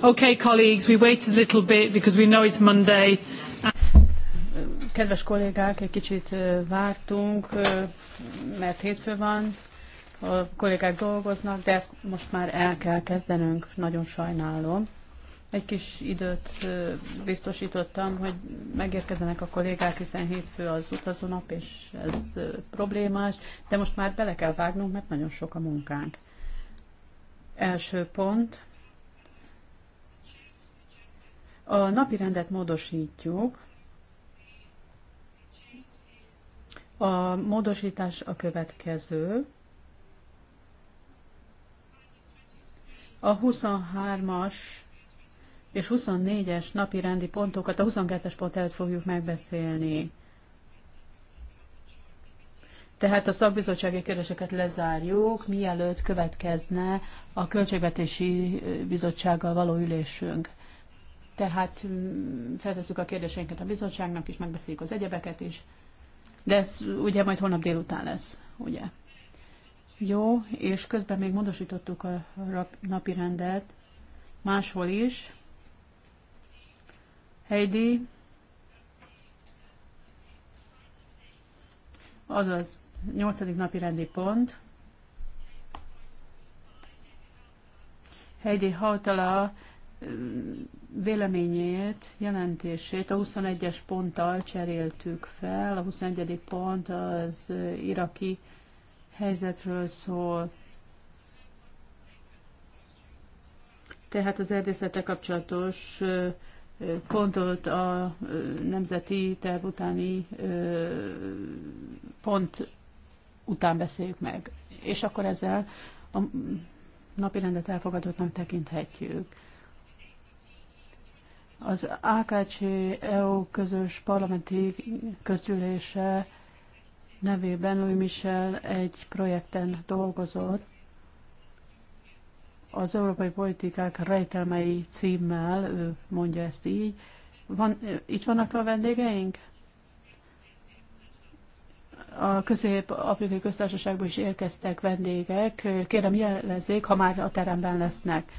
Okay, colleagues, we wait a little bit because we know it's Monday. Kedves kollégák, egy kicsit vártunk, mert hétfő van, a kollégák dolgoznak, de most már el kell kezdenünk, nagyon sajnálom egy kis időt biztosítottam, hogy megérkezenek a kollégák, hiszen hétfő az utazónap, és ez problémás, de most már bele kell vágnunk, mert nagyon sok a munkánk. Első pont. A napi rendet módosítjuk. A módosítás a következő. A 23-as és 24-es napi rendi pontokat a 22-es pont előtt fogjuk megbeszélni. Tehát a szakbizottsági kérdéseket lezárjuk, mielőtt következne a Költségvetési Bizottsággal való ülésünk. Tehát mm, feltesszük a kérdéseinket a bizottságnak, és megbeszéljük az egyebeket is. De ez ugye majd holnap délután lesz, ugye? Jó, és közben még módosítottuk a napi rendet máshol is. Heidi. Azaz, nyolcadik napi rendi pont. Heidi Hautala véleményét, jelentését a 21-es ponttal cseréltük fel. A 21. pont az iraki helyzetről szól. Tehát az erdészete kapcsolatos pontot a nemzeti terv utáni pont után beszéljük meg. És akkor ezzel a napi rendet elfogadottnak tekinthetjük. Az AKC-EU közös parlamenti közgyűlése nevében Louis Michel egy projekten dolgozott, az európai politikák rejtelmei címmel, ő mondja ezt így. Van, itt vannak a vendégeink? A Közép-Afrikai Köztársaságból is érkeztek vendégek. Kérem jelezzék, ha már a teremben lesznek.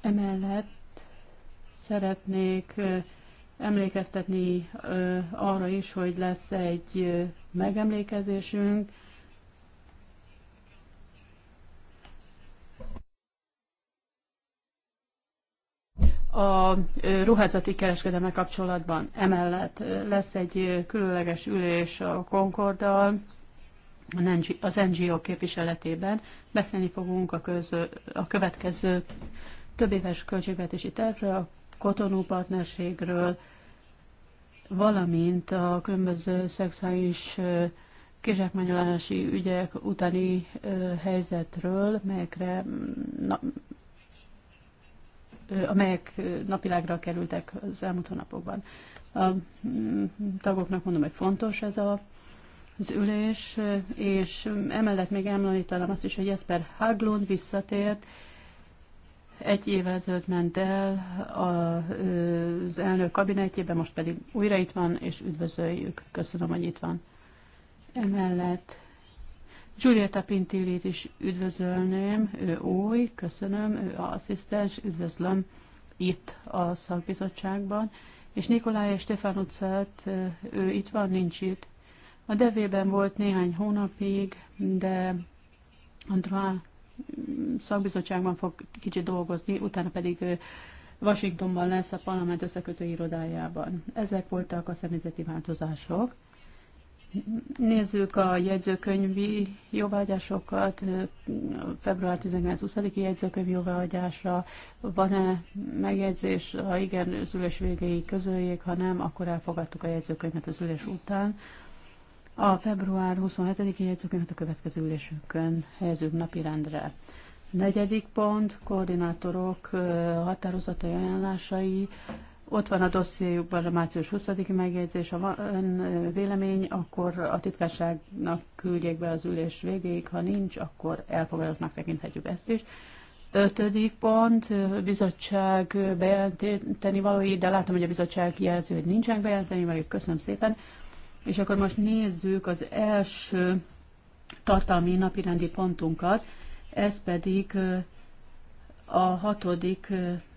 Emellett szeretnék emlékeztetni arra is, hogy lesz egy megemlékezésünk, a ruházati kereskedelme kapcsolatban. Emellett lesz egy különleges ülés a Concorddal, az NGO képviseletében. Beszélni fogunk a, közö, a következő több éves költségvetési tervről, a kotonú partnerségről, valamint a különböző szexuális kizsákmányolási ügyek utáni helyzetről, melyekre amelyek napilágra kerültek az elmúlt hónapokban. A tagoknak mondom, hogy fontos ez a, az ülés, és emellett még említanám azt is, hogy Jesper Haglund visszatért, egy évvel ezelőtt ment el az elnök kabinetjébe, most pedig újra itt van, és üdvözöljük. Köszönöm, hogy itt van. Emellett Giulietta Pintilit is üdvözölném, ő új, köszönöm, ő asszisztens, üdvözlöm itt a szakbizottságban, és Nikolaj és Stefan utcát, ő itt van, nincs itt. A devében volt néhány hónapig, de Andrá szakbizottságban fog kicsit dolgozni, utána pedig Washingtonban lesz a parlament összekötő irodájában. Ezek voltak a személyzeti változások. Nézzük a jegyzőkönyvi jóvágyásokat, február 19-20-i jegyzőkönyv jóvágyásra. Van-e megjegyzés? Ha igen, az ülés végéig közöljék, ha nem, akkor elfogadtuk a jegyzőkönyvet az ülés után. A február 27-i jegyzőkönyvet a következő ülésünkön helyezünk napirendre. Negyedik pont, koordinátorok határozatai ajánlásai ott van a dossziójukban a március 20 megjegyzés, ha van vélemény, akkor a titkárságnak küldjék be az ülés végéig, ha nincs, akkor elfogadottnak tekinthetjük ezt is. Ötödik pont, bizottság bejelenteni valói, de látom, hogy a bizottság jelzi, hogy nincsenek bejelenteni vagy köszönöm szépen. És akkor most nézzük az első tartalmi napirendi pontunkat, ez pedig a hatodik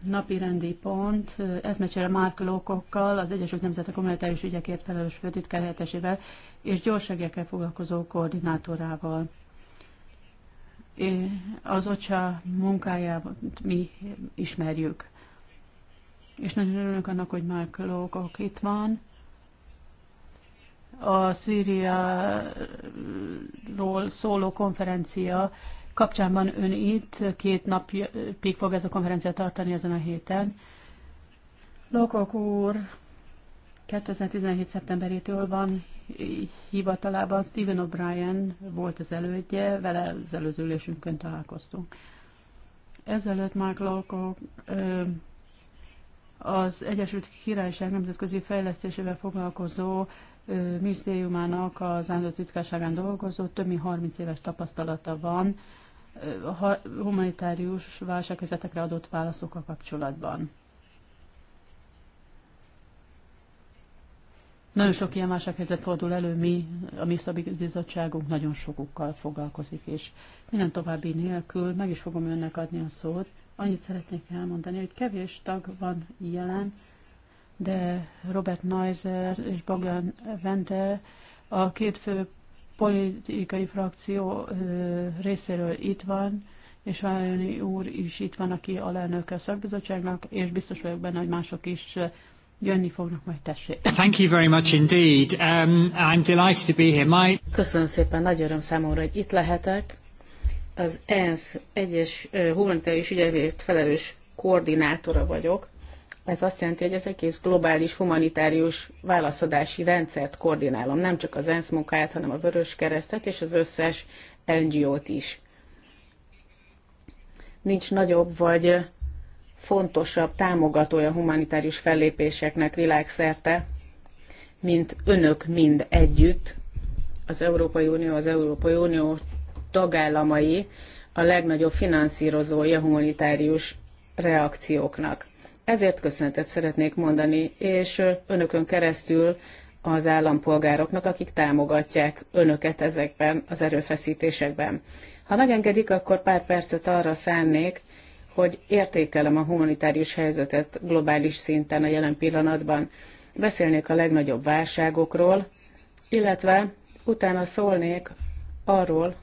napi rendi pont, eszmecsere Mark Lókokkal, az Egyesült Nemzetek Kommunitárius Ügyekért Felelős Főtitkár és gyorsegekkel foglalkozó koordinátorával. Az OCSA munkáját mi ismerjük. És nagyon örülök annak, hogy Mark Lókok itt van a Szíriáról szóló konferencia kapcsánban ön itt, két napig fog ez a konferencia tartani ezen a héten. Lokok úr 2017. szeptemberétől van hivatalában, Stephen O'Brien volt az elődje, vele az előző ülésünkön találkoztunk. Ezelőtt Mark Lokok az Egyesült Királyság Nemzetközi Fejlesztésével foglalkozó minisztériumának az állandó titkárságán dolgozott, több mint 30 éves tapasztalata van a humanitárius válsághelyzetekre adott válaszokkal kapcsolatban. Nagyon sok ilyen válsághelyzet fordul elő, mi, a mi szabizottságunk nagyon sokukkal foglalkozik, és minden további nélkül meg is fogom önnek adni a szót. Annyit szeretnék elmondani, hogy kevés tag van jelen, de Robert Neuser és Bogdan Vente, a két fő politikai frakció részéről itt van, és Vájani úr is itt van, aki alelnöke a szakbizottságnak, és biztos vagyok benne, hogy mások is jönni fognak majd tessék. Thank you very much indeed. Um, I'm delighted to be here. My... Köszönöm szépen, nagy öröm számomra, hogy itt lehetek. Az ENSZ egyes humanitárius ügyekért felelős koordinátora vagyok, ez azt jelenti, hogy az egész globális humanitárius válaszadási rendszert koordinálom, nem csak az ENSZ munkáját, hanem a Vörös Keresztet és az összes NGO-t is. Nincs nagyobb vagy fontosabb támogatója humanitárius fellépéseknek világszerte, mint önök mind együtt, az Európai Unió, az Európai Unió tagállamai a legnagyobb finanszírozója humanitárius reakcióknak. Ezért köszöntet szeretnék mondani, és önökön keresztül az állampolgároknak, akik támogatják önöket ezekben az erőfeszítésekben. Ha megengedik, akkor pár percet arra szánnék, hogy értékelem a humanitárius helyzetet globális szinten a jelen pillanatban. Beszélnék a legnagyobb válságokról, illetve utána szólnék arról,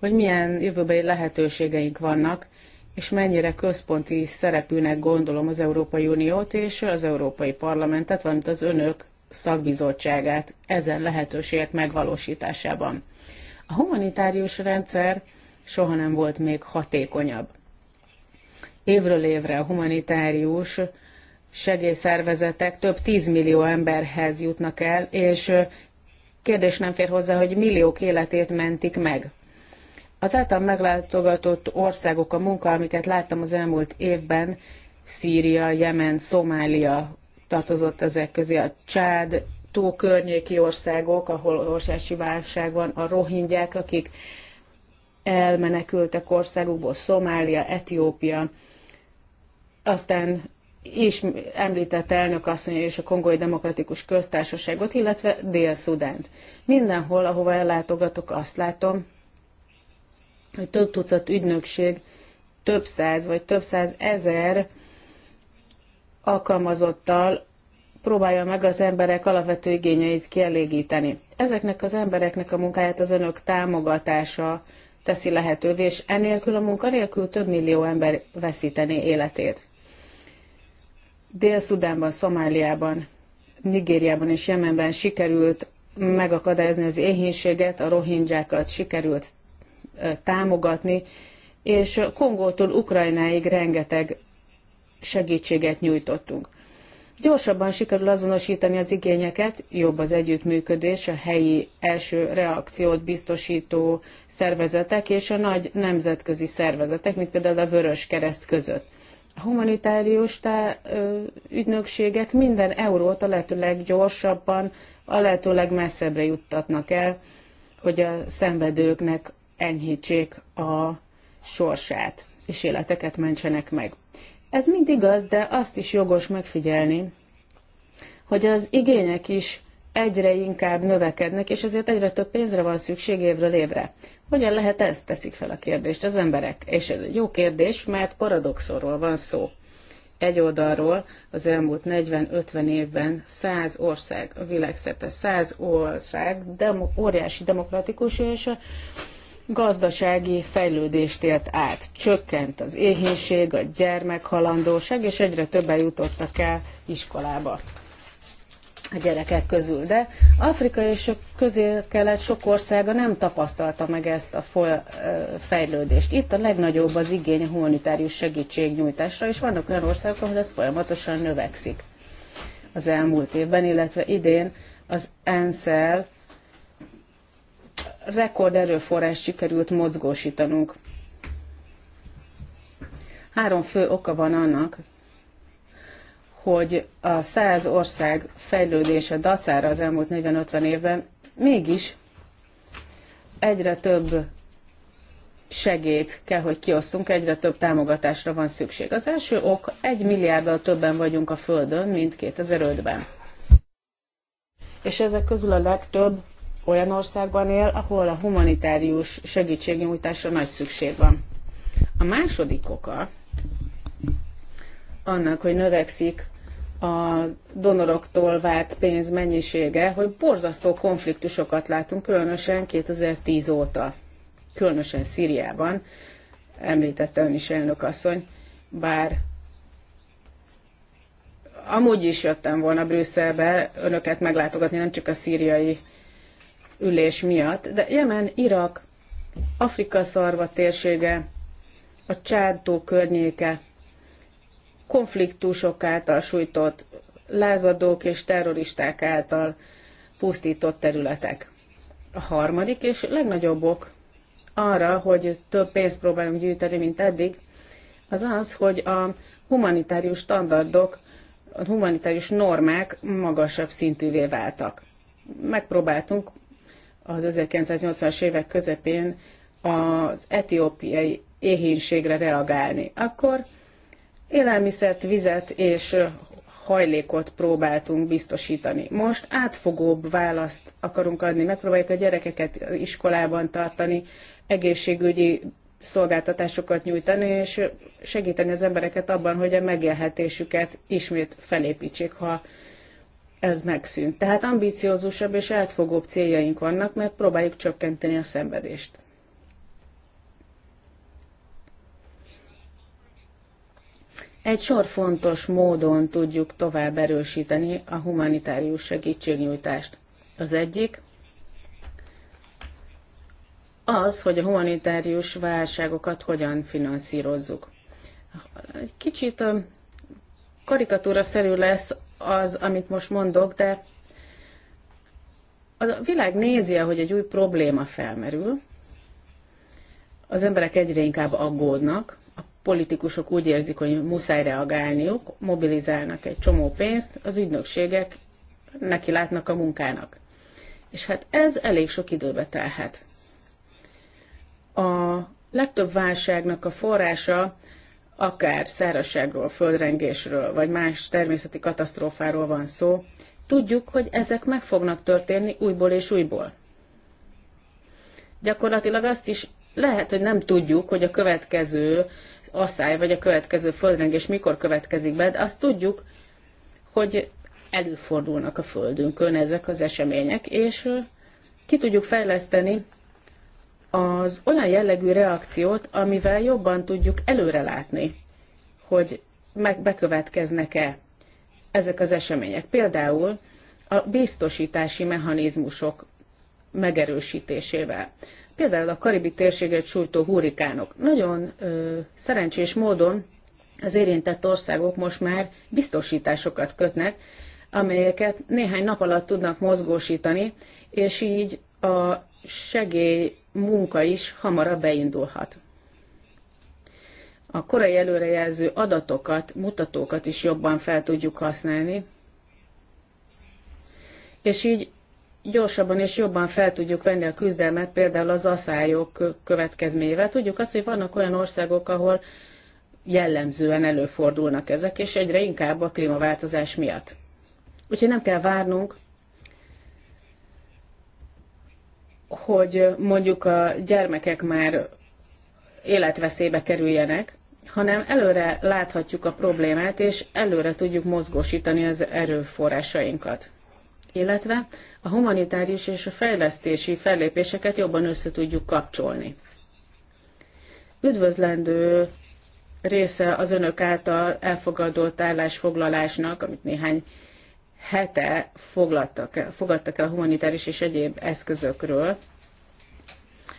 hogy milyen jövőbeli lehetőségeink vannak, és mennyire központi szerepűnek gondolom az Európai Uniót és az Európai Parlamentet, valamint az önök szakbizottságát ezen lehetőségek megvalósításában. A humanitárius rendszer soha nem volt még hatékonyabb. Évről évre a humanitárius segélyszervezetek több tízmillió emberhez jutnak el, és kérdés nem fér hozzá, hogy milliók életét mentik meg. Az által meglátogatott országok, a munka, amiket láttam az elmúlt évben, Szíria, Jemen, Szomália tartozott ezek közé, a Csád, tó környéki országok, ahol orsási válság van, a rohingyák, akik elmenekültek országukból, Szomália, Etiópia, aztán is említett elnök asszony és a Kongói Demokratikus Köztársaságot, illetve Dél-Szudánt. Mindenhol, ahova ellátogatok, azt látom, hogy több tucat ügynökség több száz vagy több száz ezer alkalmazottal próbálja meg az emberek alapvető igényeit kielégíteni. Ezeknek az embereknek a munkáját az önök támogatása teszi lehetővé, és enélkül a munkanélkül több millió ember veszítené életét. Dél-Szudánban, Szomáliában, Nigériában és Jemenben sikerült megakadályozni az éhénységet, a rohingyákat sikerült támogatni, és Kongótól Ukrajnáig rengeteg segítséget nyújtottunk. Gyorsabban sikerül azonosítani az igényeket, jobb az együttműködés, a helyi első reakciót biztosító szervezetek és a nagy nemzetközi szervezetek, mint például a Vörös Kereszt között. A humanitárius tá, ö, ügynökségek minden eurót a lehető leggyorsabban, a lehető legmesszebbre juttatnak el, hogy a szenvedőknek enyhítsék a sorsát, és életeket mentsenek meg. Ez mind igaz, de azt is jogos megfigyelni, hogy az igények is egyre inkább növekednek, és ezért egyre több pénzre van szükség évről évre. Hogyan lehet ez, teszik fel a kérdést az emberek? És ez egy jó kérdés, mert paradoxorról van szó. Egy oldalról az elmúlt 40-50 évben 100 ország, a világszerte 100 ország demo, óriási demokratikus és gazdasági fejlődést élt át. Csökkent az éhénység, a gyermekhalandóság, és egyre többen jutottak el iskolába a gyerekek közül. De Afrika és közél-kelet sok országa nem tapasztalta meg ezt a fejlődést. Itt a legnagyobb az igény a humanitárius segítségnyújtásra, és vannak olyan országok, ahol ez folyamatosan növekszik az elmúlt évben, illetve idén az ENSZ-el rekord erőforrás sikerült mozgósítanunk. Három fő oka van annak, hogy a száz ország fejlődése dacára az elmúlt 40-50 évben mégis egyre több segét kell, hogy kiosszunk, egyre több támogatásra van szükség. Az első ok, egy milliárddal többen vagyunk a Földön, mint 2005-ben. És ezek közül a legtöbb olyan országban él, ahol a humanitárius segítségnyújtásra nagy szükség van. A második oka annak, hogy növekszik a donoroktól várt pénz mennyisége, hogy borzasztó konfliktusokat látunk, különösen 2010 óta, különösen Szíriában, említette ön is asszony, bár amúgy is jöttem volna Brüsszelbe önöket meglátogatni, nem csak a szíriai ülés miatt, de Jemen, Irak, Afrika szarva térsége, a csád környéke, konfliktusok által sújtott, lázadók és terroristák által pusztított területek. A harmadik és legnagyobb ok arra, hogy több pénzt próbálunk gyűjteni, mint eddig, az az, hogy a humanitárius standardok, a humanitárius normák magasabb szintűvé váltak. Megpróbáltunk az 1980-as évek közepén az etiópiai éhínségre reagálni. Akkor élelmiszert, vizet és hajlékot próbáltunk biztosítani. Most átfogóbb választ akarunk adni, megpróbáljuk a gyerekeket iskolában tartani, egészségügyi szolgáltatásokat nyújtani, és segíteni az embereket abban, hogy a megélhetésüket ismét felépítsék, ha ez megszűnt. Tehát ambíciózusabb és átfogóbb céljaink vannak, mert próbáljuk csökkenteni a szenvedést. Egy sor fontos módon tudjuk tovább erősíteni a humanitárius segítségnyújtást. Az egyik az, hogy a humanitárius válságokat hogyan finanszírozzuk. Egy kicsit karikatúra szerű lesz az, amit most mondok, de a világ nézi, hogy egy új probléma felmerül, az emberek egyre inkább aggódnak, a politikusok úgy érzik, hogy muszáj reagálniuk, mobilizálnak egy csomó pénzt, az ügynökségek neki látnak a munkának. És hát ez elég sok időbe telhet. A legtöbb válságnak a forrása akár szárazságról, földrengésről, vagy más természeti katasztrófáról van szó, tudjuk, hogy ezek meg fognak történni újból és újból. Gyakorlatilag azt is lehet, hogy nem tudjuk, hogy a következő asszály, vagy a következő földrengés mikor következik be, de azt tudjuk, hogy előfordulnak a Földünkön ezek az események, és ki tudjuk fejleszteni az olyan jellegű reakciót, amivel jobban tudjuk előrelátni, hogy megbekövetkeznek-e ezek az események. Például a biztosítási mechanizmusok megerősítésével. Például a karibi térséget sújtó hurrikánok. Nagyon ö, szerencsés módon az érintett országok most már biztosításokat kötnek, amelyeket néhány nap alatt tudnak mozgósítani, és így a segély munka is hamarabb beindulhat. A korai előrejelző adatokat, mutatókat is jobban fel tudjuk használni, és így gyorsabban és jobban fel tudjuk venni a küzdelmet, például az aszályok következményével. Tudjuk azt, hogy vannak olyan országok, ahol jellemzően előfordulnak ezek, és egyre inkább a klímaváltozás miatt. Úgyhogy nem kell várnunk hogy mondjuk a gyermekek már életveszélybe kerüljenek, hanem előre láthatjuk a problémát, és előre tudjuk mozgósítani az erőforrásainkat. Illetve a humanitárius és a fejlesztési fellépéseket jobban össze tudjuk kapcsolni. Üdvözlendő része az önök által elfogadott állásfoglalásnak, amit néhány hete foglaltak, fogadtak el a humanitáris és egyéb eszközökről.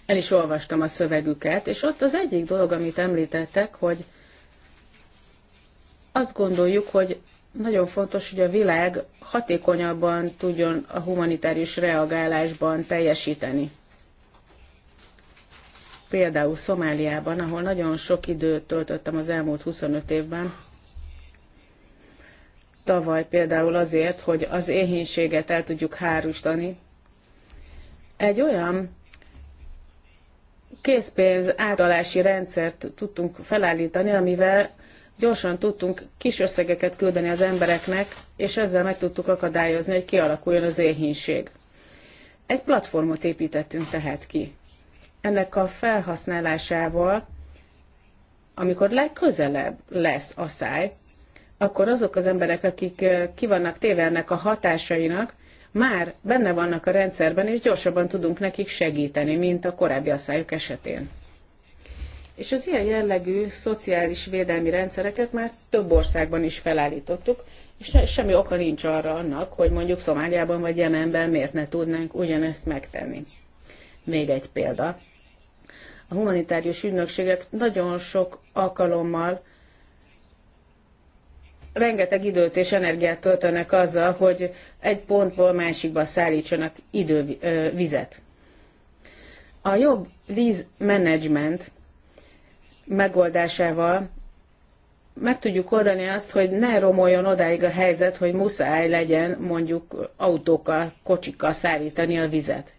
El is olvastam a szövegüket, és ott az egyik dolog, amit említettek, hogy azt gondoljuk, hogy nagyon fontos, hogy a világ hatékonyabban tudjon a humanitárius reagálásban teljesíteni. Például Szomáliában, ahol nagyon sok időt töltöttem az elmúlt 25 évben, tavaly például azért, hogy az éhénységet el tudjuk hárustani. Egy olyan készpénz átalási rendszert tudtunk felállítani, amivel gyorsan tudtunk kis összegeket küldeni az embereknek, és ezzel meg tudtuk akadályozni, hogy kialakuljon az éhínség. Egy platformot építettünk tehát ki. Ennek a felhasználásával, amikor legközelebb lesz a száj, akkor azok az emberek, akik ki vannak téve ennek a hatásainak, már benne vannak a rendszerben, és gyorsabban tudunk nekik segíteni, mint a korábbi asszályok esetén. És az ilyen jellegű szociális védelmi rendszereket már több országban is felállítottuk, és semmi oka nincs arra annak, hogy mondjuk Szomáliában vagy Jemenben miért ne tudnánk ugyanezt megtenni. Még egy példa. A humanitárius ügynökségek nagyon sok alkalommal rengeteg időt és energiát töltenek azzal, hogy egy pontból másikba szállítsanak idő, vizet. A jobb vízmenedzsment megoldásával meg tudjuk oldani azt, hogy ne romoljon odáig a helyzet, hogy muszáj legyen mondjuk autókkal, kocsikkal szállítani a vizet.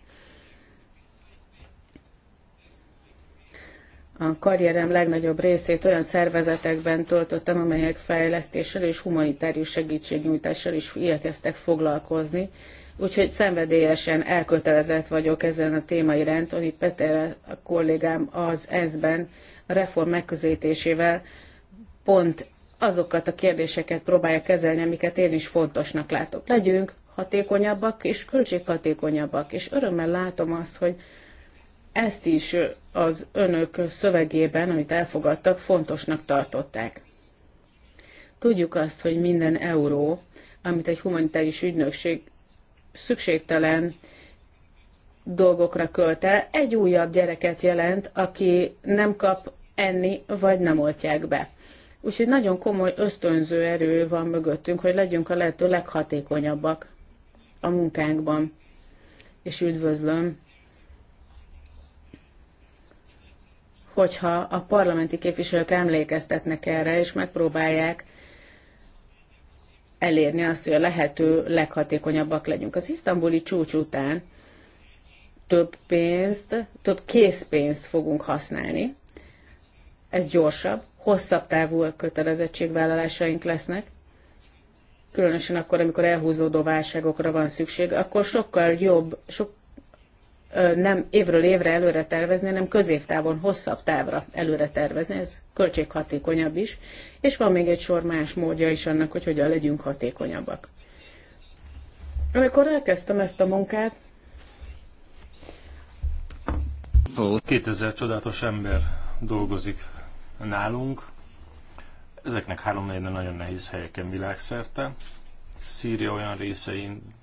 a karrierem legnagyobb részét olyan szervezetekben töltöttem, amelyek fejlesztéssel és humanitárius segítségnyújtással is igyekeztek foglalkozni, úgyhogy szenvedélyesen elkötelezett vagyok ezen a téma iránt, amit Peter a kollégám az ENSZ-ben a reform megközelítésével pont azokat a kérdéseket próbálja kezelni, amiket én is fontosnak látok. Legyünk hatékonyabbak és költséghatékonyabbak, és örömmel látom azt, hogy ezt is az önök szövegében, amit elfogadtak, fontosnak tartották. Tudjuk azt, hogy minden euró, amit egy humanitárius ügynökség szükségtelen dolgokra költ el, egy újabb gyereket jelent, aki nem kap enni, vagy nem oltják be. Úgyhogy nagyon komoly ösztönző erő van mögöttünk, hogy legyünk a lehető leghatékonyabbak a munkánkban. És üdvözlöm hogyha a parlamenti képviselők emlékeztetnek erre, és megpróbálják elérni azt, hogy a lehető leghatékonyabbak legyünk. Az isztambuli csúcs után több pénzt, több készpénzt fogunk használni. Ez gyorsabb, hosszabb távú kötelezettségvállalásaink lesznek, különösen akkor, amikor elhúzódó válságokra van szükség, akkor sokkal jobb, sok nem évről évre előre tervezni, hanem középtávon, hosszabb távra előre tervezni. Ez költséghatékonyabb is, és van még egy sor más módja is annak, hogy hogyan legyünk hatékonyabbak. Amikor elkezdtem ezt a munkát, 2000 csodálatos ember dolgozik nálunk. Ezeknek három nagyon nehéz helyeken világszerte. Szíria olyan részein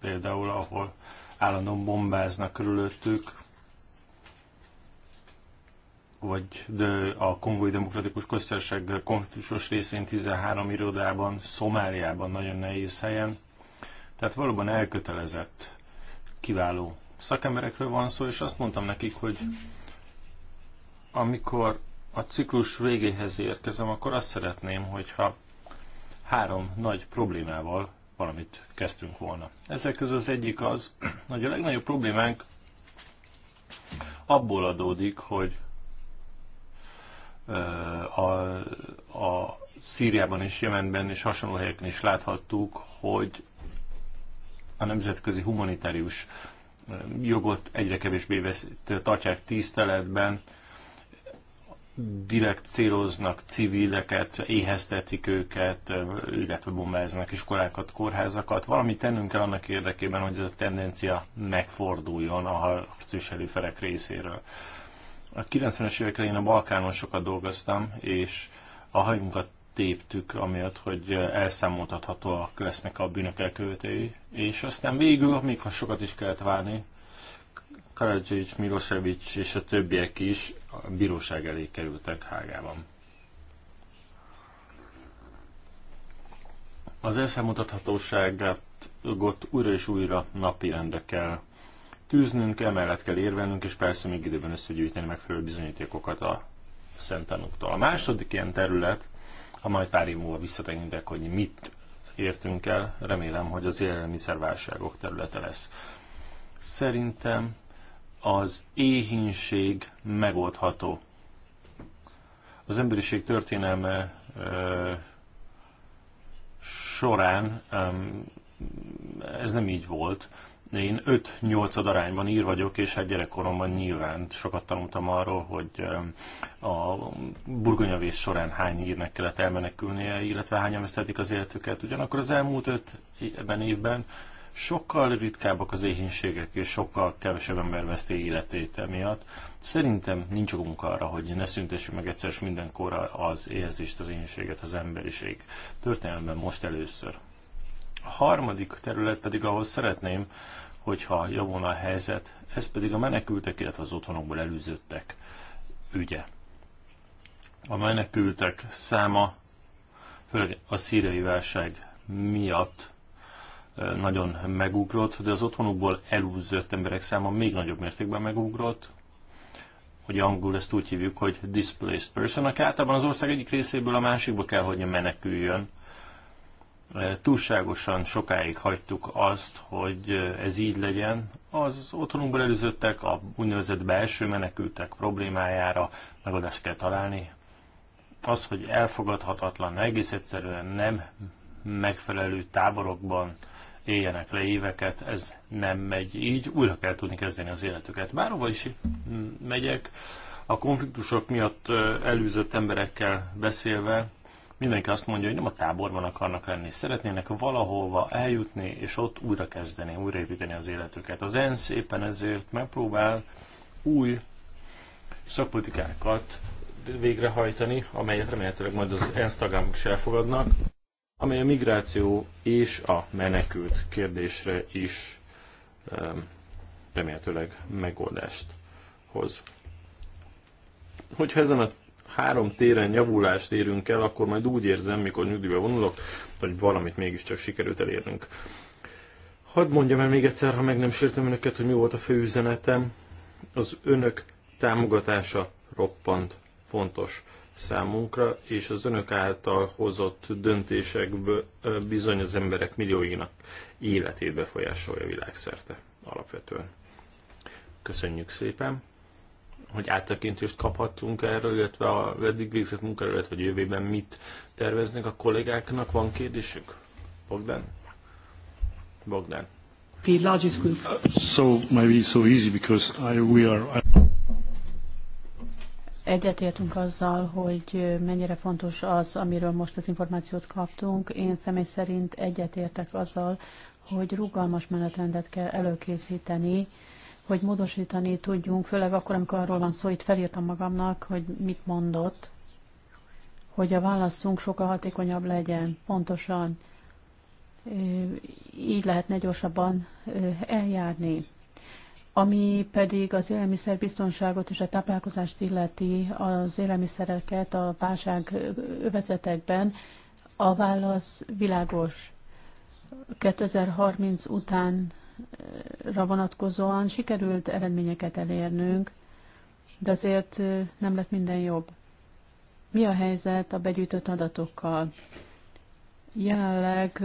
például, ahol állandóan bombáznak körülöttük, vagy de a Kongói Demokratikus Köztársaság konfliktusos részén 13 irodában, Szomáliában nagyon nehéz helyen. Tehát valóban elkötelezett, kiváló szakemberekről van szó, és azt mondtam nekik, hogy amikor a ciklus végéhez érkezem, akkor azt szeretném, hogyha három nagy problémával valamit kezdtünk volna. Ezek közül az egyik az, hogy a legnagyobb problémánk abból adódik, hogy a, a Szíriában és Jemenben és hasonló helyeken is láthattuk, hogy a nemzetközi humanitárius jogot egyre kevésbé vesz, tartják tiszteletben, direkt céloznak civileket, éheztetik őket, illetve bombáznak iskolákat, kórházakat. Valamit tennünk kell annak érdekében, hogy ez a tendencia megforduljon a harcviseli felek részéről. A 90-es évek elején a Balkánon sokat dolgoztam, és a hajunkat téptük, amiatt, hogy elszámoltathatóak lesznek a bűnök elkövetői. És aztán végül, még ha sokat is kellett várni, Karadzsics, Milosevic és a többiek is bíróság elé kerültek Hágában. Az elszámoltathatóságot újra és újra rendre kell tűznünk, emellett kell érvelnünk, és persze még időben összegyűjteni megfelelő bizonyítékokat a szentanúktól. A második ilyen terület, ha majd pár év múlva visszatekintek, hogy mit értünk el, remélem, hogy az élelmiszerválságok területe lesz. Szerintem az éhínség megoldható. Az emberiség történelme során ez nem így volt. Én 5-8 arányban ír vagyok, és hát gyerekkoromban nyilván sokat tanultam arról, hogy a burgonyavész során hány írnek kellett elmenekülnie, illetve hányan vesztették az életüket. Ugyanakkor az elmúlt 5 évben, évben sokkal ritkábbak az éhénységek, és sokkal kevesebb ember veszti életét emiatt. Szerintem nincs okunk arra, hogy ne szüntessük meg egyszer korra az éhezést, az éhénységet, az emberiség. Történelemben most először. A harmadik terület pedig, ahol szeretném, hogyha javulna a helyzet, ez pedig a menekültek, illetve az otthonokból előzöttek ügye. A menekültek száma, főleg a szíriai válság miatt nagyon megugrott, de az otthonukból elúzott emberek száma még nagyobb mértékben megugrott. Hogy angol ezt úgy hívjuk, hogy displaced person, aki általában az ország egyik részéből a másikba kell, hogy meneküljön. E, túlságosan sokáig hagytuk azt, hogy ez így legyen. Az otthonunkból előzöttek, a úgynevezett belső menekültek problémájára megoldást kell találni. Az, hogy elfogadhatatlan, egész egyszerűen nem megfelelő táborokban éljenek le éveket, ez nem megy így, újra kell tudni kezdeni az életüket. Bárhova is megyek, a konfliktusok miatt előzött emberekkel beszélve, mindenki azt mondja, hogy nem a táborban akarnak lenni, szeretnének valahova eljutni, és ott újra kezdeni, újraépíteni az életüket. Az ENSZ éppen ezért megpróbál új szakpolitikákat végrehajtani, amelyet remélhetőleg majd az ENSZ tagállamok is elfogadnak amely a migráció és a menekült kérdésre is remélhetőleg megoldást hoz. Hogyha ezen a három téren javulást érünk el, akkor majd úgy érzem, mikor nyugdíjba vonulok, hogy valamit mégiscsak sikerült elérnünk. Hadd mondjam el még egyszer, ha meg nem sértem önöket, hogy mi volt a fő üzenetem. Az önök támogatása roppant fontos számunkra, és az önök által hozott döntések bizony az emberek millióinak életét befolyásolja világszerte alapvetően. Köszönjük szépen, hogy áttekintést kaphattunk erről, illetve a eddig végzett munkáról, illetve a jövőben mit terveznek a kollégáknak. Van kérdésük? Bogdan? Bogdan. Uh, so maybe so easy because I, we are. I... Egyetértünk azzal, hogy mennyire fontos az, amiről most az információt kaptunk. Én személy szerint egyetértek azzal, hogy rugalmas menetrendet kell előkészíteni, hogy módosítani tudjunk, főleg akkor, amikor arról van szó, itt felírtam magamnak, hogy mit mondott, hogy a válaszunk sokkal hatékonyabb legyen, pontosan. Így lehetne gyorsabban eljárni. Ami pedig az élelmiszerbiztonságot és a táplálkozást illeti az élelmiszereket a válság övezetekben, a válasz világos. 2030 utánra vonatkozóan sikerült eredményeket elérnünk, de azért nem lett minden jobb. Mi a helyzet a begyűjtött adatokkal? Jelenleg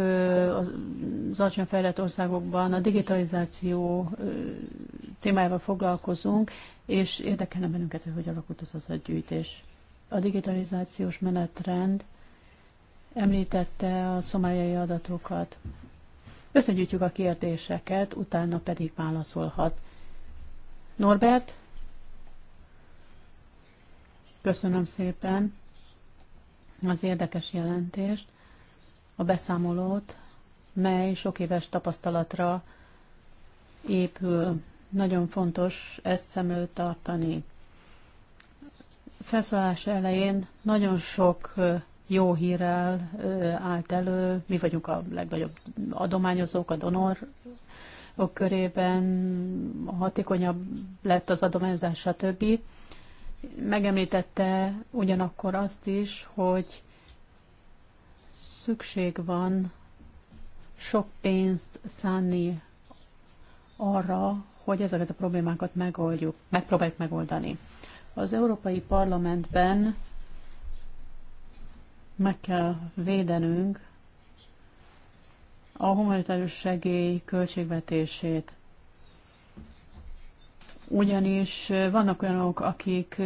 az alacsony fejlett országokban a digitalizáció témájával foglalkozunk, és érdekelne bennünket, hogy hogy alakult az adatgyűjtés. A digitalizációs menetrend említette a szomáliai adatokat. Összegyűjtjük a kérdéseket, utána pedig válaszolhat. Norbert? Köszönöm szépen az érdekes jelentést a beszámolót, mely sok éves tapasztalatra épül. Nagyon fontos ezt szem előtt tartani. Felszólás elején nagyon sok jó hírrel állt elő. Mi vagyunk a legnagyobb adományozók, a donorok körében, hatékonyabb lett az adományozás, stb. Megemlítette ugyanakkor azt is, hogy szükség van sok pénzt szánni arra, hogy ezeket a problémákat megoldjuk, megpróbáljuk megoldani. Az Európai Parlamentben meg kell védenünk a humanitárius segély költségvetését. Ugyanis vannak olyanok, akik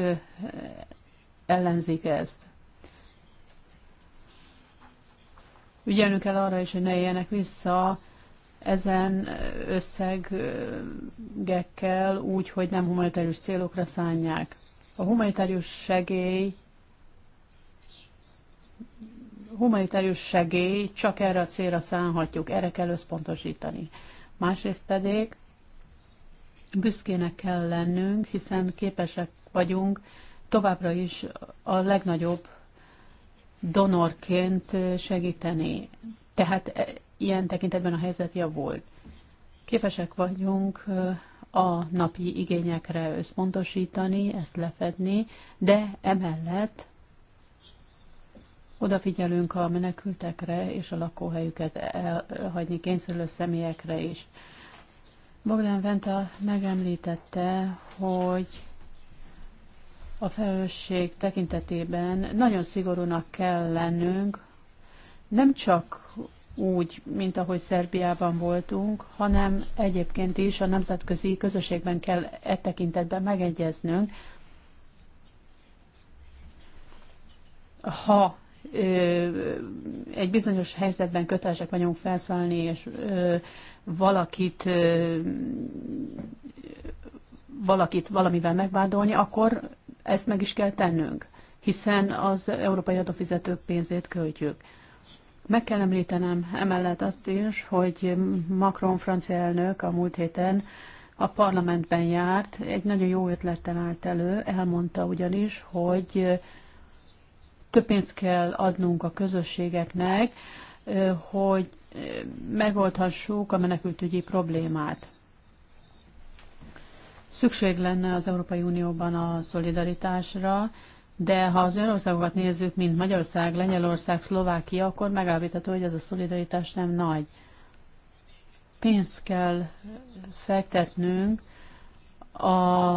ellenzik ezt. ügyelnünk kell arra is, hogy ne éljenek vissza ezen összegekkel úgy, hogy nem humanitárius célokra szánják. A humanitárius segély humanitárius segély csak erre a célra szánhatjuk, erre kell összpontosítani. Másrészt pedig büszkének kell lennünk, hiszen képesek vagyunk továbbra is a legnagyobb donorként segíteni. Tehát e, ilyen tekintetben a helyzet javult. Képesek vagyunk a napi igényekre összpontosítani, ezt lefedni, de emellett odafigyelünk a menekültekre és a lakóhelyüket elhagyni kényszerülő személyekre is. Bogdan Venta megemlítette, hogy a felelősség tekintetében nagyon szigorúnak kell lennünk, nem csak úgy, mint ahogy Szerbiában voltunk, hanem egyébként is a nemzetközi közösségben kell e tekintetben megegyeznünk. Ha ö, egy bizonyos helyzetben kötelesek vagyunk felszállni, és ö, valakit ö, valakit valamivel megvádolni, akkor ezt meg is kell tennünk, hiszen az európai adófizetők pénzét költjük. Meg kell említenem emellett azt is, hogy Macron francia elnök a múlt héten a parlamentben járt, egy nagyon jó ötlettel állt elő, elmondta ugyanis, hogy több pénzt kell adnunk a közösségeknek, hogy megoldhassuk a menekültügyi problémát. Szükség lenne az Európai Unióban a szolidaritásra, de ha az országokat nézzük, mint Magyarország, Lengyelország, Szlovákia, akkor megállapítható, hogy ez a szolidaritás nem nagy. Pénzt kell fektetnünk a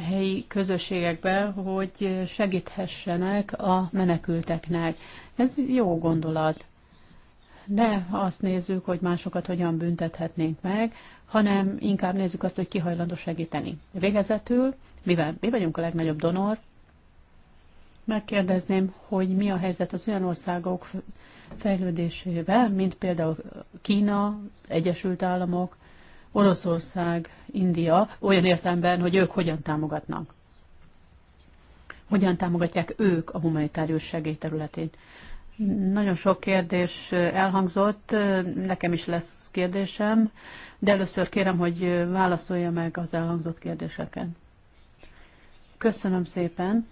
helyi közösségekbe, hogy segíthessenek a menekülteknek. Ez jó gondolat. De azt nézzük, hogy másokat hogyan büntethetnénk meg, hanem inkább nézzük azt, hogy ki hajlandó segíteni. Végezetül, mivel mi vagyunk a legnagyobb donor, megkérdezném, hogy mi a helyzet az olyan országok fejlődésével, mint például Kína, Egyesült Államok, Oroszország, India, olyan értelemben, hogy ők hogyan támogatnak. Hogyan támogatják ők a humanitárius segély területét. Nagyon sok kérdés elhangzott, nekem is lesz kérdésem, de először kérem, hogy válaszolja meg az elhangzott kérdéseken. Köszönöm szépen.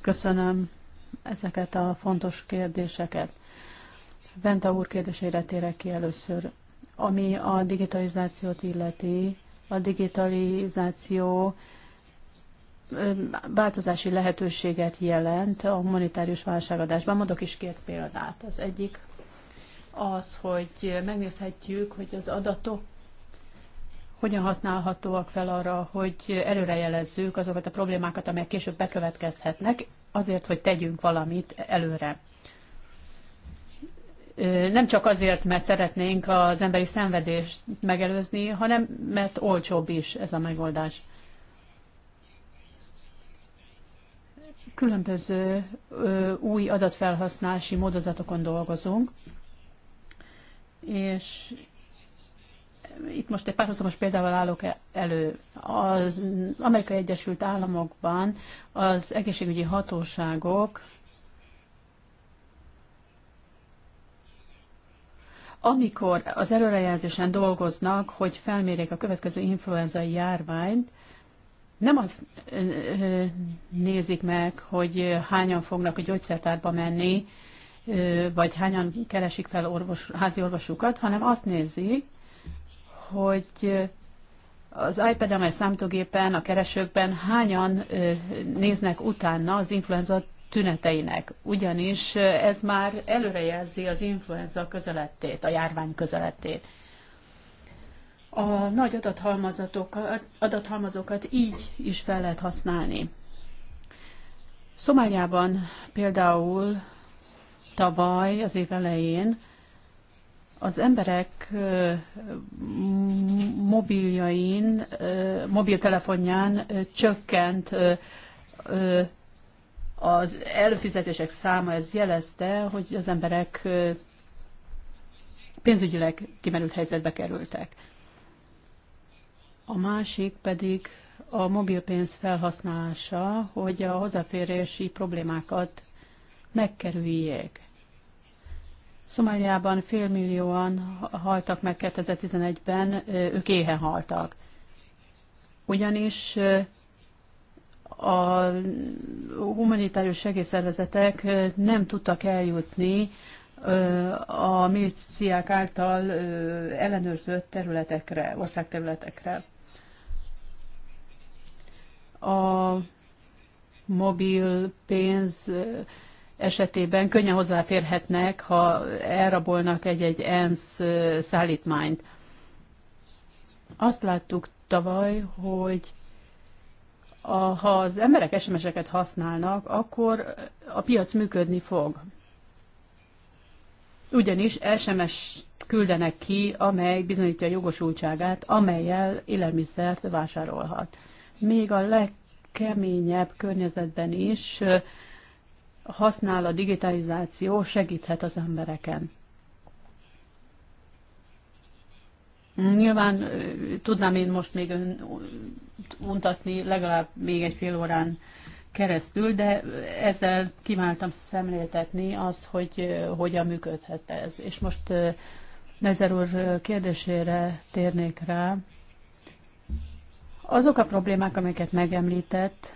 Köszönöm ezeket a fontos kérdéseket. Benta úr kérdésére térek ki először. Ami a digitalizációt illeti, a digitalizáció változási lehetőséget jelent a humanitárius válságadásban. Mondok is két példát. Az egyik az, hogy megnézhetjük, hogy az adatok hogyan használhatóak fel arra, hogy előrejelezzük azokat a problémákat, amelyek később bekövetkezhetnek, azért, hogy tegyünk valamit előre. Nem csak azért, mert szeretnénk az emberi szenvedést megelőzni, hanem mert olcsóbb is ez a megoldás. Különböző új adatfelhasználási módozatokon dolgozunk, és itt most egy párhuzamos példával állok e- elő. Az Amerikai Egyesült Államokban az egészségügyi hatóságok amikor az előrejelzésen dolgoznak, hogy felmérjék a következő influenzai járványt, nem azt nézik meg, hogy hányan fognak a gyógyszertárba menni, vagy hányan keresik fel orvos, házi orvosukat, hanem azt nézi, hogy az iPad-en vagy számítógépen, a keresőkben hányan néznek utána az influenza tüneteinek, ugyanis ez már előrejelzi az influenza közelettét, a járvány közelettét a nagy adathalmazatokat, adathalmazokat így is fel lehet használni. Szomáliában például tavaly, az év elején az emberek mobiljain, mobiltelefonján csökkent az előfizetések száma, ez jelezte, hogy az emberek pénzügyileg kimerült helyzetbe kerültek a másik pedig a mobilpénz felhasználása, hogy a hozzáférési problémákat megkerüljék. Szomáliában félmillióan haltak meg 2011-ben, ők éhen haltak. Ugyanis a humanitárius segélyszervezetek nem tudtak eljutni a miliciák által ellenőrzött területekre, országterületekre a mobil pénz esetében könnyen hozzáférhetnek, ha elrabolnak egy-egy ENSZ szállítmányt. Azt láttuk tavaly, hogy a, ha az emberek SMS-eket használnak, akkor a piac működni fog. Ugyanis SMS-t küldenek ki, amely bizonyítja a jogosultságát, amelyel élelmiszert vásárolhat még a legkeményebb környezetben is használ a digitalizáció, segíthet az embereken. Nyilván tudnám én most még ön, untatni legalább még egy fél órán keresztül, de ezzel kiváltam szemléltetni azt, hogy hogyan működhet ez. És most Nezer úr kérdésére térnék rá, azok a problémák, amelyeket megemlített,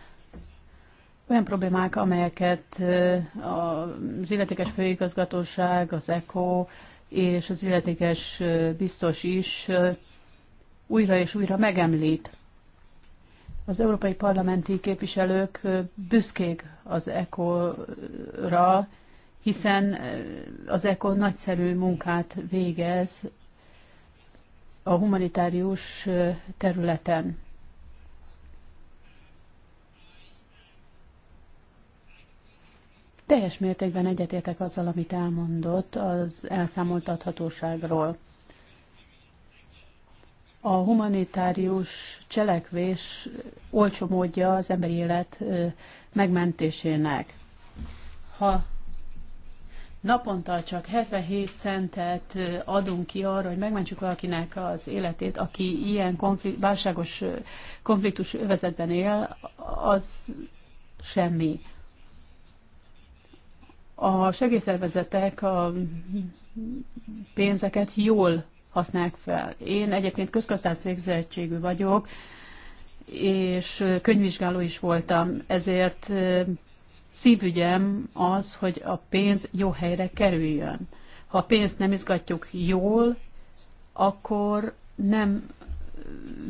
olyan problémák, amelyeket az illetékes főigazgatóság, az ECO és az illetékes biztos is újra és újra megemlít. Az európai parlamenti képviselők büszkék az ECO-ra, hiszen az ECO nagyszerű munkát végez a humanitárius területen. Teljes mértékben egyetértek azzal, amit elmondott az elszámoltathatóságról. A humanitárius cselekvés olcsó módja az emberi élet megmentésének. Ha naponta csak 77 centet adunk ki arra, hogy megmentsük valakinek az életét, aki ilyen konflikt, válságos konfliktus övezetben él, az semmi a segélyszervezetek a pénzeket jól használják fel. Én egyébként közgazdász végzettségű vagyok, és könyvvizsgáló is voltam, ezért szívügyem az, hogy a pénz jó helyre kerüljön. Ha a pénzt nem izgatjuk jól, akkor nem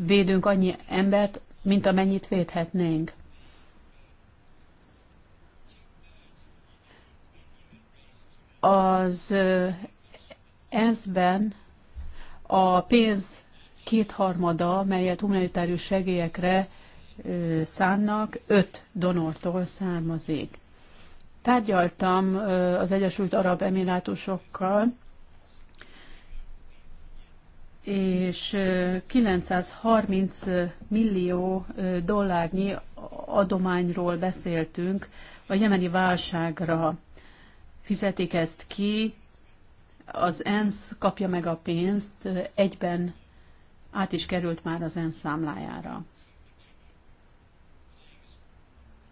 védünk annyi embert, mint amennyit védhetnénk. az ENSZ-ben a pénz kétharmada, melyet humanitárius segélyekre szánnak, öt donortól származik. Tárgyaltam az Egyesült Arab Emirátusokkal, és 930 millió dollárnyi adományról beszéltünk a jemeni válságra fizetik ezt ki, az ENSZ kapja meg a pénzt, egyben át is került már az ENSZ számlájára.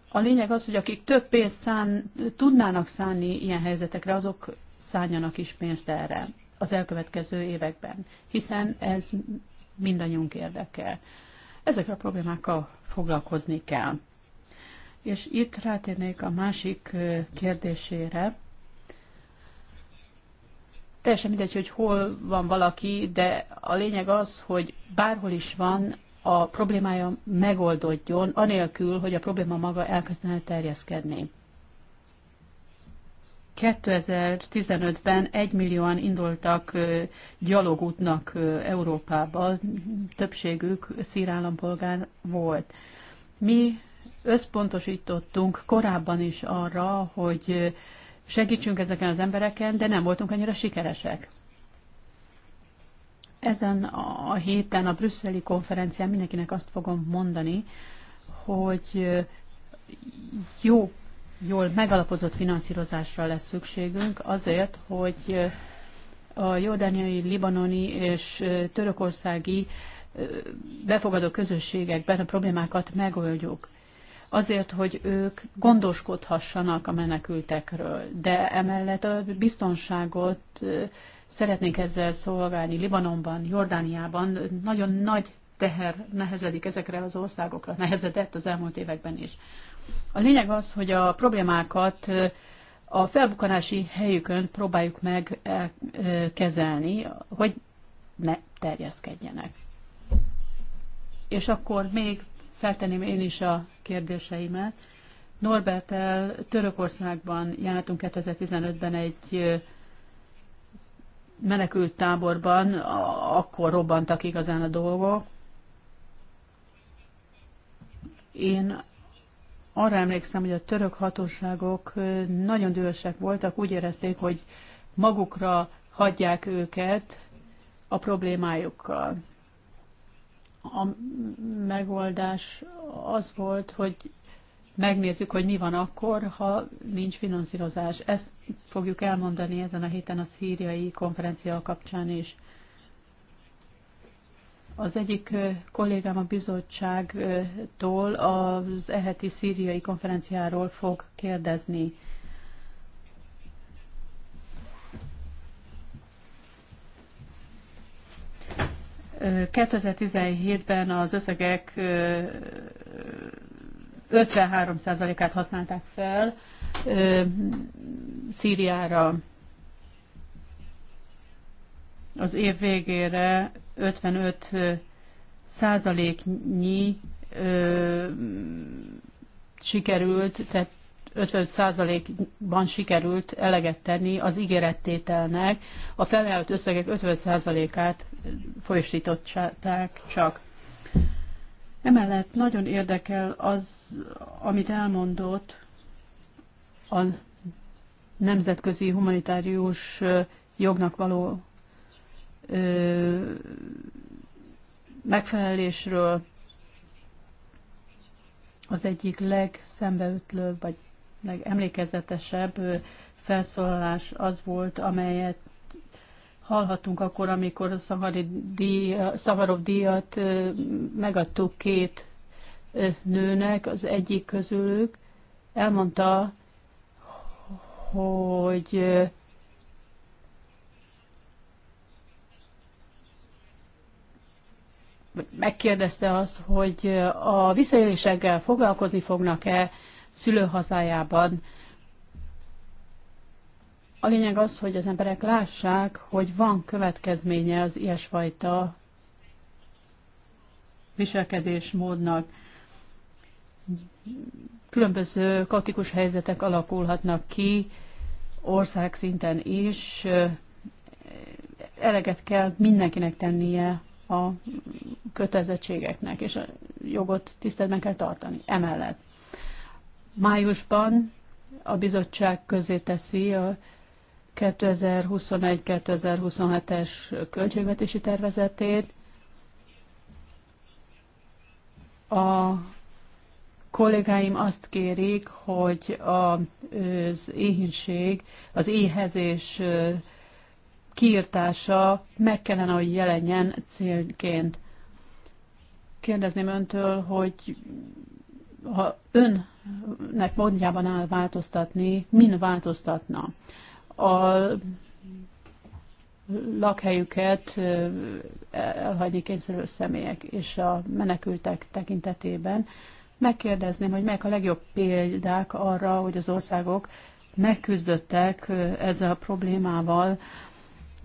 A lényeg az, hogy akik több pénzt szán, tudnának szánni ilyen helyzetekre, azok szálljanak is pénzt erre az elkövetkező években, hiszen ez mindannyiunk érdeke. Ezekre a problémákkal foglalkozni kell. És itt rátérnék a másik kérdésére, Teljesen mindegy, hogy hol van valaki, de a lényeg az, hogy bárhol is van, a problémája megoldódjon, anélkül, hogy a probléma maga elkezdene terjeszkedni. 2015-ben egymillióan indultak gyalogútnak Európába, többségük szír állampolgár volt. Mi összpontosítottunk korábban is arra, hogy segítsünk ezeken az embereken, de nem voltunk annyira sikeresek. Ezen a héten a brüsszeli konferencián mindenkinek azt fogom mondani, hogy jó, jól megalapozott finanszírozásra lesz szükségünk azért, hogy a jordániai, libanoni és törökországi befogadó közösségekben a problémákat megoldjuk azért, hogy ők gondoskodhassanak a menekültekről. De emellett a biztonságot szeretnék ezzel szolgálni. Libanonban, Jordániában nagyon nagy teher nehezedik ezekre az országokra, nehezedett az elmúlt években is. A lényeg az, hogy a problémákat a felbukanási helyükön próbáljuk meg e, kezelni, hogy ne terjeszkedjenek. És akkor még feltenném én is a kérdéseimet. Norbertel Törökországban jártunk 2015-ben egy menekült táborban, akkor robbantak igazán a dolgok. Én arra emlékszem, hogy a török hatóságok nagyon dühösek voltak, úgy érezték, hogy magukra hagyják őket a problémájukkal a megoldás az volt, hogy megnézzük, hogy mi van akkor, ha nincs finanszírozás. Ezt fogjuk elmondani ezen a héten a szíriai konferencia kapcsán is. Az egyik kollégám a bizottságtól az eheti szíriai konferenciáról fog kérdezni. 2017-ben az összegek 53%-át használták fel Szíriára. Az év végére 55 nyi sikerült, tehát 55%-ban sikerült eleget tenni az ígérettételnek, a felajánlott összegek 55%-át folyosították csak. Emellett nagyon érdekel az, amit elmondott a nemzetközi humanitárius jognak való ö, megfelelésről az egyik legszembeütlőbb, vagy legemlékezetesebb felszólalás az volt, amelyet hallhattunk akkor, amikor a Szavarov díjat megadtuk két nőnek, az egyik közülük elmondta, hogy megkérdezte azt, hogy a visszaélésekkel foglalkozni fognak-e, szülőhazájában. A lényeg az, hogy az emberek lássák, hogy van következménye az ilyesfajta viselkedésmódnak. Különböző kaotikus helyzetek alakulhatnak ki országszinten is. Eleget kell mindenkinek tennie a kötelezettségeknek, és a jogot tiszteletben kell tartani. Emellett Májusban a bizottság közé teszi a 2021-2027-es költségvetési tervezetét. A kollégáim azt kérik, hogy az éhínség, az éhezés kiirtása meg kellene, hogy jelenjen célként. Kérdezném öntől, hogy ha önnek módjában áll változtatni, min változtatna? A lakhelyüket elhagyni kényszerülő személyek és a menekültek tekintetében megkérdezném, hogy melyek a legjobb példák arra, hogy az országok megküzdöttek ezzel a problémával.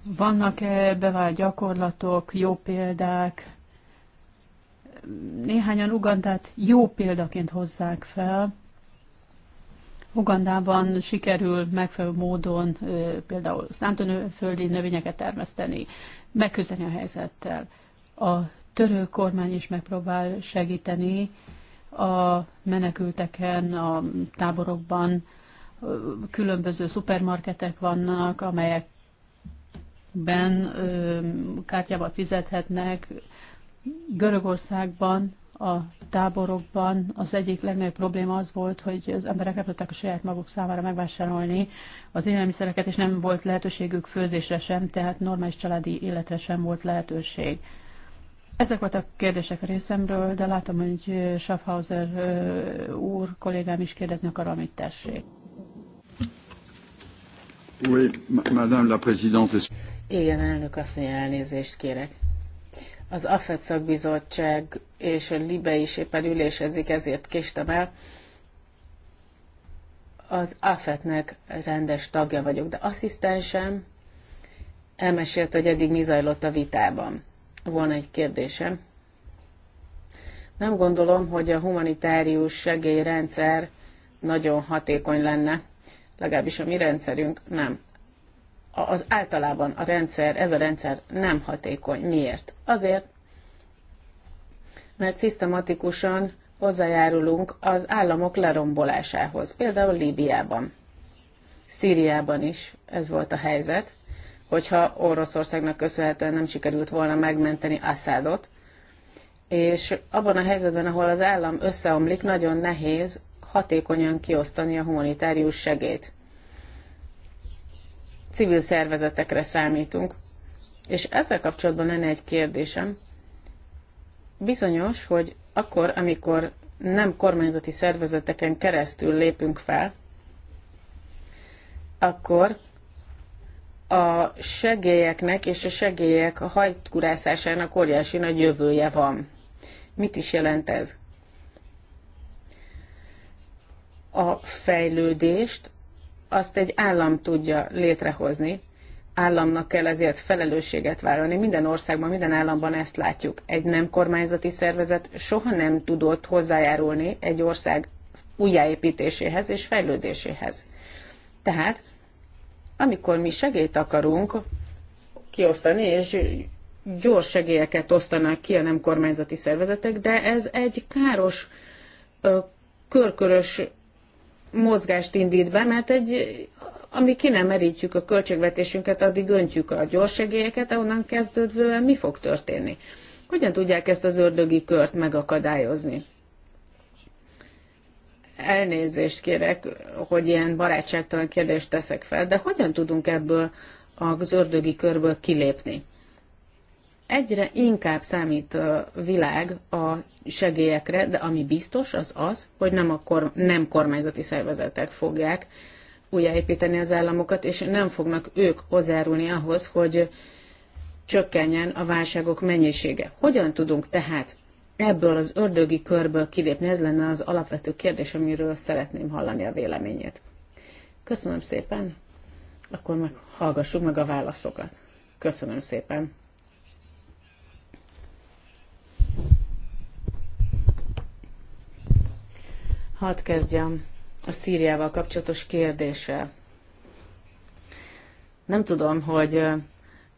Vannak-e bevált gyakorlatok, jó példák, néhányan Ugandát jó példaként hozzák fel. Ugandában sikerül megfelelő módon például szántóföldi növényeket termeszteni, megküzdeni a helyzettel. A török kormány is megpróbál segíteni a menekülteken, a táborokban. Különböző szupermarketek vannak, amelyekben kártyával fizethetnek, Görögországban a táborokban az egyik legnagyobb probléma az volt, hogy az emberek nem tudták a saját maguk számára megvásárolni az élelmiszereket, és nem volt lehetőségük főzésre sem, tehát normális családi életre sem volt lehetőség. Ezek voltak a kérdések a részemről, de látom, hogy Schaffhauser úr kollégám is kérdezni akar, amit tessék. Oui, madame la présidente. Igen, elnök asszony, elnézést kérek. Az AFECA bizottság és a LIBE is éppen ülésezik, ezért késtem el. Az AFET-nek rendes tagja vagyok, de asszisztensem elmesélte, hogy eddig mi zajlott a vitában. Volna egy kérdésem. Nem gondolom, hogy a humanitárius segélyrendszer nagyon hatékony lenne, legalábbis a mi rendszerünk nem az általában a rendszer, ez a rendszer nem hatékony. Miért? Azért, mert szisztematikusan hozzájárulunk az államok lerombolásához. Például Líbiában, Szíriában is ez volt a helyzet, hogyha Oroszországnak köszönhetően nem sikerült volna megmenteni Assadot, és abban a helyzetben, ahol az állam összeomlik, nagyon nehéz hatékonyan kiosztani a humanitárius segét civil szervezetekre számítunk. És ezzel kapcsolatban lenne egy kérdésem. Bizonyos, hogy akkor, amikor nem kormányzati szervezeteken keresztül lépünk fel, akkor a segélyeknek és a segélyek hajtkurászásának óriási nagy jövője van. Mit is jelent ez? A fejlődést azt egy állam tudja létrehozni, államnak kell ezért felelősséget vállalni. Minden országban, minden államban ezt látjuk. Egy nem kormányzati szervezet soha nem tudott hozzájárulni egy ország újjáépítéséhez és fejlődéséhez. Tehát, amikor mi segélyt akarunk kiosztani, és gyors segélyeket osztanak ki a nem kormányzati szervezetek, de ez egy káros, körkörös mozgást indít be, mert egy, ami ki nem merítjük a költségvetésünket, addig öntjük a gyorsegélyeket, onnan kezdődően mi fog történni? Hogyan tudják ezt az ördögi kört megakadályozni? Elnézést kérek, hogy ilyen barátságtalan kérdést teszek fel, de hogyan tudunk ebből az ördögi körből kilépni? egyre inkább számít a világ a segélyekre, de ami biztos, az az, hogy nem, a kor, nem kormányzati szervezetek fogják újjáépíteni az államokat, és nem fognak ők hozzárulni ahhoz, hogy csökkenjen a válságok mennyisége. Hogyan tudunk tehát ebből az ördögi körből kilépni? Ez lenne az alapvető kérdés, amiről szeretném hallani a véleményét. Köszönöm szépen, akkor meg hallgassuk meg a válaszokat. Köszönöm szépen. Hadd kezdjem a Szíriával kapcsolatos kérdéssel. Nem tudom, hogy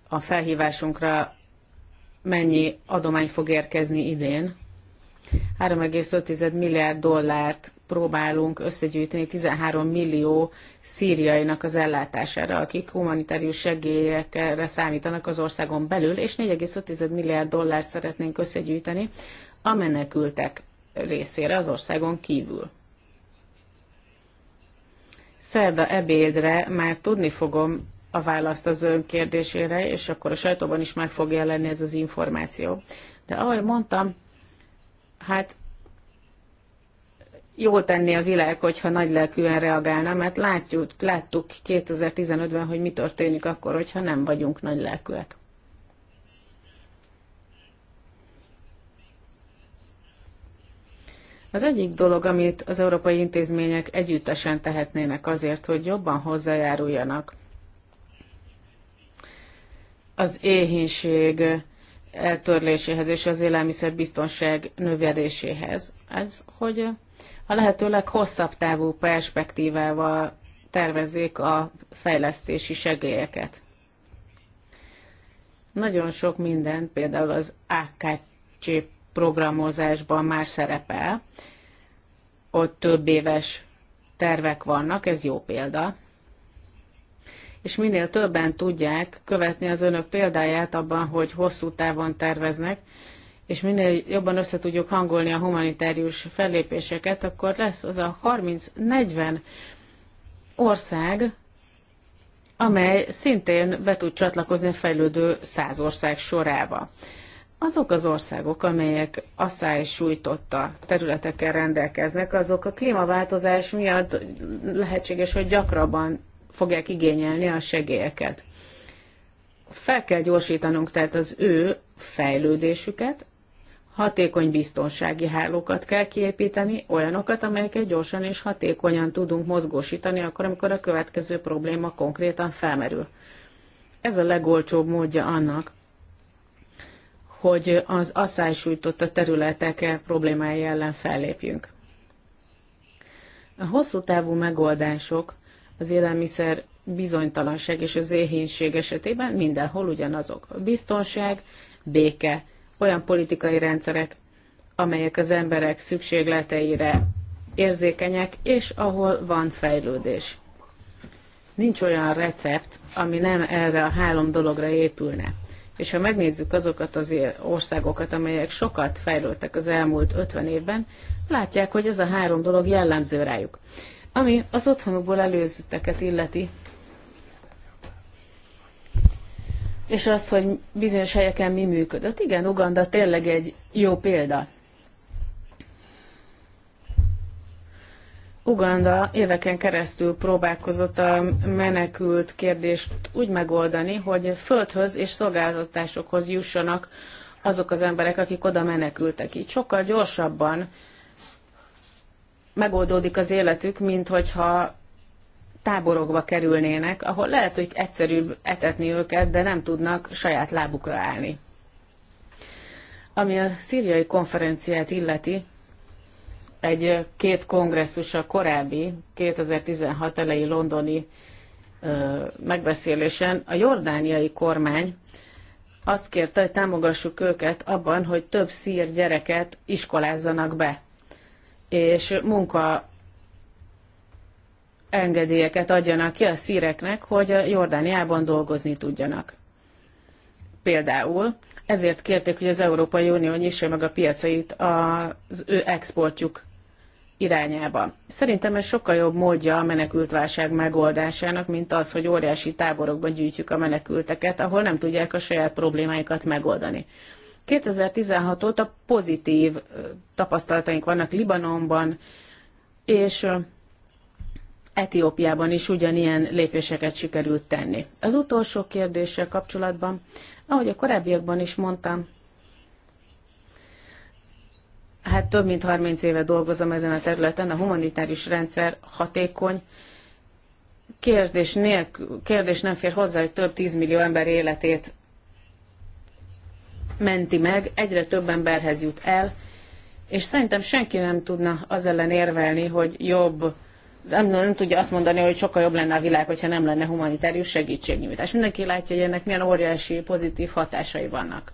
a felhívásunkra mennyi adomány fog érkezni idén. 3,5 milliárd dollárt próbálunk összegyűjteni 13 millió szíriainak az ellátására, akik humanitárius segélyekre számítanak az országon belül, és 4,5 milliárd dollárt szeretnénk összegyűjteni a menekültek részére az országon kívül. Szerda ebédre már tudni fogom a választ az ön kérdésére, és akkor a sajtóban is meg fog jelenni ez az információ. De ahogy mondtam, hát jól tenni a világ, hogyha nagy lelkűen reagálna, mert látjuk, láttuk 2015-ben, hogy mi történik akkor, hogyha nem vagyunk nagy lelkűek. Az egyik dolog, amit az európai intézmények együttesen tehetnének azért, hogy jobban hozzájáruljanak az éhínség eltörléséhez és az élelmiszerbiztonság növeléséhez, ez, hogy a lehető leghosszabb távú perspektívával tervezzék a fejlesztési segélyeket. Nagyon sok minden, például az AKC programozásban már szerepel, ott több éves tervek vannak, ez jó példa. És minél többen tudják követni az önök példáját abban, hogy hosszú távon terveznek, és minél jobban össze tudjuk hangolni a humanitárius fellépéseket, akkor lesz az a 30-40 ország, amely szintén be tud csatlakozni a fejlődő száz ország sorába azok az országok, amelyek asszály sújtotta területekkel rendelkeznek, azok a klímaváltozás miatt lehetséges, hogy gyakrabban fogják igényelni a segélyeket. Fel kell gyorsítanunk tehát az ő fejlődésüket, hatékony biztonsági hálókat kell kiépíteni, olyanokat, amelyeket gyorsan és hatékonyan tudunk mozgósítani, akkor, amikor a következő probléma konkrétan felmerül. Ez a legolcsóbb módja annak, hogy az asszály sújtotta területek problémái ellen fellépjünk. A hosszú távú megoldások az élelmiszer bizonytalanság és az éhénység esetében mindenhol ugyanazok. A biztonság, béke, olyan politikai rendszerek, amelyek az emberek szükségleteire érzékenyek, és ahol van fejlődés. Nincs olyan recept, ami nem erre a három dologra épülne. És ha megnézzük azokat az országokat, amelyek sokat fejlődtek az elmúlt 50 évben, látják, hogy ez a három dolog jellemző rájuk. Ami az otthonukból előzötteket illeti, és azt, hogy bizonyos helyeken mi működött. Igen, Uganda tényleg egy jó példa. Uganda éveken keresztül próbálkozott a menekült kérdést úgy megoldani, hogy földhöz és szolgáltatásokhoz jussanak azok az emberek, akik oda menekültek. Így sokkal gyorsabban megoldódik az életük, mint hogyha táborokba kerülnének, ahol lehet, hogy egyszerűbb etetni őket, de nem tudnak saját lábukra állni. Ami a szíriai konferenciát illeti, egy két kongresszus a korábbi 2016 elejé londoni ö, megbeszélésen a jordániai kormány azt kérte, hogy támogassuk őket abban, hogy több szír gyereket iskolázzanak be, és munka engedélyeket adjanak ki a szíreknek, hogy a Jordániában dolgozni tudjanak. Például ezért kérték, hogy az Európai Unió nyissa meg a piacait az ő exportjuk irányába. Szerintem ez sokkal jobb módja a menekültválság megoldásának, mint az, hogy óriási táborokban gyűjtjük a menekülteket, ahol nem tudják a saját problémáikat megoldani. 2016 óta pozitív tapasztalataink vannak Libanonban, és Etiópiában is ugyanilyen lépéseket sikerült tenni. Az utolsó kérdéssel kapcsolatban, ahogy a korábbiakban is mondtam, Hát több mint 30 éve dolgozom ezen a területen, a humanitárius rendszer hatékony, kérdés, nélkül, kérdés nem fér hozzá, hogy több 10 millió ember életét menti meg, egyre több emberhez jut el, és szerintem senki nem tudna az ellen érvelni, hogy jobb, nem, nem tudja azt mondani, hogy sokkal jobb lenne a világ, hogyha nem lenne humanitárius segítségnyújtás. Mindenki látja, hogy ennek milyen óriási pozitív hatásai vannak.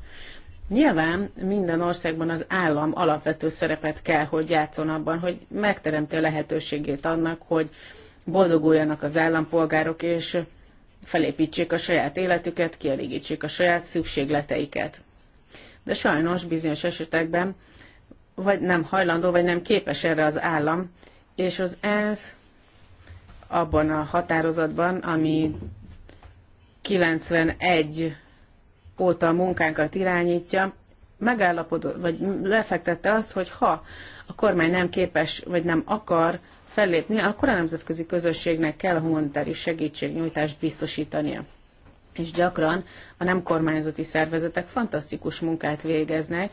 Nyilván minden országban az állam alapvető szerepet kell, hogy játszon abban, hogy megteremti a lehetőségét annak, hogy boldoguljanak az állampolgárok, és felépítsék a saját életüket, kielégítsék a saját szükségleteiket. De sajnos bizonyos esetekben vagy nem hajlandó, vagy nem képes erre az állam, és az ENSZ abban a határozatban, ami 91 óta a munkánkat irányítja, megállapodott, vagy lefektette azt, hogy ha a kormány nem képes, vagy nem akar fellépni, akkor a nemzetközi közösségnek kell a humanitárius segítségnyújtást biztosítania. És gyakran a nem kormányzati szervezetek fantasztikus munkát végeznek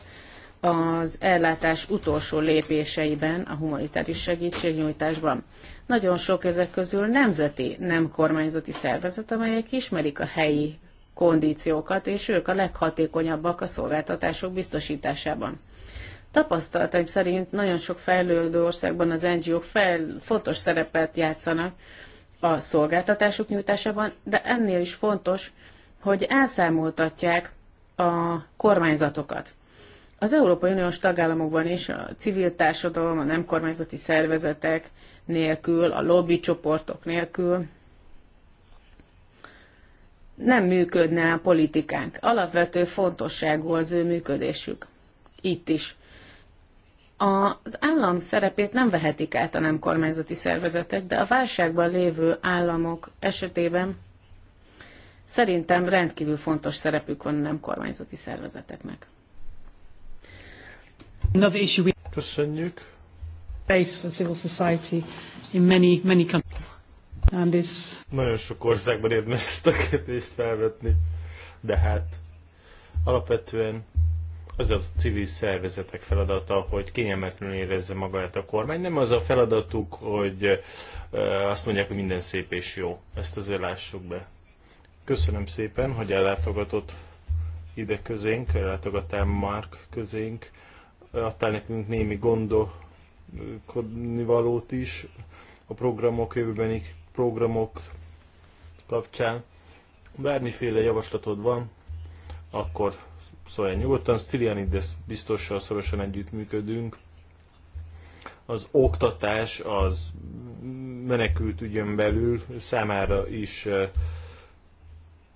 az ellátás utolsó lépéseiben, a humanitárius segítségnyújtásban. Nagyon sok ezek közül nemzeti, nem kormányzati szervezet, amelyek ismerik a helyi kondíciókat, és ők a leghatékonyabbak a szolgáltatások biztosításában. Tapasztalataim szerint nagyon sok fejlődő országban az NGO-k fel, fontos szerepet játszanak a szolgáltatások nyújtásában, de ennél is fontos, hogy elszámoltatják a kormányzatokat. Az Európai Uniós tagállamokban is a civil társadalom, a nem kormányzati szervezetek nélkül, a lobby csoportok nélkül nem működne a politikánk. Alapvető fontosságú az ő működésük. Itt is. Az állam szerepét nem vehetik át a nem kormányzati szervezetek, de a válságban lévő államok esetében szerintem rendkívül fontos szerepük van a nem kormányzati szervezeteknek. Köszönjük. Base for civil society in many, many countries. And Nagyon sok országban érdemes ezt a kérdést felvetni, de hát alapvetően az a civil szervezetek feladata, hogy kényelmetlenül érezze magát a kormány. Nem az a feladatuk, hogy azt mondják, hogy minden szép és jó. Ezt azért lássuk be. Köszönöm szépen, hogy ellátogatott ide közénk, ellátogattál Mark közénk. Adtál nekünk némi gondolkodni valót is a programok jövőbeni programok kapcsán. Bármiféle javaslatod van, akkor szóljál nyugodtan. de biztossal szorosan együttműködünk. Az oktatás az menekült ügyön belül számára is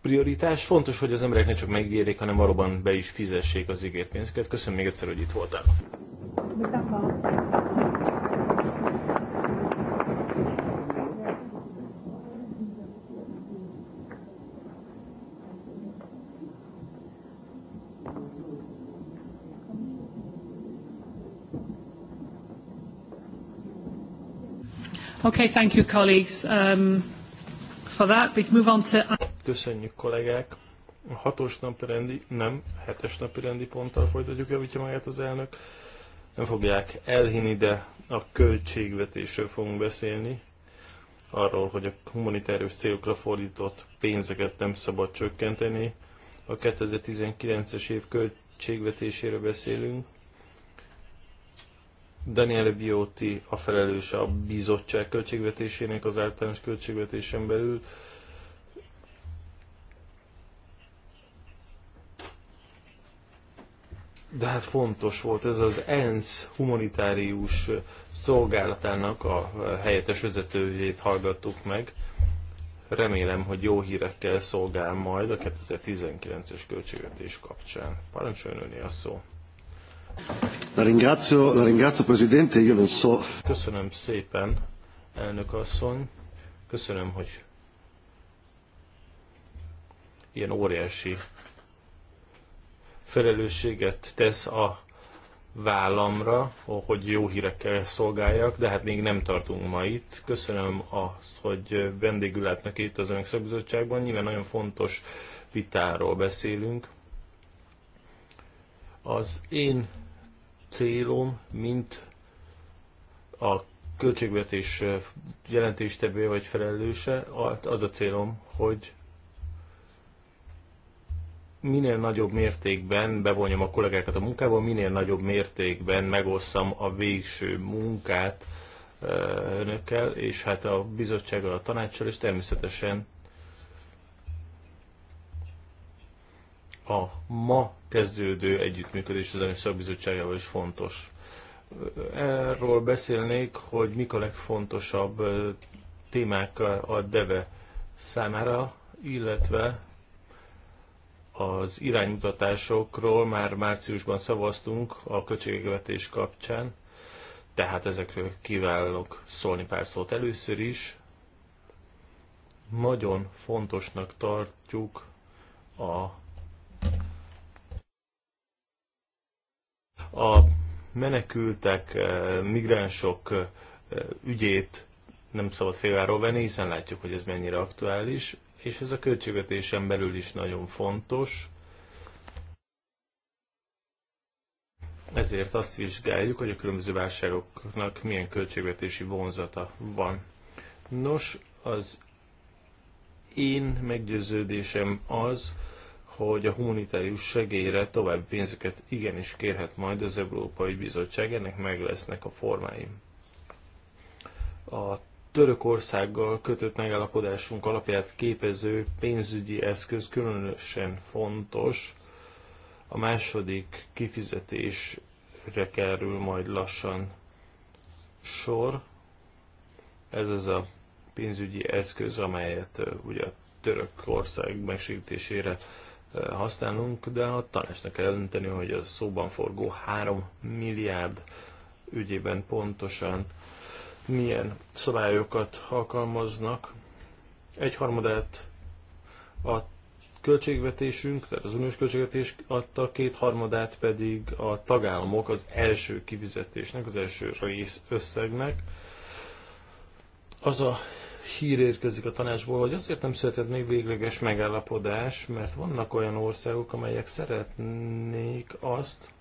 prioritás. Fontos, hogy az emberek ne csak megérjék, hanem valóban be is fizessék az ígért pénzeket. Köszönöm még egyszer, hogy itt voltál. Okay, thank you colleagues um, for that. We move on to... Köszönjük kollégák. A hatos napi rendi, nem, hetes napi rendi ponttal folytatjuk, javítja magát az elnök. Nem fogják elhinni, de a költségvetésről fogunk beszélni. Arról, hogy a humanitárius célokra fordított pénzeket nem szabad csökkenteni. A 2019-es év költségvetéséről beszélünk, Daniele Bioti a felelős a bizottság költségvetésének az általános költségvetésen belül. De hát fontos volt ez az ENSZ humanitárius szolgálatának a helyettes vezetőjét hallgattuk meg. Remélem, hogy jó hírekkel szolgál majd a 2019-es költségvetés kapcsán. Parancsoljon a szó. La ringrazio, la ringrazio, Presidente, io non so. Köszönöm szépen, elnök asszony. Köszönöm, hogy ilyen óriási felelősséget tesz a vállamra, hogy jó hírekkel szolgáljak, de hát még nem tartunk ma itt. Köszönöm azt, hogy vendégül látnak itt az Önök Szakbizottságban. Nyilván nagyon fontos vitáról beszélünk. Az én célom, mint a költségvetés jelentéstevője vagy felelőse, az a célom, hogy minél nagyobb mértékben bevonjam a kollégákat a munkába, minél nagyobb mértékben megosszam a végső munkát önökkel, és hát a bizottsággal, a tanácssal, és természetesen a ma kezdődő együttműködés az Önök Szakbizottságával is fontos. Erről beszélnék, hogy mik a legfontosabb témák a DEVE számára, illetve az iránymutatásokról már márciusban szavaztunk a költségvetés kapcsán, tehát ezekről kívánok szólni pár szót. Először is nagyon fontosnak tartjuk a A menekültek, eh, migránsok eh, ügyét nem szabad félváról venni, hiszen látjuk, hogy ez mennyire aktuális, és ez a költségvetésen belül is nagyon fontos. Ezért azt vizsgáljuk, hogy a különböző válságoknak milyen költségvetési vonzata van. Nos, az én meggyőződésem az, hogy a humanitárius segélyre további pénzeket igenis kérhet majd az Európai Bizottság, ennek meg lesznek a formái. A Törökországgal kötött megállapodásunk alapját képező pénzügyi eszköz különösen fontos. A második kifizetésre kerül majd lassan sor. Ez az a pénzügyi eszköz, amelyet ugye a Törökország megsegítésére használunk, de a tanácsnak kell eldönteni, hogy a szóban forgó 3 milliárd ügyében pontosan milyen szabályokat alkalmaznak. Egy harmadát a költségvetésünk, tehát az uniós költségvetés adta, kétharmadát pedig a tagállamok az első kivizetésnek az első rész összegnek. Az a hír érkezik a tanácsból, hogy azért nem született még végleges megállapodás, mert vannak olyan országok, amelyek szeretnék azt,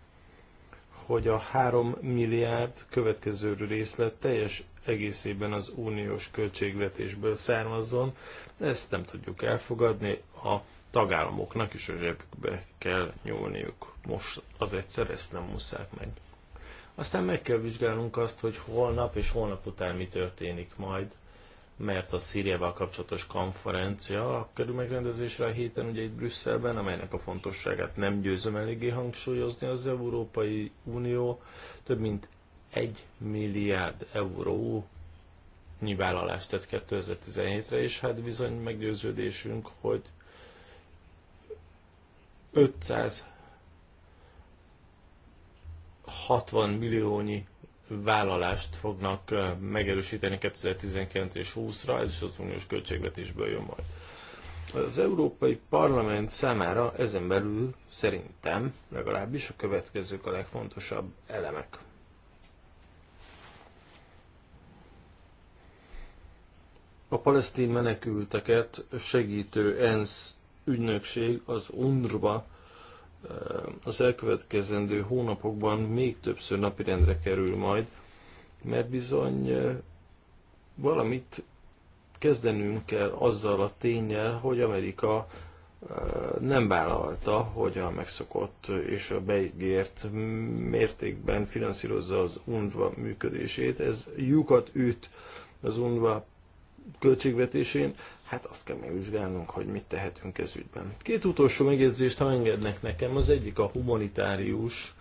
hogy a 3 milliárd következő részlet teljes egészében az uniós költségvetésből származzon. Ezt nem tudjuk elfogadni, a tagállamoknak is a zsebükbe kell nyúlniuk. Most az egyszer ezt nem muszák meg. Aztán meg kell vizsgálnunk azt, hogy holnap és holnap után mi történik majd mert a Szíriával kapcsolatos konferencia kerül megrendezésre a héten, ugye itt Brüsszelben, amelynek a fontosságát nem győzöm eléggé hangsúlyozni. Az Európai Unió több mint egy milliárd euró nyilvállalást tett 2017-re, és hát bizony meggyőződésünk, hogy 560 milliónyi vállalást fognak megerősíteni 2019 és 20-ra, ez is az uniós költségvetésből jön majd. Az Európai Parlament számára ezen belül szerintem legalábbis a következők a legfontosabb elemek. A palesztin menekülteket segítő ENSZ ügynökség, az UNRWA az elkövetkezendő hónapokban még többször napirendre kerül majd, mert bizony valamit kezdenünk kell azzal a tényel, hogy Amerika nem vállalta, hogy a megszokott és a beígért mértékben finanszírozza az UNRWA működését. Ez lyukat üt az UNRWA költségvetésén, Hát azt kell megvizsgálnunk, hogy mit tehetünk ez ügyben. Két utolsó megjegyzést, ha engednek nekem, az egyik a humanitárius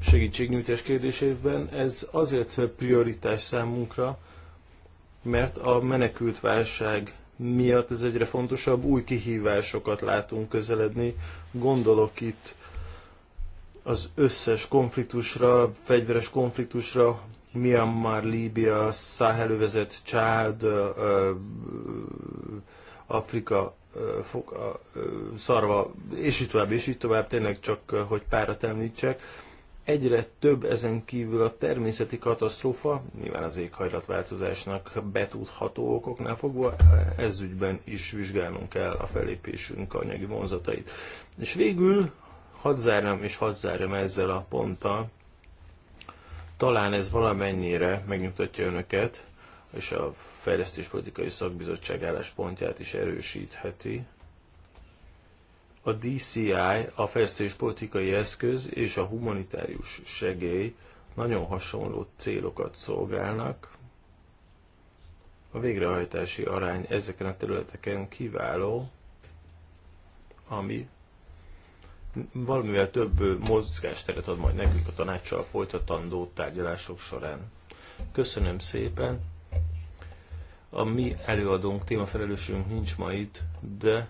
segítségnyújtás kérdésében. Ez azért prioritás számunkra, mert a menekült válság miatt ez egyre fontosabb, új kihívásokat látunk közeledni. Gondolok itt az összes konfliktusra, fegyveres konfliktusra, Myanmar, Líbia, Száhelővezet, Csád, Afrika, szarva, és így tovább, és így tovább, tényleg csak, hogy párat említsek. Egyre több ezen kívül a természeti katasztrófa, nyilván az éghajlatváltozásnak betudható okoknál fogva, ez ügyben is vizsgálnunk kell a felépésünk anyagi vonzatait. És végül Hadd zárjam és hadd zárjam ezzel a ponttal. Talán ez valamennyire megnyugtatja önöket, és a Fejlesztéspolitikai Szakbizottság álláspontját is erősítheti. A DCI, a fejlesztéspolitikai eszköz és a humanitárius segély nagyon hasonló célokat szolgálnak. A végrehajtási arány ezeken a területeken kiváló, ami valamivel több mozgásteret ad majd nekünk a tanácssal folytatandó tárgyalások során. Köszönöm szépen! A mi előadónk, témafelelősünk nincs ma itt, de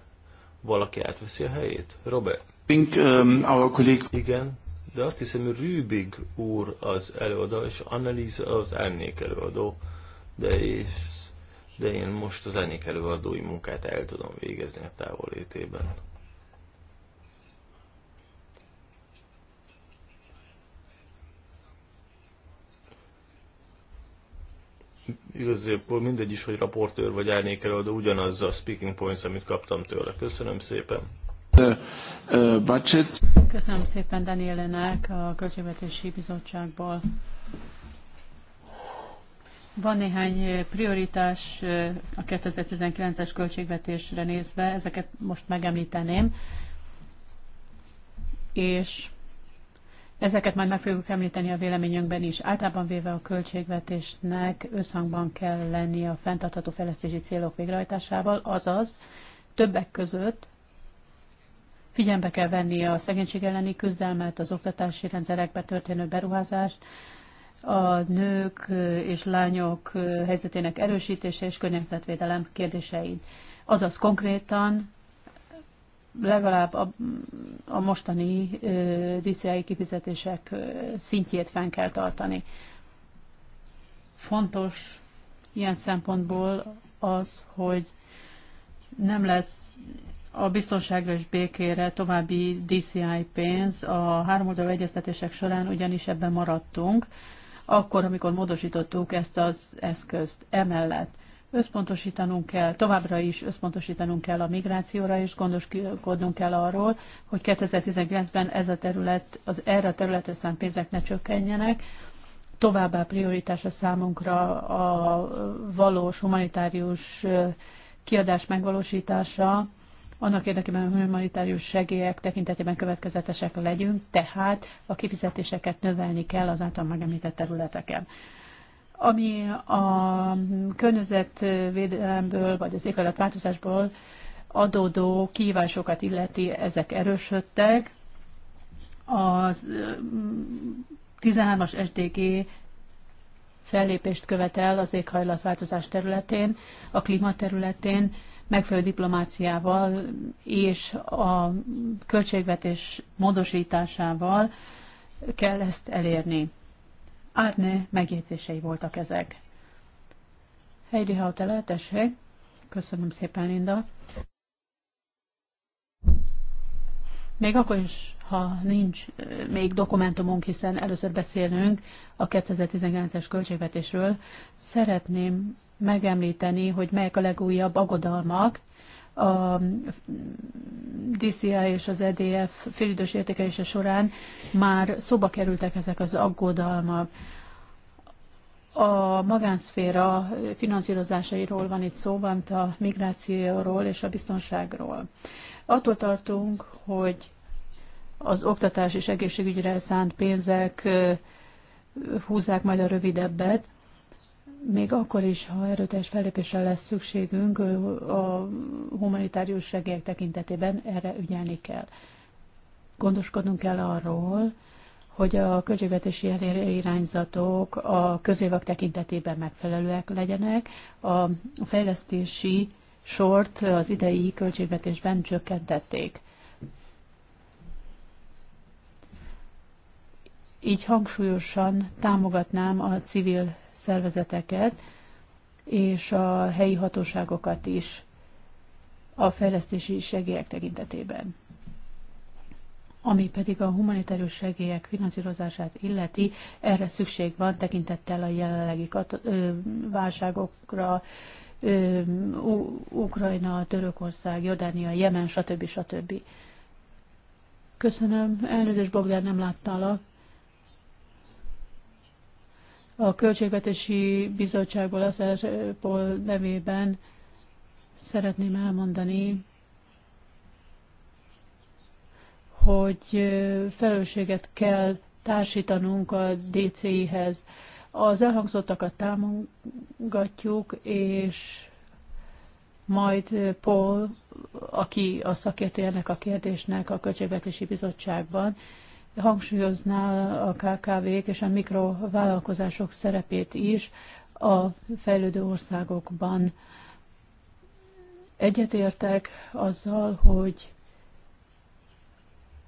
valaki átveszi a helyét? Robert? Think, um, Igen, de azt hiszem Rübig úr az előadó, és Annelies az elnék előadó, de, és, de én most az elnék előadói munkát el tudom végezni a távolétében. igazából mindegy is, hogy raportőr vagy árnyékelő, de ugyanaz a speaking points, amit kaptam tőle. Köszönöm szépen. Budget. Köszönöm szépen Danielének a Költségvetési Bizottságból. Van néhány prioritás a 2019-es költségvetésre nézve, ezeket most megemlíteném, és Ezeket majd meg fogjuk említeni a véleményünkben is. Általában véve a költségvetésnek összhangban kell lenni a fenntartható fejlesztési célok végrehajtásával, azaz többek között figyelembe kell venni a szegénység elleni küzdelmet, az oktatási rendszerekbe történő beruházást, a nők és lányok helyzetének erősítése és környezetvédelem kérdéseit. Azaz konkrétan legalább a, a mostani DCI kifizetések szintjét fenn kell tartani. Fontos ilyen szempontból az, hogy nem lesz a biztonságra és békére további DCI pénz. A háromoldalú egyeztetések során ugyanis ebben maradtunk, akkor, amikor módosítottuk ezt az eszközt. Emellett Összpontosítanunk kell, továbbra is összpontosítanunk kell a migrációra, és gondoskodnunk kell arról, hogy 2019-ben ez a terület, az erre a területre szánt pénzek ne csökkenjenek, továbbá prioritása számunkra a valós humanitárius kiadás megvalósítása, annak érdekében, hogy humanitárius segélyek tekintetében következetesek legyünk, tehát a kifizetéseket növelni kell az által megemlített területeken ami a környezetvédelemből vagy az éghajlatváltozásból adódó kívásokat illeti, ezek erősödtek. Az 13-as SDG fellépést követel az éghajlatváltozás területén, a klíma területén, megfelelő diplomáciával és a költségvetés módosításával kell ezt elérni. Árné megjegyzései voltak ezek. Heidi Hautele, tessék. Köszönöm szépen, Linda. Még akkor is, ha nincs még dokumentumunk, hiszen először beszélünk a 2019-es költségvetésről, szeretném megemlíteni, hogy melyek a legújabb aggodalmak, a DCI és az EDF félidős értékelése során már szóba kerültek ezek az aggodalmak. A magánszféra finanszírozásairól van itt szó, valamint a migrációról és a biztonságról. Attól tartunk, hogy az oktatás és egészségügyre szánt pénzek húzzák majd a rövidebbet, még akkor is, ha erőteljes fellépésre lesz szükségünk a humanitárius segélyek tekintetében, erre ügyelni kell. Gondoskodnunk kell arról, hogy a költségvetési irányzatok a közévak tekintetében megfelelőek legyenek, a fejlesztési sort az idei költségvetésben csökkentették. Így hangsúlyosan támogatnám a civil szervezeteket és a helyi hatóságokat is a fejlesztési segélyek tekintetében. Ami pedig a humanitárius segélyek finanszírozását illeti, erre szükség van tekintettel a jelenlegi válságokra, ö, Ukrajna, Törökország, Jordánia, Jemen, stb. stb. Köszönöm. Elnézést, Bogdán, nem láttalak. A Költségvetési Bizottságból, az Erpol nevében szeretném elmondani, hogy felelősséget kell társítanunk a DCI-hez. Az elhangzottakat támogatjuk, és majd Paul, aki a szakértő ennek a kérdésnek a Költségvetési Bizottságban, hangsúlyozná a KKV-k és a mikrovállalkozások szerepét is a fejlődő országokban. Egyetértek azzal, hogy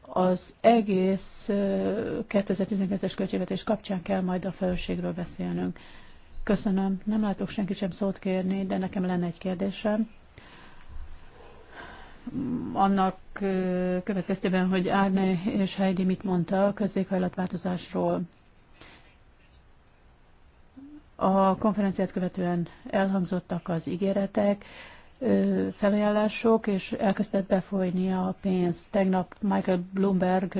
az egész 2012-es költségvetés kapcsán kell majd a felelősségről beszélnünk. Köszönöm. Nem látok senki sem szót kérni, de nekem lenne egy kérdésem annak következtében, hogy Árne és Heidi mit mondta a közéghajlatváltozásról. A konferenciát követően elhangzottak az ígéretek, felajánlások, és elkezdett befolyni a pénz. Tegnap Michael Bloomberg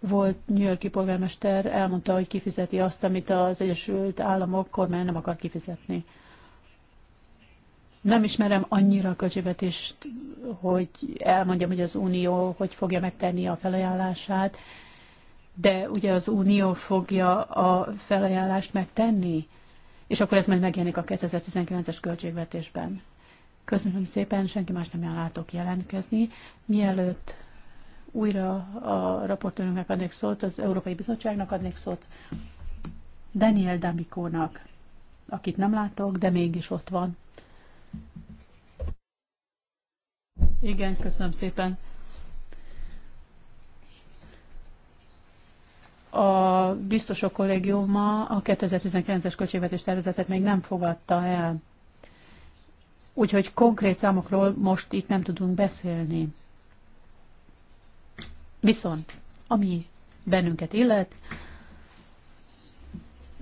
volt New Yorki polgármester, elmondta, hogy kifizeti azt, amit az Egyesült Államok kormány nem akar kifizetni. Nem ismerem annyira a költségvetést, hogy elmondjam, hogy az Unió hogy fogja megtenni a felajánlását, de ugye az Unió fogja a felajánlást megtenni, és akkor ez majd megjelenik a 2019-es költségvetésben. Köszönöm szépen, senki más nem látok jelentkezni. Mielőtt újra a raportőrünknek adnék szót, az Európai Bizottságnak adnék szót, Daniel Damikónak, akit nem látok, de mégis ott van. Igen, köszönöm szépen. A biztosok kollégiuma a 2019-es költségvetés tervezetet még nem fogadta el. Úgyhogy konkrét számokról most itt nem tudunk beszélni. Viszont, ami bennünket illet,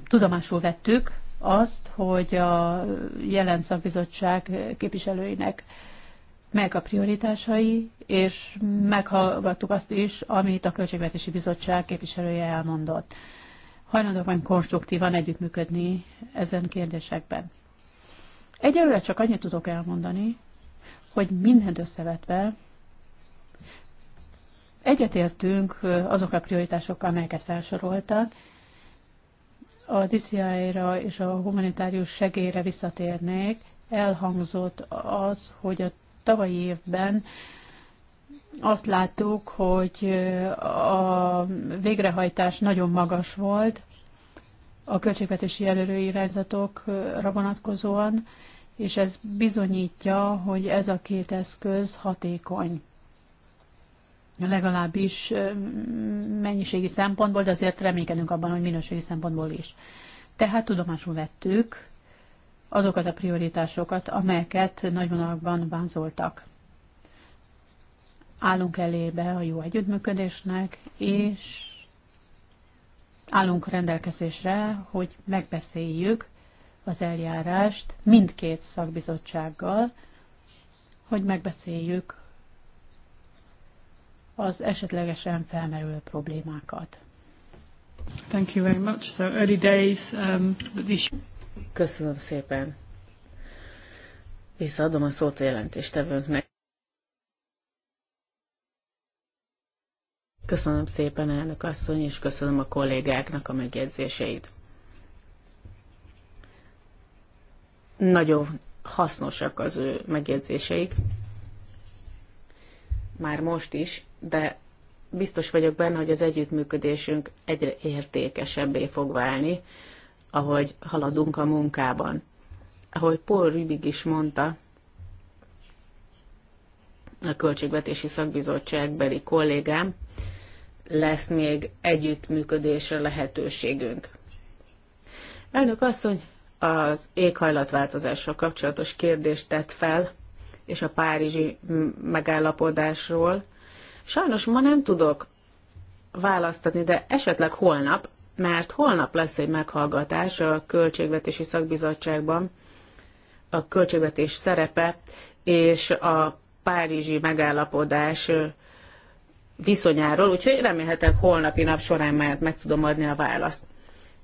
tudomásul vettük azt, hogy a jelen szakbizottság képviselőinek meg a prioritásai, és meghallgattuk azt is, amit a Költségvetési Bizottság képviselője elmondott. Hajlandók van konstruktívan együttműködni ezen kérdésekben. Egyelőre csak annyit tudok elmondani, hogy mindent összevetve egyetértünk azok a prioritásokkal, amelyeket felsoroltak. A DCI-ra és a humanitárius segélyre visszatérnék, elhangzott az, hogy a tavalyi évben azt láttuk, hogy a végrehajtás nagyon magas volt a költségvetési irányzatokra vonatkozóan, és ez bizonyítja, hogy ez a két eszköz hatékony. Legalábbis mennyiségi szempontból, de azért reménykedünk abban, hogy minőségi szempontból is. Tehát tudomásul vettük azokat a prioritásokat, amelyeket nagyvonalakban vázoltak. Állunk elébe a jó együttműködésnek, és állunk rendelkezésre, hogy megbeszéljük az eljárást mindkét szakbizottsággal, hogy megbeszéljük az esetlegesen felmerülő problémákat. Thank you very much. So early days, um, this... Köszönöm szépen. Visszaadom a szót a jelentéstevőnknek. Köszönöm szépen, elnök asszony, és köszönöm a kollégáknak a megjegyzéseit. Nagyon hasznosak az ő megjegyzéseik, már most is, de biztos vagyok benne, hogy az együttműködésünk egyre értékesebbé fog válni, ahogy haladunk a munkában. Ahogy Paul Rübig is mondta, a Költségvetési beli kollégám, lesz még együttműködésre lehetőségünk. Elnök asszony az éghajlatváltozással kapcsolatos kérdést tett fel, és a párizsi megállapodásról. Sajnos ma nem tudok választani, de esetleg holnap mert holnap lesz egy meghallgatás a Költségvetési Szakbizottságban, a költségvetés szerepe és a párizsi megállapodás viszonyáról, úgyhogy remélhetek holnapi nap során már meg tudom adni a választ.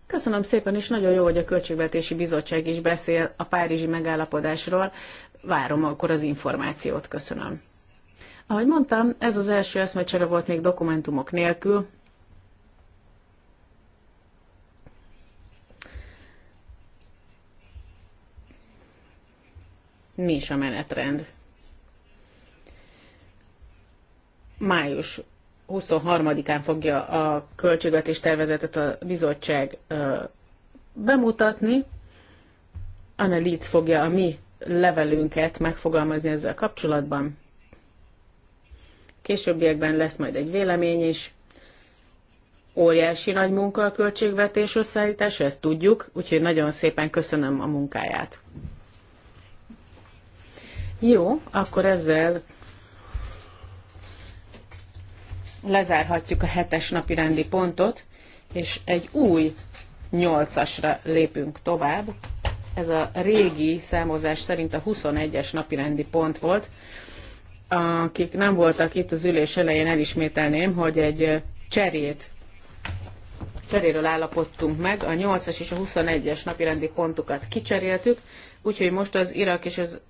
Köszönöm szépen, és nagyon jó, hogy a Költségvetési Bizottság is beszél a párizsi megállapodásról. Várom akkor az információt, köszönöm. Ahogy mondtam, ez az első eszmecsere volt még dokumentumok nélkül, mi is a menetrend. Május 23-án fogja a költségvetés tervezetet a bizottság bemutatni. Anna Leeds fogja a mi levelünket megfogalmazni ezzel kapcsolatban. Későbbiekben lesz majd egy vélemény is. Óriási nagy munka a költségvetés összeállítása, ezt tudjuk, úgyhogy nagyon szépen köszönöm a munkáját. Jó, akkor ezzel lezárhatjuk a hetes napi rendi pontot, és egy új nyolcasra lépünk tovább. Ez a régi számozás szerint a 21-es napi rendi pont volt. Akik nem voltak itt az ülés elején, elismételném, hogy egy cserét cseréről állapodtunk meg, a 8-as és a 21-es napirendi pontokat kicseréltük, úgyhogy most az Irak és az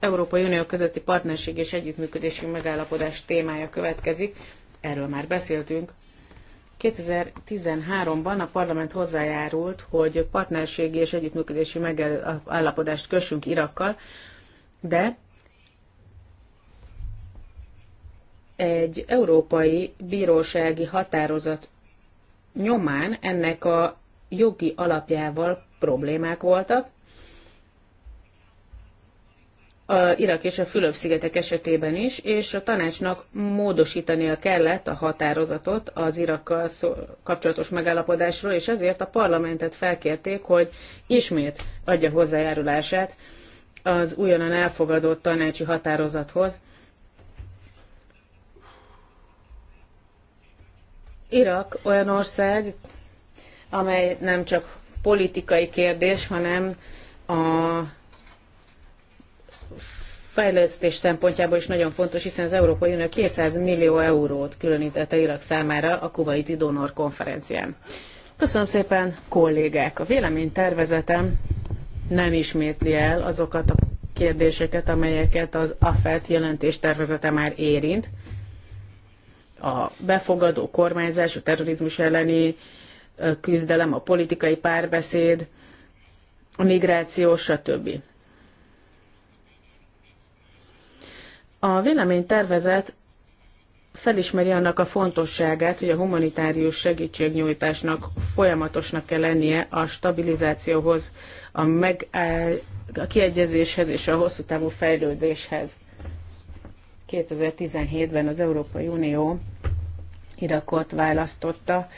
Európai Unió közötti partnerség és együttműködési megállapodás témája következik. Erről már beszéltünk. 2013-ban a parlament hozzájárult, hogy partnerségi és együttműködési megállapodást kössünk Irakkal, de egy európai bírósági határozat nyomán ennek a jogi alapjával problémák voltak, a Irak és a Fülöp-szigetek esetében is, és a tanácsnak módosítania kellett a határozatot az Irakkal kapcsolatos megállapodásról, és ezért a parlamentet felkérték, hogy ismét adja hozzájárulását az újonnan elfogadott tanácsi határozathoz. Irak olyan ország, amely nem csak politikai kérdés, hanem a fejlesztés szempontjából is nagyon fontos, hiszen az Európai Unió 200 millió eurót különítette Irak számára a kuvaiti donor konferencián. Köszönöm szépen, kollégák! A véleménytervezetem nem ismétli el azokat a kérdéseket, amelyeket az AFET tervezete már érint. A befogadó kormányzás, a terrorizmus elleni küzdelem, a politikai párbeszéd, a migráció, stb. A véleménytervezet felismeri annak a fontosságát, hogy a humanitárius segítségnyújtásnak folyamatosnak kell lennie a stabilizációhoz, a, meg, a kiegyezéshez és a hosszú távú fejlődéshez. 2017-ben az Európai Unió Irakot választotta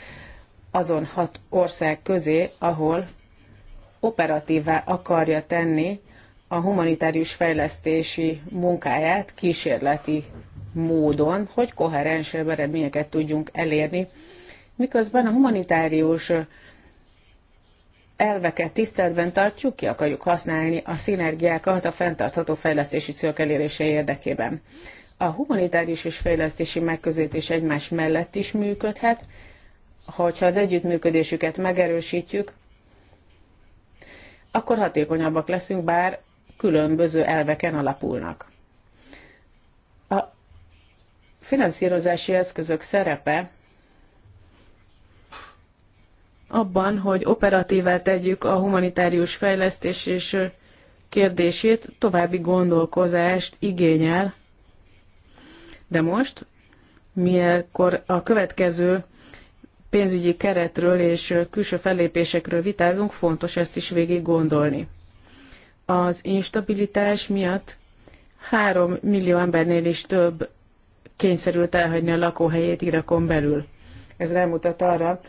azon hat ország közé, ahol operatívá akarja tenni a humanitárius fejlesztési munkáját kísérleti módon, hogy koherensebb eredményeket tudjunk elérni, miközben a humanitárius elveket tiszteletben tartjuk, ki akarjuk használni a szinergiákat a fenntartható fejlesztési célok elérése érdekében. A humanitárius és fejlesztési megközelítés egymás mellett is működhet, hogyha az együttműködésüket megerősítjük, akkor hatékonyabbak leszünk, bár különböző elveken alapulnak. A finanszírozási eszközök szerepe abban, hogy operatívá tegyük a humanitárius fejlesztés és kérdését, további gondolkozást igényel. De most, mikor a következő pénzügyi keretről és külső fellépésekről vitázunk, fontos ezt is végig gondolni az instabilitás miatt három millió embernél is több kényszerült elhagyni a lakóhelyét Irakon belül. Ez rámutat arra,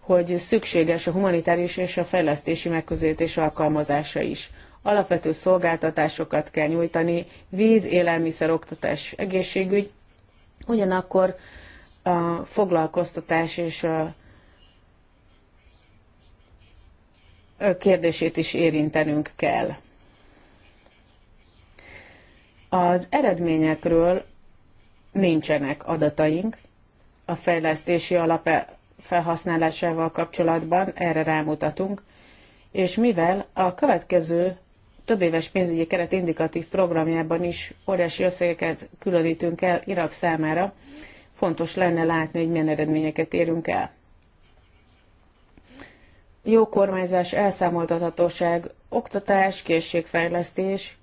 hogy szükséges a humanitárius és a fejlesztési megközelítés alkalmazása is. Alapvető szolgáltatásokat kell nyújtani, víz, élelmiszer, oktatás, egészségügy, ugyanakkor a foglalkoztatás és a kérdését is érintenünk kell. Az eredményekről nincsenek adataink a fejlesztési alap e- felhasználásával kapcsolatban, erre rámutatunk, és mivel a következő több éves pénzügyi keret indikatív programjában is óriási összegeket különítünk el Irak számára, fontos lenne látni, hogy milyen eredményeket érünk el. Jó kormányzás, elszámoltathatóság, oktatás, készségfejlesztés,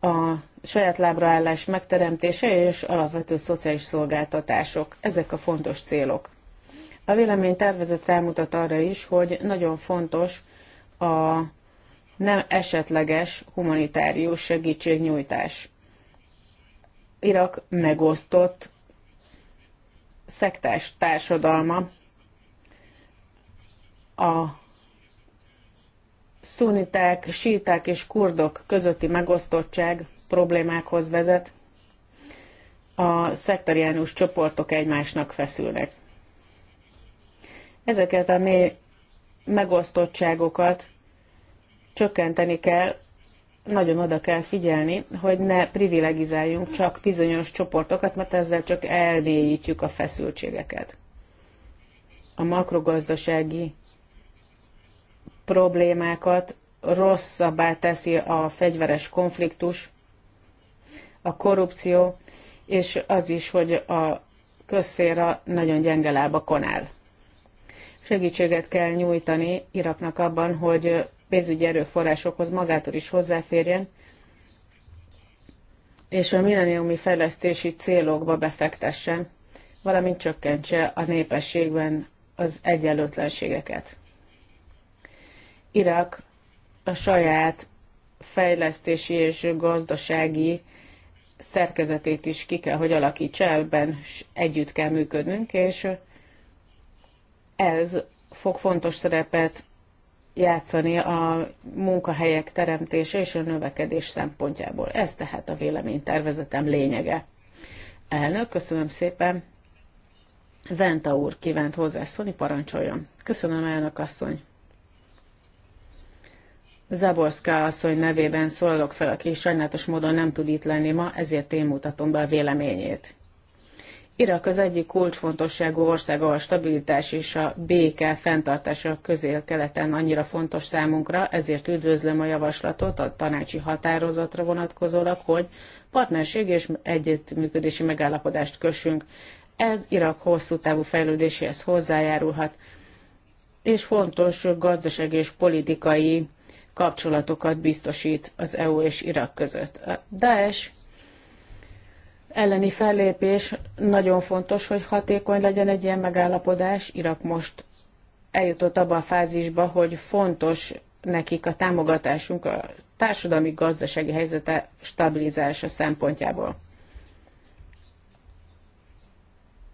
a saját lábraállás megteremtése és alapvető szociális szolgáltatások. Ezek a fontos célok. A vélemény tervezet rámutat arra is, hogy nagyon fontos a nem esetleges humanitárius segítségnyújtás. Irak megosztott szektás társadalma a szuniták, síták és kurdok közötti megosztottság problémákhoz vezet. A szektariánus csoportok egymásnak feszülnek. Ezeket a mély megosztottságokat csökkenteni kell, nagyon oda kell figyelni, hogy ne privilegizáljunk csak bizonyos csoportokat, mert ezzel csak elmélyítjük a feszültségeket. A makrogazdasági problémákat rosszabbá teszi a fegyveres konfliktus, a korrupció, és az is, hogy a közféra nagyon gyenge lábakon áll. Segítséget kell nyújtani Iraknak abban, hogy pénzügyi erőforrásokhoz magától is hozzáférjen, és a milleniumi fejlesztési célokba befektessen, valamint csökkentse a népességben az egyenlőtlenségeket. Irak a saját fejlesztési és gazdasági szerkezetét is ki kell, hogy alakítsa, ebben együtt kell működnünk, és ez fog fontos szerepet játszani a munkahelyek teremtése és a növekedés szempontjából. Ez tehát a véleménytervezetem lényege. Elnök, köszönöm szépen. Venta úr kívánt hozzászólni, parancsoljon. Köszönöm, elnök asszony. Zaborszka asszony nevében szólalok fel, aki sajnálatos módon nem tud itt lenni ma, ezért én mutatom be a véleményét. Irak az egyik kulcsfontosságú ország, a stabilitás és a béke fenntartása közél-keleten annyira fontos számunkra, ezért üdvözlöm a javaslatot a tanácsi határozatra vonatkozólag, hogy partnerség és együttműködési megállapodást kössünk. Ez Irak hosszú távú fejlődéséhez hozzájárulhat, és fontos gazdasági és politikai kapcsolatokat biztosít az EU és Irak között. A Daesh elleni fellépés nagyon fontos, hogy hatékony legyen egy ilyen megállapodás. Irak most eljutott abba a fázisba, hogy fontos nekik a támogatásunk a társadalmi gazdasági helyzete stabilizálása szempontjából.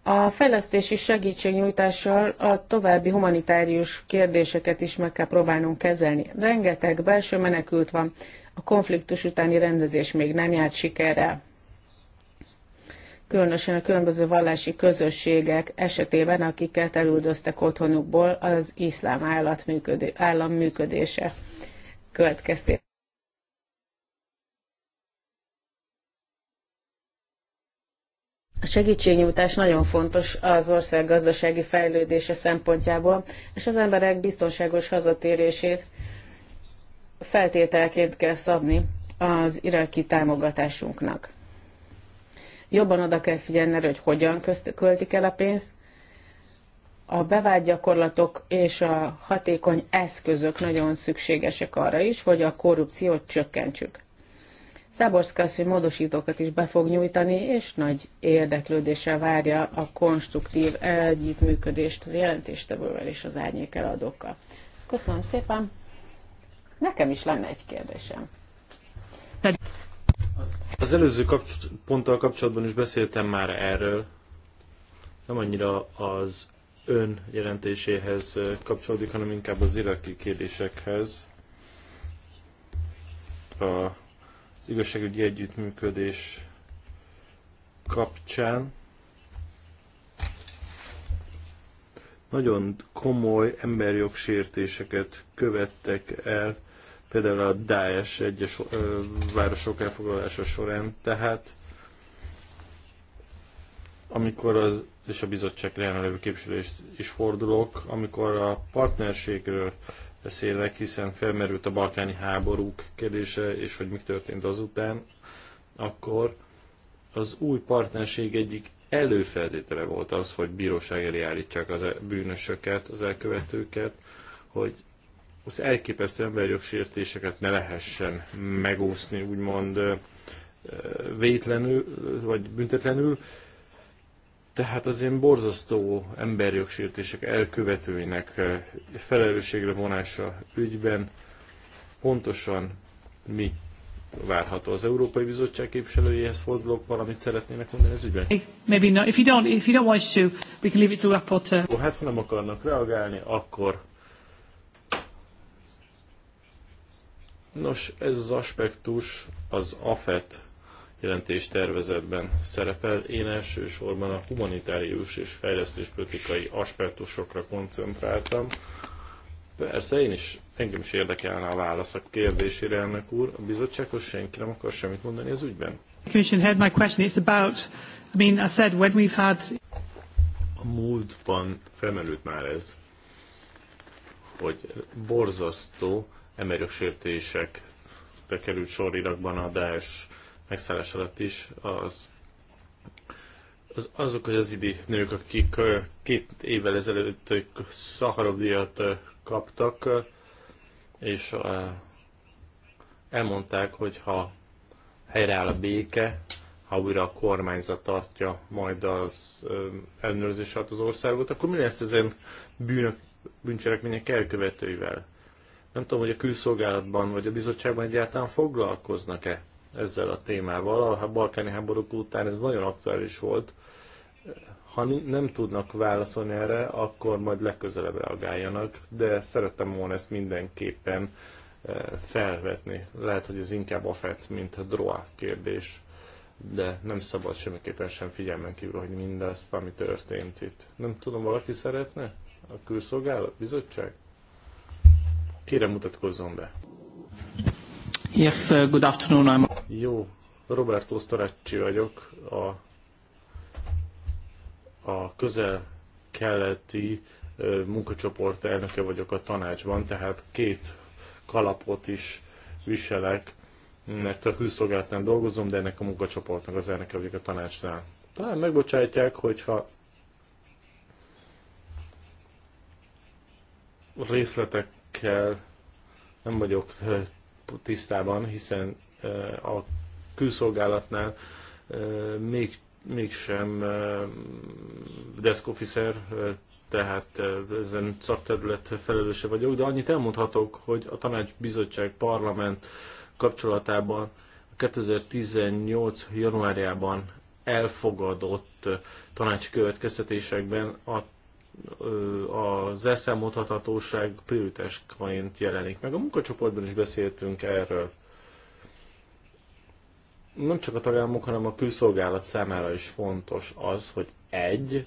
A fejlesztési segítségnyújtással a további humanitárius kérdéseket is meg kell próbálnunk kezelni. Rengeteg belső menekült van, a konfliktus utáni rendezés még nem járt sikerrel. Különösen a különböző vallási közösségek esetében, akiket elüldöztek otthonukból, az iszlám állam működése következtében. A segítségnyújtás nagyon fontos az ország gazdasági fejlődése szempontjából, és az emberek biztonságos hazatérését feltételként kell szabni az iraki támogatásunknak. Jobban oda kell figyelni hogy hogyan költik el a pénzt, a bevált gyakorlatok és a hatékony eszközök nagyon szükségesek arra is, hogy a korrupciót csökkentsük. Száborszka hogy módosítókat is be fog nyújtani, és nagy érdeklődéssel várja a konstruktív együttműködést az jelentéstevővel és az árnyék eladókkal. Köszönöm szépen! Nekem is lenne egy kérdésem. Az előző kapcs- ponttal kapcsolatban is beszéltem már erről, nem annyira az ön jelentéséhez kapcsolódik, hanem inkább az iraki kérdésekhez. A az igazságügyi együttműködés kapcsán. Nagyon komoly emberjogsértéseket követtek el, például a Daesh egyes városok elfoglalása során, tehát amikor az, és a bizottság jelenlevő képviselést is fordulok, amikor a partnerségről beszélek, hiszen felmerült a balkáni háborúk kérdése, és hogy mi történt azután, akkor az új partnerség egyik előfeltétele volt az, hogy bíróság elé állítsák az e- bűnösöket, az elkövetőket, hogy az elképesztő emberjogsértéseket ne lehessen megúszni, úgymond vétlenül, vagy büntetlenül, tehát az én borzasztó emberjogsértések elkövetőinek eh, felelősségre vonása ügyben pontosan mi várható az Európai Bizottság képviselőjéhez fordulók valamit szeretnének mondani az ügyben? Maybe not. If you don't, if you don't want to, we can leave it to rapporteur. Oh, hát ha nem akarnak reagálni, akkor Nos, ez az aspektus az AFET jelentés tervezetben szerepel. Én elsősorban a humanitárius és fejlesztéspolitikai aspektusokra koncentráltam. Persze én is, engem is érdekelne a válasz a kérdésére, elnök úr. A bizottsághoz senki nem akar semmit mondani az ügyben. heard my question. It's about, I mean, I said when we've had... A múltban felmerült már ez, hogy borzasztó emberjogsértések bekerült sor Irakban a Daesh megszállás alatt is az, az azok, hogy az idi nők, akik két évvel ezelőtt Szaharov kaptak, és elmondták, hogy ha helyreáll a béke, ha újra a kormányzat tartja majd az ellenőrzés alatt az országot, akkor mi lesz ezen bűnök, bűncselekmények elkövetőivel? Nem tudom, hogy a külszolgálatban vagy a bizottságban egyáltalán foglalkoznak-e ezzel a témával. A balkáni háborúk után ez nagyon aktuális volt. Ha nem tudnak válaszolni erre, akkor majd legközelebb reagáljanak, de szerettem volna ezt mindenképpen eh, felvetni. Lehet, hogy ez inkább a fett, mint a DROA kérdés, de nem szabad semmiképpen sem figyelmen kívül, hogy mindazt, ami történt itt. Nem tudom, valaki szeretne? A külszolgálat? Bizottság? Kérem, mutatkozzon be! Yes, good afternoon. I'm... Jó, Roberto Staracci vagyok, a, a közel-keleti munkacsoport elnöke vagyok a tanácsban, tehát két kalapot is viselek, mert a külszolgálatnál dolgozom, de ennek a munkacsoportnak az elnöke vagyok a tanácsnál. Talán megbocsátják, hogyha részletekkel nem vagyok tisztában, hiszen a külszolgálatnál még, mégsem officer, tehát ezen szakterület felelőse vagyok, de annyit elmondhatok, hogy a Tanács Bizottság Parlament kapcsolatában 2018. januárjában elfogadott tanácsi következtetésekben a az elszámolhatatóság prioritásként jelenik meg. A munkacsoportban is beszéltünk erről. Nem csak a tagállamok, hanem a külszolgálat számára is fontos az, hogy egy,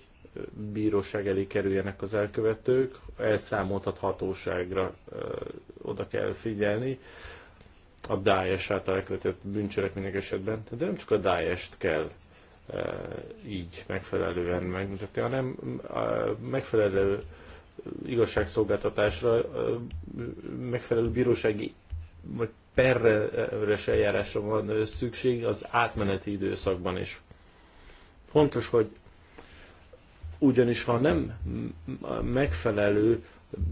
bíróság elé kerüljenek az elkövetők, elszámoltathatóságra oda kell figyelni, a DAES által elkövetett bűncselekmények esetben, de nem csak a daes t kell így megfelelően megmutatni, hanem megfelelő igazságszolgáltatásra, megfelelő bírósági vagy perres eljárásra van szükség az átmeneti időszakban is. Fontos, hogy ugyanis ha nem megfelelő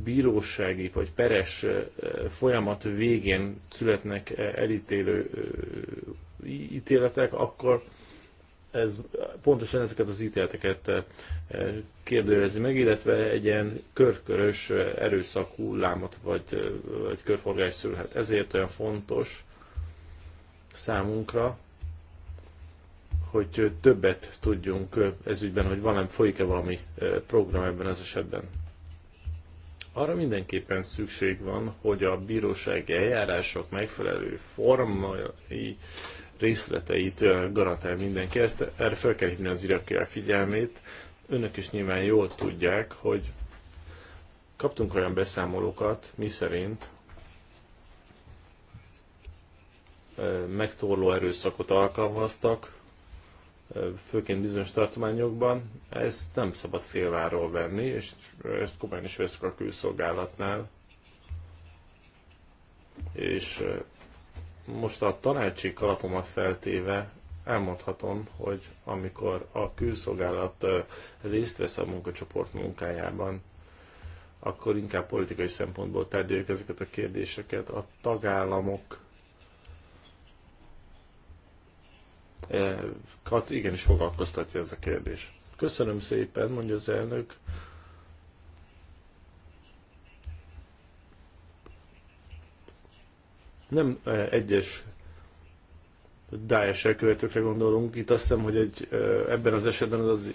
bírósági vagy peres folyamat végén születnek elítélő ítéletek, akkor ez pontosan ezeket az ítéleteket eh, kérdőjelezi meg, illetve egy ilyen körkörös eh, erőszak hullámot vagy, eh, vagy körforgás szülhet. Ezért olyan fontos számunkra, hogy többet tudjunk ezügyben, hogy van-e folyik-e valami program ebben az esetben. Arra mindenképpen szükség van, hogy a bírósági eljárások megfelelő formai részleteit garantál mindenki. Ezt erre fel kell hívni az irakiak figyelmét. Önök is nyilván jól tudják, hogy kaptunk olyan beszámolókat, mi szerint megtorló erőszakot alkalmaztak, főként bizonyos tartományokban. Ezt nem szabad félváról venni, és ezt komolyan is veszük a külszolgálatnál. És most a tanácsi kalapomat feltéve elmondhatom, hogy amikor a külszolgálat részt vesz a munkacsoport munkájában, akkor inkább politikai szempontból tárgyaljuk ezeket a kérdéseket. A tagállamok kat igenis foglalkoztatja ez a kérdés. Köszönöm szépen, mondja az elnök. Nem egyes Daesh elkövetőkre gondolunk. Itt azt hiszem, hogy egy, ebben az esetben az,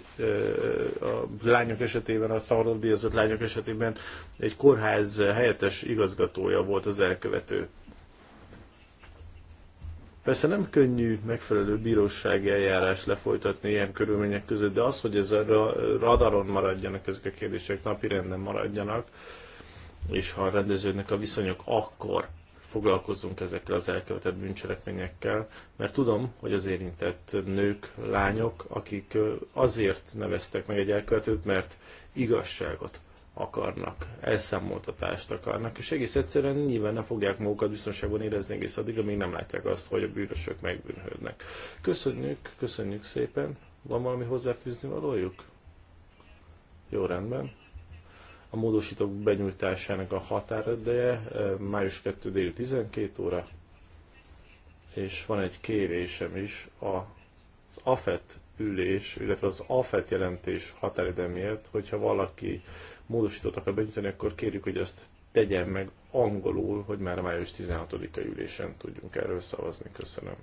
a lányok esetében, a szarral díjazott lányok esetében egy kórház helyettes igazgatója volt az elkövető. Persze nem könnyű megfelelő bírósági eljárás lefolytatni ilyen körülmények között, de az, hogy ez a radaron maradjanak ezek a kérdések, napirenden maradjanak, és ha rendeződnek a viszonyok, akkor foglalkozzunk ezekkel az elkövetett bűncselekményekkel, mert tudom, hogy az érintett nők, lányok, akik azért neveztek meg egy elkövetőt, mert igazságot akarnak, elszámoltatást akarnak, és egész egyszerűen nyilván nem fogják magukat biztonságban érezni egész addig, amíg nem látják azt, hogy a bűnösök megbűnhődnek. Köszönjük, köszönjük szépen. Van valami hozzáfűzni valójuk? Jó rendben. A módosítók benyújtásának a határideje május 2 dél 12 óra, és van egy kérésem is az AFET ülés, illetve az AFET jelentés határideje miatt, hogyha valaki módosítót akar benyújtani, akkor kérjük, hogy ezt tegyen meg angolul, hogy már május 16-a ülésen tudjunk erről szavazni. Köszönöm.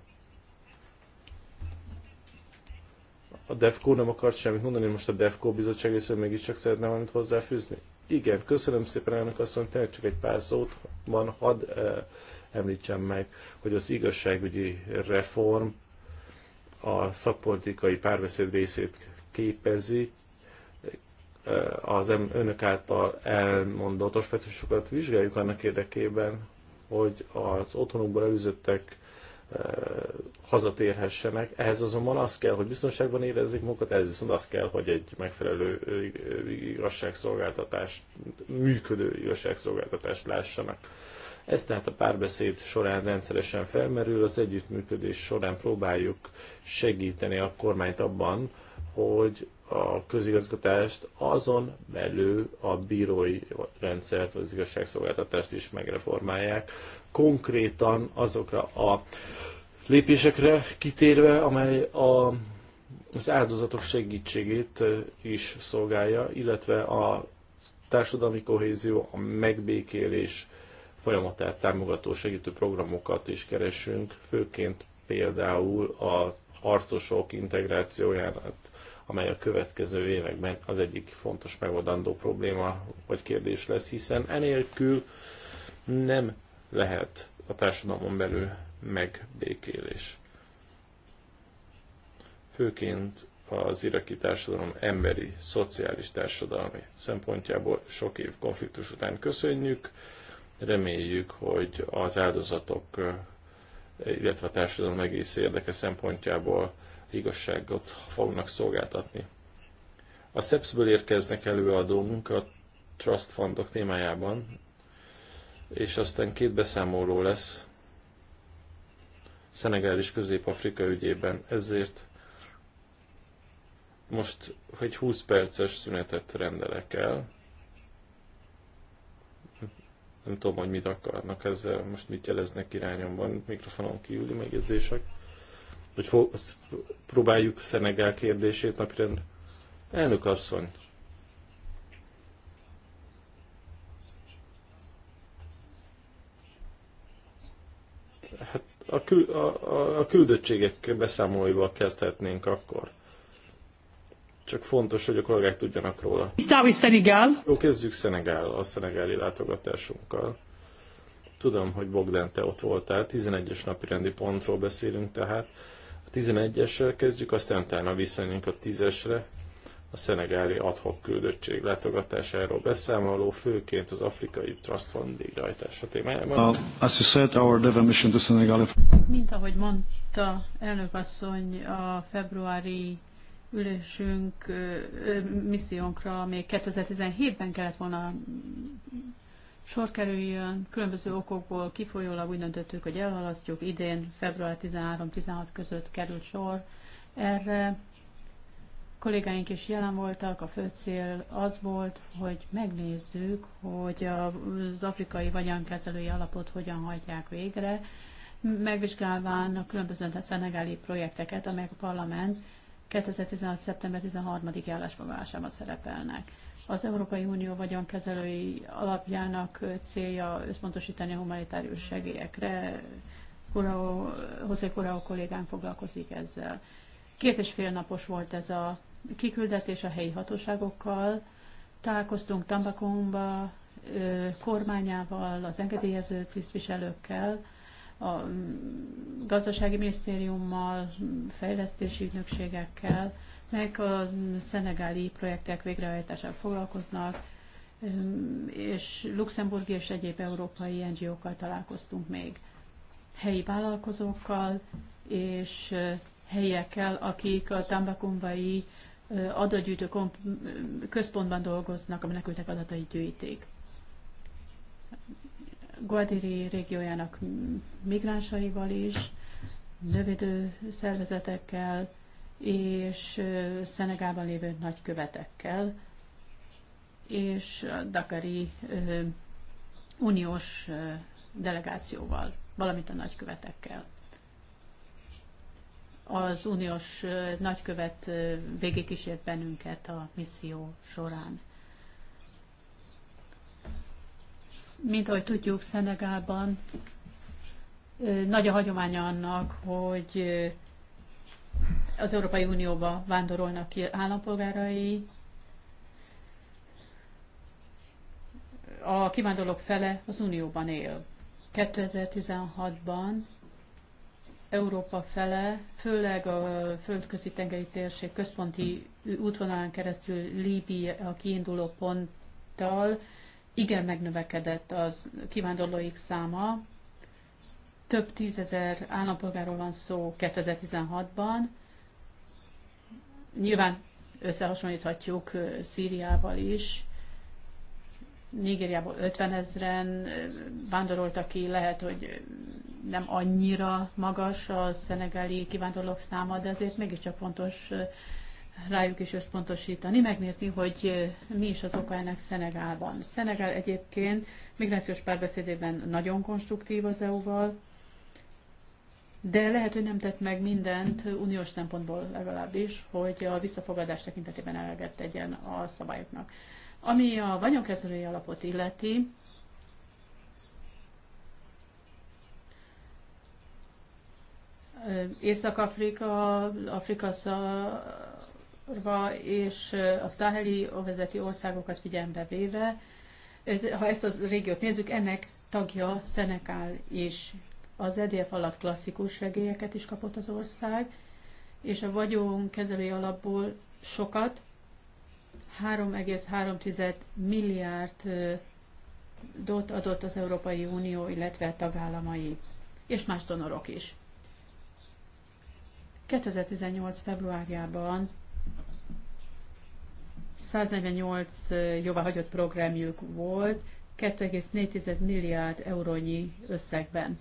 A DEFCO nem akart semmit mondani, most a DEFCO bizottság részéről mégiscsak szeretne valamit hozzáfűzni? Igen, köszönöm szépen, elnök asszony, tényleg csak egy pár szót van, hadd eh, említsem meg, hogy az igazságügyi reform a szakpolitikai párbeszéd részét képezi, eh, az önök által elmondott aspektusokat vizsgáljuk annak érdekében, hogy az otthonukból előzöttek hazatérhessenek. Ehhez azonban az kell, hogy biztonságban érezzék magukat, ehhez viszont az kell, hogy egy megfelelő igazságszolgáltatást, működő igazságszolgáltatást lássanak. Ez tehát a párbeszéd során rendszeresen felmerül, az együttműködés során próbáljuk segíteni a kormányt abban, hogy a közigazgatást, azon belül a bírói rendszert, vagy az igazságszolgáltatást is megreformálják. Konkrétan azokra a lépésekre kitérve, amely a, az áldozatok segítségét is szolgálja, illetve a társadalmi kohézió, a megbékélés folyamatát támogató segítő programokat is keresünk, főként például a harcosok integrációját, hát, amely a következő években az egyik fontos megoldandó probléma vagy kérdés lesz, hiszen enélkül nem lehet a társadalmon belül megbékélés. Főként az iraki társadalom emberi, szociális társadalmi szempontjából sok év konfliktus után köszönjük. Reméljük, hogy az áldozatok illetve a társadalom egész érdeke szempontjából igazságot fognak szolgáltatni. A SEPS-ből érkeznek előadónk a Trust Fundok témájában, és aztán két beszámoló lesz Szenegál és Közép-Afrika ügyében, ezért most egy 20 perces szünetet rendelek el. Nem tudom, hogy mit akarnak ezzel, most mit jeleznek irányomban, mikrofonon kívüli megjegyzések. Hogy fo- próbáljuk Szenegál kérdését napirend. Elnök asszony, hát a, kül, a, a, a küldöttségek beszámolóival kezdhetnénk akkor. Csak fontos, hogy a kollégák tudjanak róla. Start Senegal. Jó, kezdjük Szenegál, a szenegáli látogatásunkkal. Tudom, hogy Bogdán, te ott voltál, 11-es napi rendi pontról beszélünk tehát. A 11-essel kezdjük, aztán utána visszanyunk a 10-esre, a szenegáli adhok küldöttség látogatásáról beszámoló, főként az afrikai Trust Fund végrehajtása témájában. As you said, our mission to Senegal. Mint ahogy mondta elnök asszony, a februári ülésünk, missziónkra még 2017-ben kellett volna sor kerüljön, különböző okokból kifolyólag úgy döntöttük, hogy elhalasztjuk, idén február 13-16 között került sor erre. Kollégáink is jelen voltak, a fő cél az volt, hogy megnézzük, hogy az afrikai vagyonkezelői alapot hogyan hagyják végre, megvizsgálván a különböző szenegáli projekteket, amelyek a parlament 2016. szeptember 13-i állásfoglalásában szerepelnek. Az Európai Unió vagyonkezelői alapjának célja összpontosítani a humanitárius segélyekre. Kurao, José Kurao kollégán foglalkozik ezzel. Két és fél napos volt ez a kiküldetés a helyi hatóságokkal. Találkoztunk Tambakomba kormányával, az engedélyező tisztviselőkkel, a gazdasági minisztériummal, fejlesztési ügynökségekkel, meg a szenegáli projektek végrehajtásával foglalkoznak, és luxemburgi és egyéb európai NGO-kkal találkoztunk még, helyi vállalkozókkal és helyekkel, akik a tambakumbai adatgyűjtő központban dolgoznak, a menekültek adatait gyűjtik. Guadiri régiójának migránsaival is, növidő szervezetekkel és Szenegában lévő nagykövetekkel, és a Dakari uniós delegációval, valamint a nagykövetekkel. Az uniós nagykövet végigkísért bennünket a misszió során. Mint ahogy tudjuk, Szenegálban nagy a hagyománya annak, hogy az Európai Unióba vándorolnak ki állampolgárai. A kivándorlók fele az Unióban él. 2016-ban Európa fele, főleg a földközi tengeri térség központi útvonalán keresztül Líbia a kiinduló ponttal igen megnövekedett az kivándorlóik száma. Több tízezer állampolgáról van szó 2016-ban. Nyilván összehasonlíthatjuk Szíriával is. Nigériából 50 ezeren vándoroltak ki, lehet, hogy nem annyira magas a szenegáli kivándorlók száma, de azért mégiscsak fontos rájuk is összpontosítani, megnézni, hogy mi is az oka ennek Szenegálban. Szenegál egyébként migrációs párbeszédében nagyon konstruktív az EU-val, de lehet, hogy nem tett meg mindent uniós szempontból legalábbis, hogy a visszafogadás tekintetében eleget tegyen a szabályoknak. Ami a vagyonkezelői alapot illeti, Észak-Afrika, Afrika, Afrika országokra és a száheli övezeti országokat figyelembe véve, ha ezt a régiót nézzük, ennek tagja Szenekál is. Az EDF alatt klasszikus segélyeket is kapott az ország, és a kezelői alapból sokat, 3,3 milliárd dot adott az Európai Unió, illetve a tagállamai, és más donorok is. 2018. februárjában 148 jóváhagyott programjuk volt, 2,4 milliárd eurónyi összegben.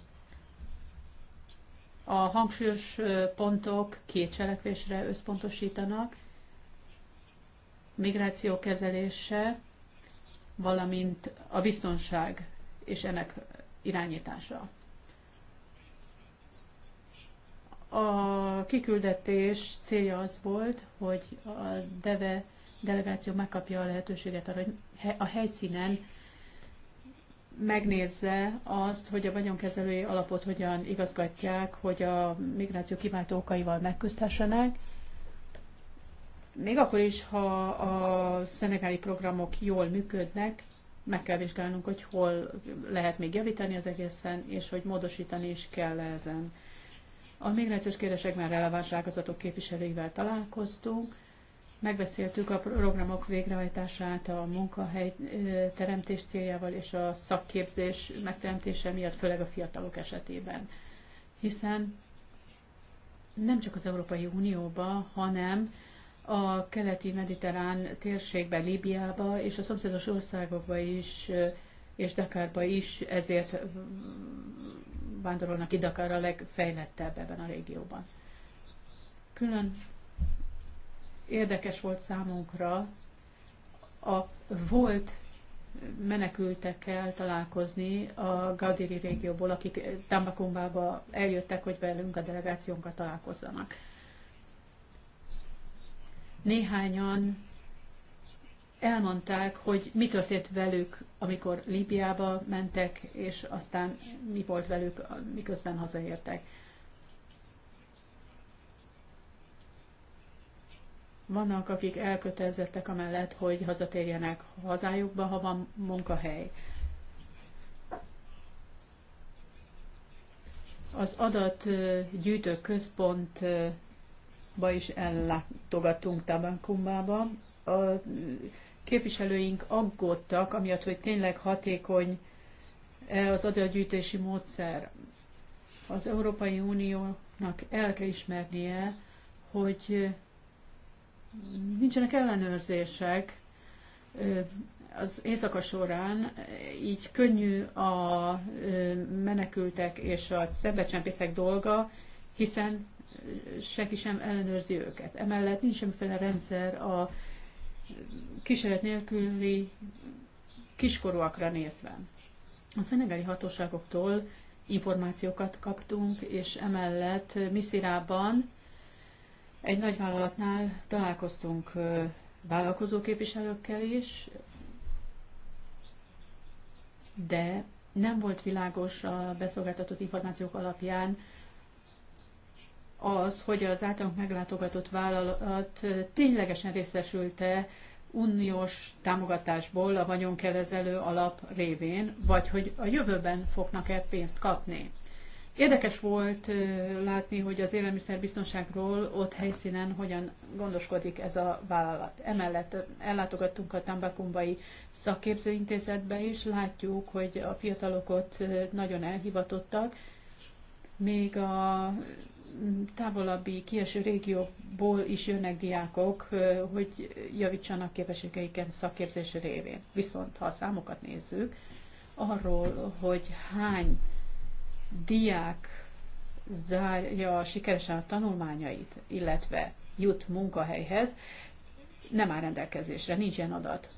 A hangsúlyos pontok két cselekvésre összpontosítanak, migráció kezelése, valamint a biztonság és ennek irányítása. A kiküldetés célja az volt, hogy a DEVE delegáció megkapja a lehetőséget arra, hogy a helyszínen megnézze azt, hogy a vagyonkezelői alapot hogyan igazgatják, hogy a migráció kiváltó okaival megküzdhessenek. Még akkor is, ha a szenegáli programok jól működnek, meg kell vizsgálnunk, hogy hol lehet még javítani az egészen, és hogy módosítani is kell ezen. A migrációs kérdések már releváns ágazatok képviselőivel találkoztunk, Megbeszéltük a programok végrehajtását a munkahely teremtés céljával és a szakképzés megteremtése miatt, főleg a fiatalok esetében. Hiszen nem csak az Európai Unióba, hanem a keleti mediterrán térségbe, Líbiába és a szomszédos országokba is, és Dakarba is, ezért vándorolnak ki Dakar a legfejlettebb ebben a régióban. Külön Érdekes volt számunkra a volt menekültekkel találkozni a Gadiri régióból, akik Tambakumbába eljöttek, hogy velünk a delegációnkat találkozzanak. Néhányan elmondták, hogy mi történt velük, amikor Líbiába mentek, és aztán mi volt velük, miközben hazaértek. Vannak, akik elkötelezettek amellett, hogy hazatérjenek hazájukba, ha van munkahely. Az adatgyűjtő központba is ellátogattunk Tabankumbába. A képviselőink aggódtak, amiatt, hogy tényleg hatékony az adatgyűjtési módszer. Az Európai Uniónak el kell ismernie, hogy nincsenek ellenőrzések az éjszaka során, így könnyű a menekültek és a szembecsempészek dolga, hiszen senki sem ellenőrzi őket. Emellett nincs semmiféle rendszer a kísérlet nélküli kiskorúakra nézve. A szenegeli hatóságoktól információkat kaptunk, és emellett Miszirában egy nagy vállalatnál találkoztunk vállalkozóképviselőkkel is, de nem volt világos a beszolgáltatott információk alapján az, hogy az általunk meglátogatott vállalat ténylegesen részesülte uniós támogatásból a vagyonkelezelő alap révén, vagy hogy a jövőben fognak-e pénzt kapni. Érdekes volt látni, hogy az élelmiszerbiztonságról ott helyszínen hogyan gondoskodik ez a vállalat. Emellett ellátogattunk a Tambakumbai szakképzőintézetbe is, látjuk, hogy a fiatalok ott nagyon elhivatottak, még a távolabbi kieső régióból is jönnek diákok, hogy javítsanak képességeiken szakképzés révén. Viszont ha a számokat nézzük, arról, hogy hány diák zárja sikeresen a tanulmányait, illetve jut munkahelyhez, nem áll rendelkezésre, nincs ilyen adat.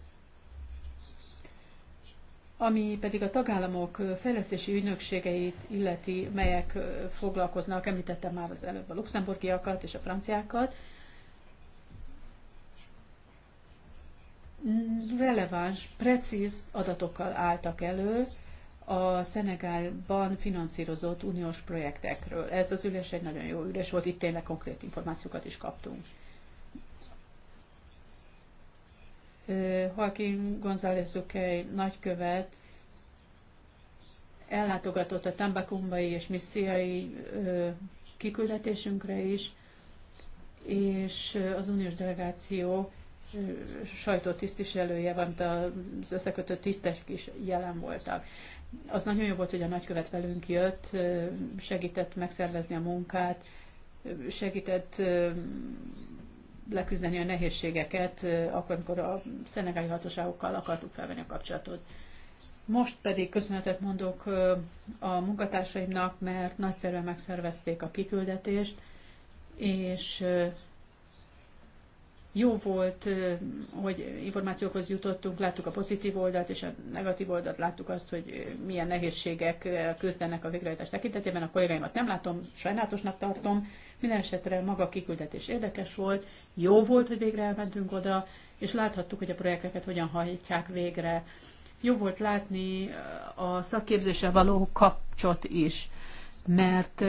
Ami pedig a tagállamok fejlesztési ügynökségeit illeti, melyek foglalkoznak, említettem már az előbb a luxemburgiakat és a franciákat, releváns, precíz adatokkal álltak elő, a Szenegálban finanszírozott uniós projektekről. Ez az ülés egy nagyon jó ülés volt, itt tényleg konkrét információkat is kaptunk. Joaquín González Duque nagykövet ellátogatott a tambakumbai és missziai kiküldetésünkre is, és az uniós delegáció sajtótisztviselője, valamint az összekötő tisztek is jelen voltak. Az nagyon jó volt, hogy a nagykövet velünk jött, segített megszervezni a munkát, segített leküzdeni a nehézségeket, akkor, amikor a szenegáli hatóságokkal akartuk felvenni a kapcsolatot. Most pedig köszönetet mondok a munkatársaimnak, mert nagyszerűen megszervezték a kiküldetést, és jó volt, hogy információkhoz jutottunk, láttuk a pozitív oldalt és a negatív oldalt, láttuk azt, hogy milyen nehézségek küzdenek a végrehajtás tekintetében. A kollégáimat nem látom, sajnálatosnak tartom. Minden esetre maga a kiküldetés érdekes volt, jó volt, hogy végre elmentünk oda, és láthattuk, hogy a projekteket hogyan hajtják végre. Jó volt látni a szakképzéssel való kapcsot is, mert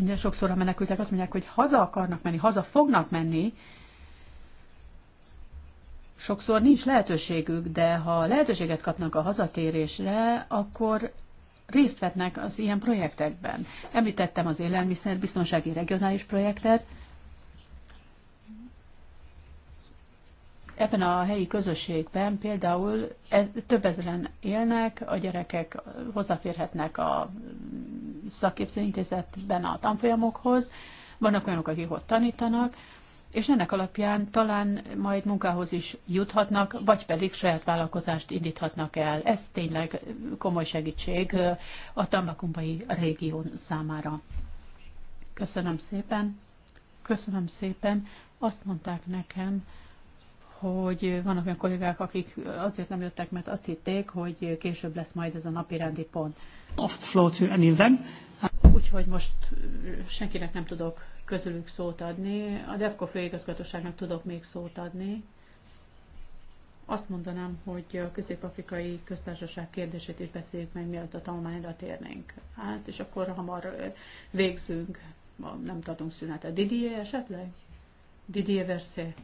ugye sokszor a menekültek azt mondják, hogy haza akarnak menni, haza fognak menni, sokszor nincs lehetőségük, de ha lehetőséget kapnak a hazatérésre, akkor részt vetnek az ilyen projektekben. Említettem az élelmiszer biztonsági regionális projektet. Ebben a helyi közösségben például ez, több ezeren élnek, a gyerekek hozzáférhetnek a szakképzőintézetben a tanfolyamokhoz, vannak olyanok, akik ott tanítanak, és ennek alapján talán majd munkához is juthatnak, vagy pedig saját vállalkozást indíthatnak el. Ez tényleg komoly segítség a Tambakumbai régió számára. Köszönöm szépen. Köszönöm szépen. Azt mondták nekem, hogy vannak olyan kollégák, akik azért nem jöttek, mert azt hitték, hogy később lesz majd ez a napi rendi pont. Úgyhogy most senkinek nem tudok közülük szót adni. A DEFCO főigazgatóságnak tudok még szót adni. Azt mondanám, hogy a közép-afrikai köztársaság kérdését is beszéljük meg, mielőtt a tanulmányra térnénk át, és akkor hamar végzünk, nem tartunk szünetet. Didier esetleg? Didier Versé,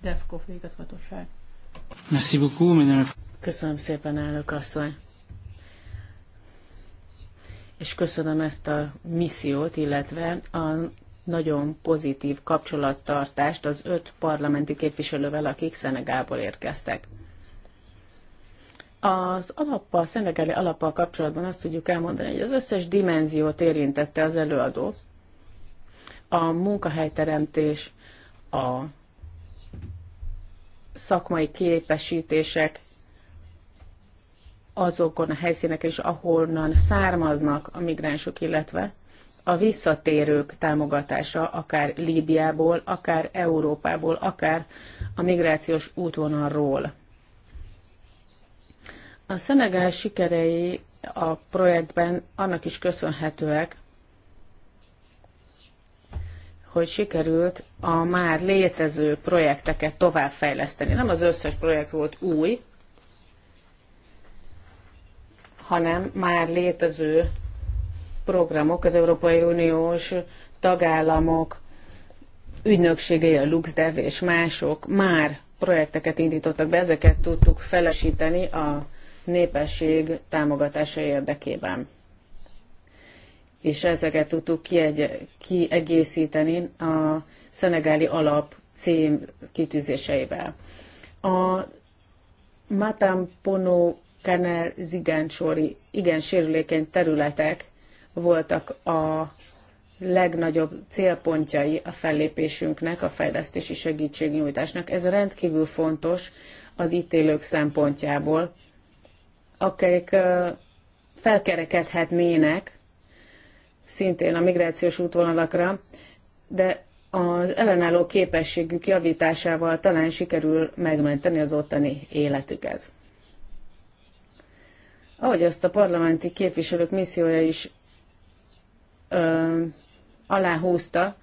DEFCO főigazgatóság. Merci beaucoup, madame. Köszönöm szépen, elnök asszony és köszönöm ezt a missziót, illetve a nagyon pozitív kapcsolattartást az öt parlamenti képviselővel, akik Szenegából érkeztek. Az alappal, szenegeli alappal kapcsolatban azt tudjuk elmondani, hogy az összes dimenziót érintette az előadó. A munkahelyteremtés, a szakmai képesítések, azokon a helyszíneken is, ahonnan származnak a migránsok, illetve a visszatérők támogatása, akár Líbiából, akár Európából, akár a migrációs útvonalról. A Szenegál sikerei a projektben annak is köszönhetőek, hogy sikerült a már létező projekteket továbbfejleszteni. Nem az összes projekt volt új, hanem már létező programok, az Európai Uniós tagállamok ügynökségei, a LuxDev és mások már projekteket indítottak be, ezeket tudtuk felesíteni a népesség támogatása érdekében. És ezeket tudtuk kiegy- kiegészíteni a szenegáli alap cím kitűzéseivel. A Matampono Kanel Zigáncsori igen sérülékeny területek voltak a legnagyobb célpontjai a fellépésünknek, a fejlesztési segítségnyújtásnak. Ez rendkívül fontos az ítélők szempontjából, akik felkerekedhetnének szintén a migrációs útvonalakra, de az ellenálló képességük javításával talán sikerül megmenteni az ottani életüket. Ahogy azt a parlamenti képviselők missziója is ö, aláhúzta,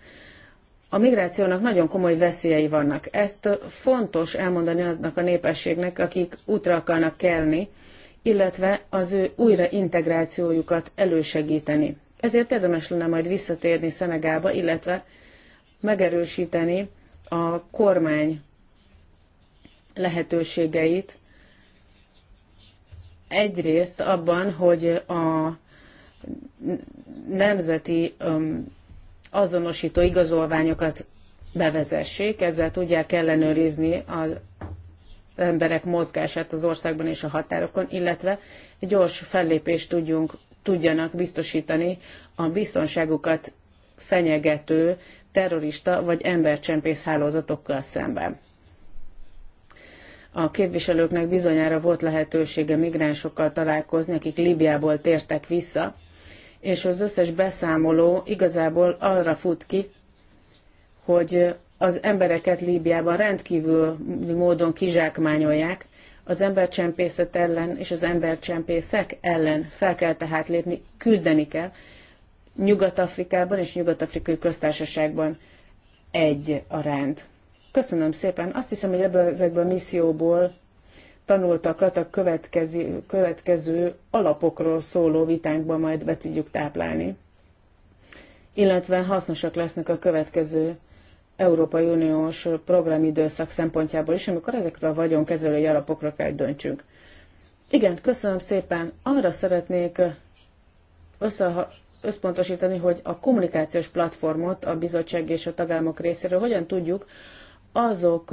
a migrációnak nagyon komoly veszélyei vannak. Ezt fontos elmondani aznak a népességnek, akik útra akarnak kelni, illetve az ő újraintegrációjukat elősegíteni. Ezért érdemes lenne majd visszatérni Szenegába, illetve megerősíteni a kormány lehetőségeit. Egyrészt abban, hogy a nemzeti öm, azonosító igazolványokat bevezessék, ezzel tudják ellenőrizni az emberek mozgását az országban és a határokon, illetve gyors fellépést tudjunk, tudjanak biztosítani a biztonságukat fenyegető terrorista vagy embercsempész hálózatokkal szemben. A képviselőknek bizonyára volt lehetősége migránsokkal találkozni, akik Libiából tértek vissza, és az összes beszámoló igazából arra fut ki, hogy az embereket Líbiában rendkívül módon kizsákmányolják, az embercsempészet ellen és az embercsempészek ellen fel kell tehát lépni, küzdeni kell. Nyugat-Afrikában és Nyugat-Afrikai Köztársaságban egy a rend. Köszönöm szépen. Azt hiszem, hogy ebből ezekből a misszióból tanultakat a következő, következő alapokról szóló vitánkba majd be tudjuk táplálni, illetve hasznosak lesznek a következő Európai Uniós programidőszak szempontjából is, amikor ezekre a vagyonkezelői alapokra kell döntsünk. Igen, köszönöm szépen. Arra szeretnék össze, összpontosítani, hogy a kommunikációs platformot a bizottság és a tagállamok részéről hogyan tudjuk azok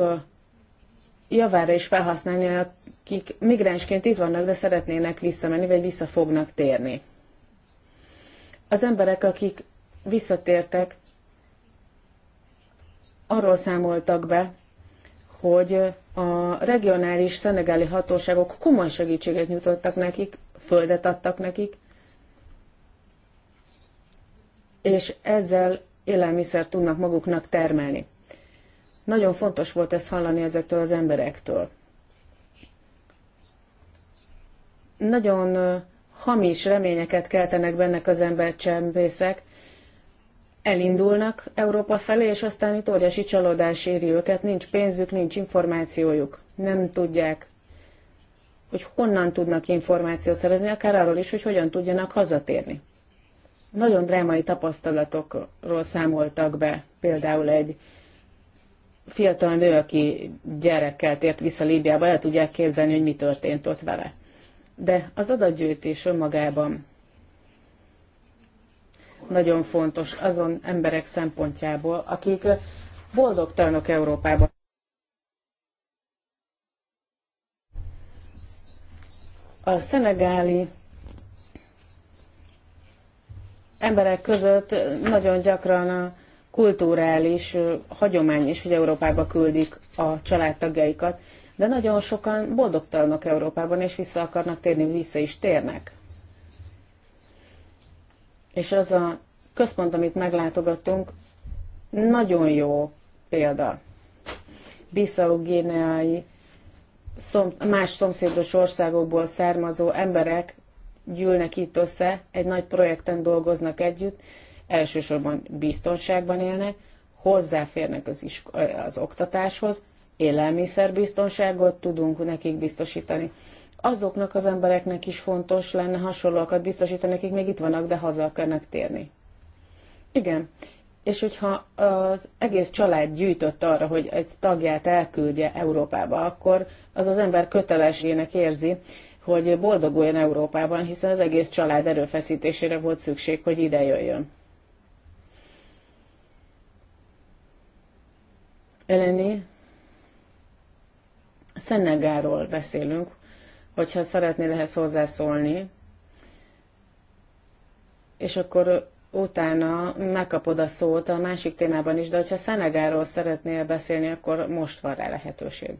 javára is felhasználni, akik migránsként itt vannak, de szeretnének visszamenni, vagy vissza fognak térni. Az emberek, akik visszatértek, arról számoltak be, hogy a regionális szenegáli hatóságok komoly segítséget nyújtottak nekik, földet adtak nekik, és ezzel élelmiszer tudnak maguknak termelni. Nagyon fontos volt ezt hallani ezektől az emberektől. Nagyon hamis reményeket keltenek bennek az embercsempészek, elindulnak Európa felé, és aztán itt óriási csalódás éri őket, nincs pénzük, nincs információjuk, nem tudják, hogy honnan tudnak információt szerezni, akár arról is, hogy hogyan tudjanak hazatérni. Nagyon drámai tapasztalatokról számoltak be, például egy fiatal nő, aki gyerekkel tért vissza Líbiába, el tudják képzelni, hogy mi történt ott vele. De az adatgyűjtés önmagában nagyon fontos azon emberek szempontjából, akik boldogtalanok Európában. A szenegáli emberek között nagyon gyakran a kulturális hagyomány is, hogy Európába küldik a családtagjaikat, de nagyon sokan boldogtalanok Európában, és vissza akarnak térni, vissza is térnek. És az a központ, amit meglátogattunk, nagyon jó példa. Bissau géneai szom, más szomszédos országokból származó emberek gyűlnek itt össze, egy nagy projekten dolgoznak együtt, elsősorban biztonságban élnek, hozzáférnek az, isko- az oktatáshoz, élelmiszerbiztonságot tudunk nekik biztosítani. Azoknak az embereknek is fontos lenne hasonlóakat biztosítani, akik még itt vannak, de haza akarnak térni. Igen. És hogyha az egész család gyűjtött arra, hogy egy tagját elküldje Európába, akkor az az ember kötelességének érzi, hogy boldoguljon Európában, hiszen az egész család erőfeszítésére volt szükség, hogy ide jöjjön. eleni Szenegáról beszélünk, hogyha szeretnél ehhez hozzászólni, és akkor utána megkapod a szót a másik témában is, de hogyha Szenegáról szeretnél beszélni, akkor most van rá lehetőség.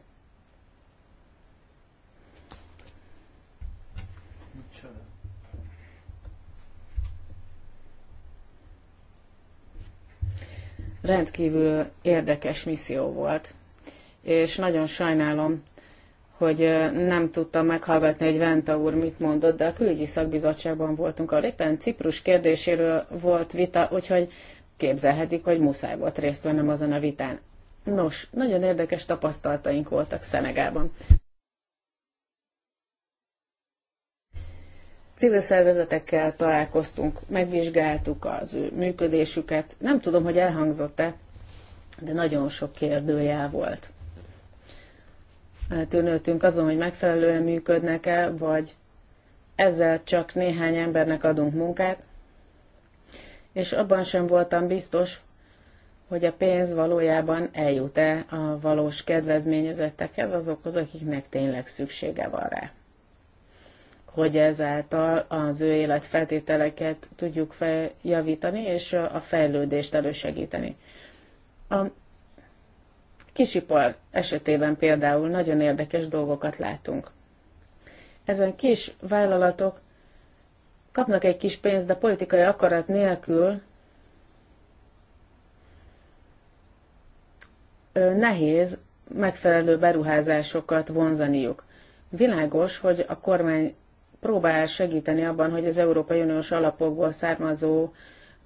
rendkívül érdekes misszió volt, és nagyon sajnálom, hogy nem tudtam meghallgatni, hogy Venta úr mit mondott, de a külügyi szakbizottságban voltunk, ahol éppen Ciprus kérdéséről volt vita, úgyhogy képzelhetik, hogy muszáj volt részt vennem azon a vitán. Nos, nagyon érdekes tapasztalataink voltak Szenegában. civil szervezetekkel találkoztunk, megvizsgáltuk az ő működésüket. Nem tudom, hogy elhangzott-e, de nagyon sok kérdőjel volt. Törnöltünk azon, hogy megfelelően működnek-e, vagy ezzel csak néhány embernek adunk munkát, és abban sem voltam biztos, hogy a pénz valójában eljut-e a valós kedvezményezettekhez, azokhoz, akiknek tényleg szüksége van rá hogy ezáltal az ő életfeltételeket tudjuk javítani, és a fejlődést elősegíteni. A kisipar esetében például nagyon érdekes dolgokat látunk. Ezen kis vállalatok kapnak egy kis pénzt, de politikai akarat nélkül nehéz megfelelő beruházásokat vonzaniuk. Világos, hogy a kormány próbál segíteni abban, hogy az Európai Uniós alapokból származó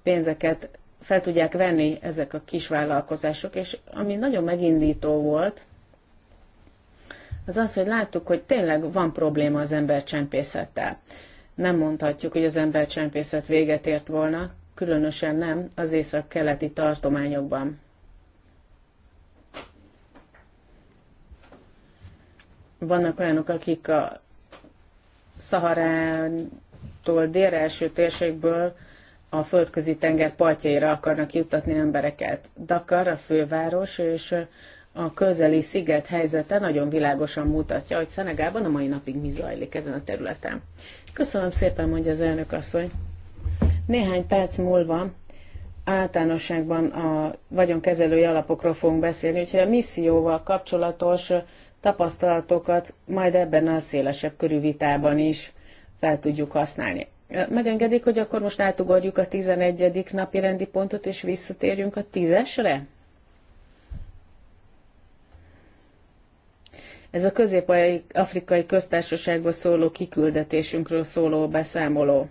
pénzeket fel tudják venni ezek a kisvállalkozások, és ami nagyon megindító volt, az az, hogy láttuk, hogy tényleg van probléma az embercsempészettel. Nem mondhatjuk, hogy az embercsempészet véget ért volna, különösen nem az észak-keleti tartományokban. Vannak olyanok, akik a Szaharától délre első térségből a földközi tenger partjaira akarnak juttatni embereket. Dakar, a főváros és a közeli sziget helyzete nagyon világosan mutatja, hogy Szenegában a mai napig mi zajlik ezen a területen. Köszönöm szépen, mondja az elnök asszony. Néhány perc múlva általánosságban a vagyonkezelői alapokról fogunk beszélni, úgyhogy a misszióval kapcsolatos tapasztalatokat majd ebben a szélesebb körű vitában is fel tudjuk használni. Megengedik, hogy akkor most átugorjuk a 11. napi rendi pontot, és visszatérjünk a 10-esre? Ez a közép-afrikai köztársaságba szóló kiküldetésünkről szóló beszámoló.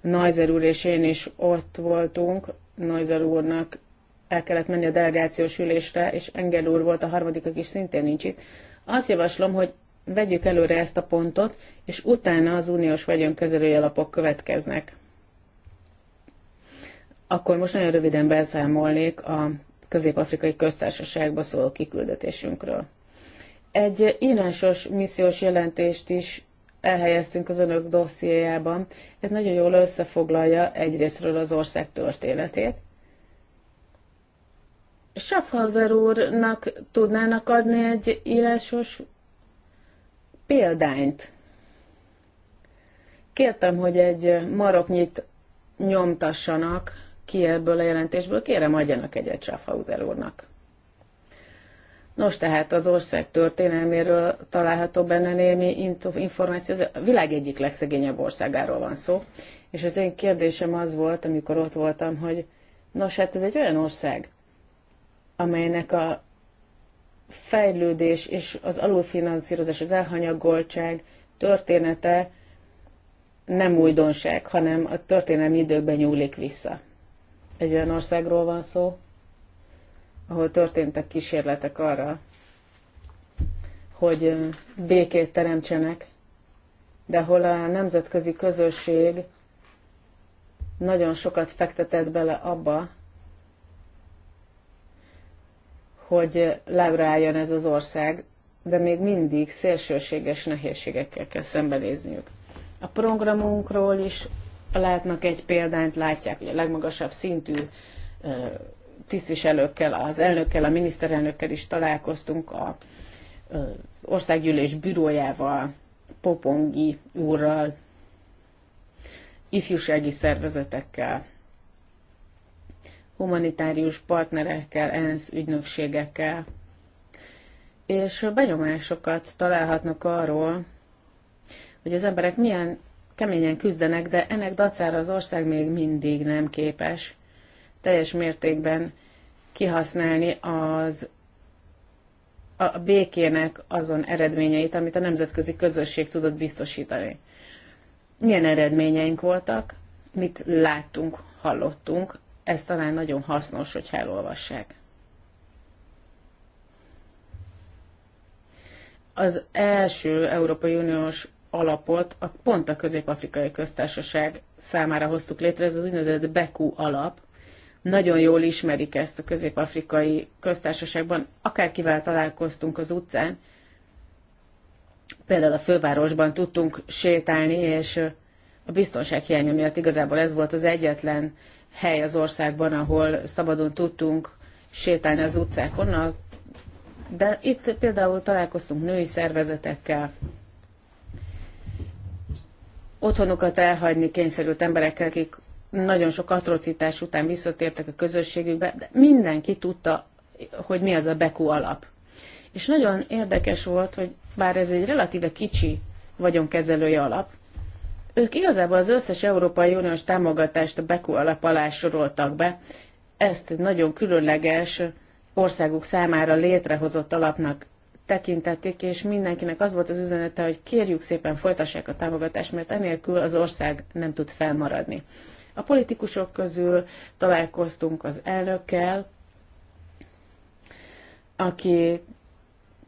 Neuser úr és én is ott voltunk. Neuser úrnak el kellett menni a delegációs ülésre, és Engel úr volt a harmadik, aki szintén nincs itt. Azt javaslom, hogy vegyük előre ezt a pontot, és utána az uniós vagyonkezelői alapok következnek. Akkor most nagyon röviden beszámolnék a Közép-Afrikai Köztársaságba szóló kiküldetésünkről. Egy írásos missziós jelentést is elhelyeztünk az önök dossziéjában. Ez nagyon jól összefoglalja egyrésztről az ország történetét, Schaffhauser úrnak tudnának adni egy írásos példányt. Kértem, hogy egy maroknyit nyomtassanak ki ebből a jelentésből. Kérem, adjanak egyet Schaffhauser úrnak. Nos, tehát az ország történelméről található benne némi információ. Ez a világ egyik legszegényebb országáról van szó. És az én kérdésem az volt, amikor ott voltam, hogy nos, hát ez egy olyan ország, amelynek a fejlődés és az alulfinanszírozás, az elhanyagoltság története nem újdonság, hanem a történelmi időkben nyúlik vissza. Egy olyan országról van szó, ahol történtek kísérletek arra, hogy békét teremtsenek, de ahol a nemzetközi közösség nagyon sokat fektetett bele abba, hogy lábra ez az ország, de még mindig szélsőséges nehézségekkel kell szembenézniük. A programunkról is látnak egy példányt, látják, hogy a legmagasabb szintű tisztviselőkkel, az elnökkel, a miniszterelnökkel is találkoztunk, a, az országgyűlés bürójával, Popongi úrral, ifjúsági szervezetekkel, humanitárius partnerekkel, ENSZ ügynökségekkel, és benyomásokat találhatnak arról, hogy az emberek milyen keményen küzdenek, de ennek dacára az ország még mindig nem képes teljes mértékben kihasználni az a békének azon eredményeit, amit a nemzetközi közösség tudott biztosítani. Milyen eredményeink voltak, mit láttunk, hallottunk ez talán nagyon hasznos, hogy elolvassák. Az első Európai Uniós alapot a, pont a Közép-Afrikai Köztársaság számára hoztuk létre, ez az úgynevezett BEKU alap. Nagyon jól ismerik ezt a Közép-Afrikai Köztársaságban, akárkivel találkoztunk az utcán, például a fővárosban tudtunk sétálni, és a biztonság hiánya miatt igazából ez volt az egyetlen hely az országban, ahol szabadon tudtunk sétálni az utcákon, de itt például találkoztunk női szervezetekkel, otthonukat elhagyni kényszerült emberekkel, akik nagyon sok atrocitás után visszatértek a közösségükbe, de mindenki tudta, hogy mi az a Beku alap. És nagyon érdekes volt, hogy bár ez egy relatíve kicsi vagyonkezelői alap, ők igazából az összes Európai Uniós támogatást a BEKU alap alá soroltak be. Ezt egy nagyon különleges országuk számára létrehozott alapnak tekintették, és mindenkinek az volt az üzenete, hogy kérjük szépen folytassák a támogatást, mert enélkül az ország nem tud felmaradni. A politikusok közül találkoztunk az elnökkel, aki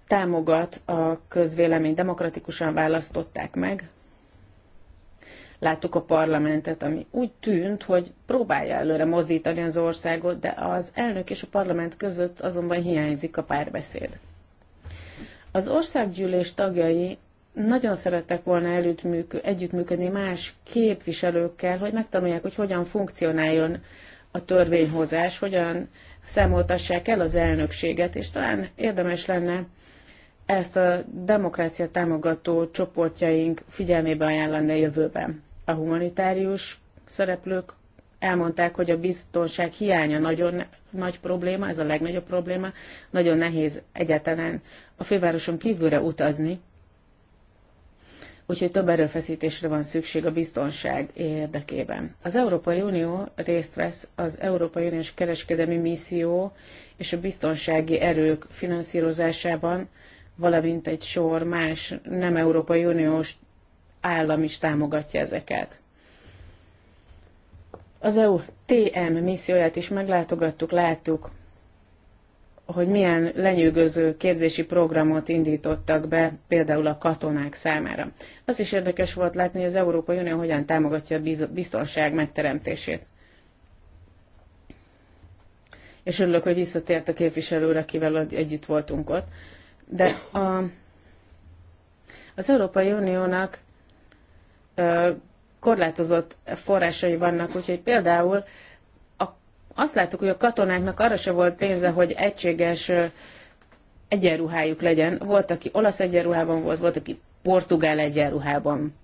támogat a közvélemény, demokratikusan választották meg, Láttuk a parlamentet, ami úgy tűnt, hogy próbálja előre mozdítani az országot, de az elnök és a parlament között azonban hiányzik a párbeszéd. Az országgyűlés tagjai nagyon szerettek volna együttműködni más képviselőkkel, hogy megtanulják, hogy hogyan funkcionáljon a törvényhozás, hogyan számoltassák el az elnökséget, és talán érdemes lenne ezt a demokrácia támogató csoportjaink figyelmébe ajánlani a jövőben a humanitárius szereplők elmondták, hogy a biztonság hiánya nagyon nagy probléma, ez a legnagyobb probléma, nagyon nehéz egyetlen a fővároson kívülre utazni, úgyhogy több erőfeszítésre van szükség a biztonság érdekében. Az Európai Unió részt vesz az Európai Uniós Kereskedelmi Misszió és a biztonsági erők finanszírozásában, valamint egy sor más nem Európai Uniós állam is támogatja ezeket. Az EU TM misszióját is meglátogattuk, láttuk, hogy milyen lenyűgöző képzési programot indítottak be például a katonák számára. Az is érdekes volt látni, hogy az Európai Unió hogyan támogatja a biztonság megteremtését. És örülök, hogy visszatért a képviselő akivel együtt voltunk ott. De a, az Európai Uniónak korlátozott forrásai vannak, úgyhogy például a, azt láttuk, hogy a katonáknak arra se volt pénze, hogy egységes egyenruhájuk legyen. Volt, aki olasz egyenruhában volt, volt, aki portugál egyenruhában.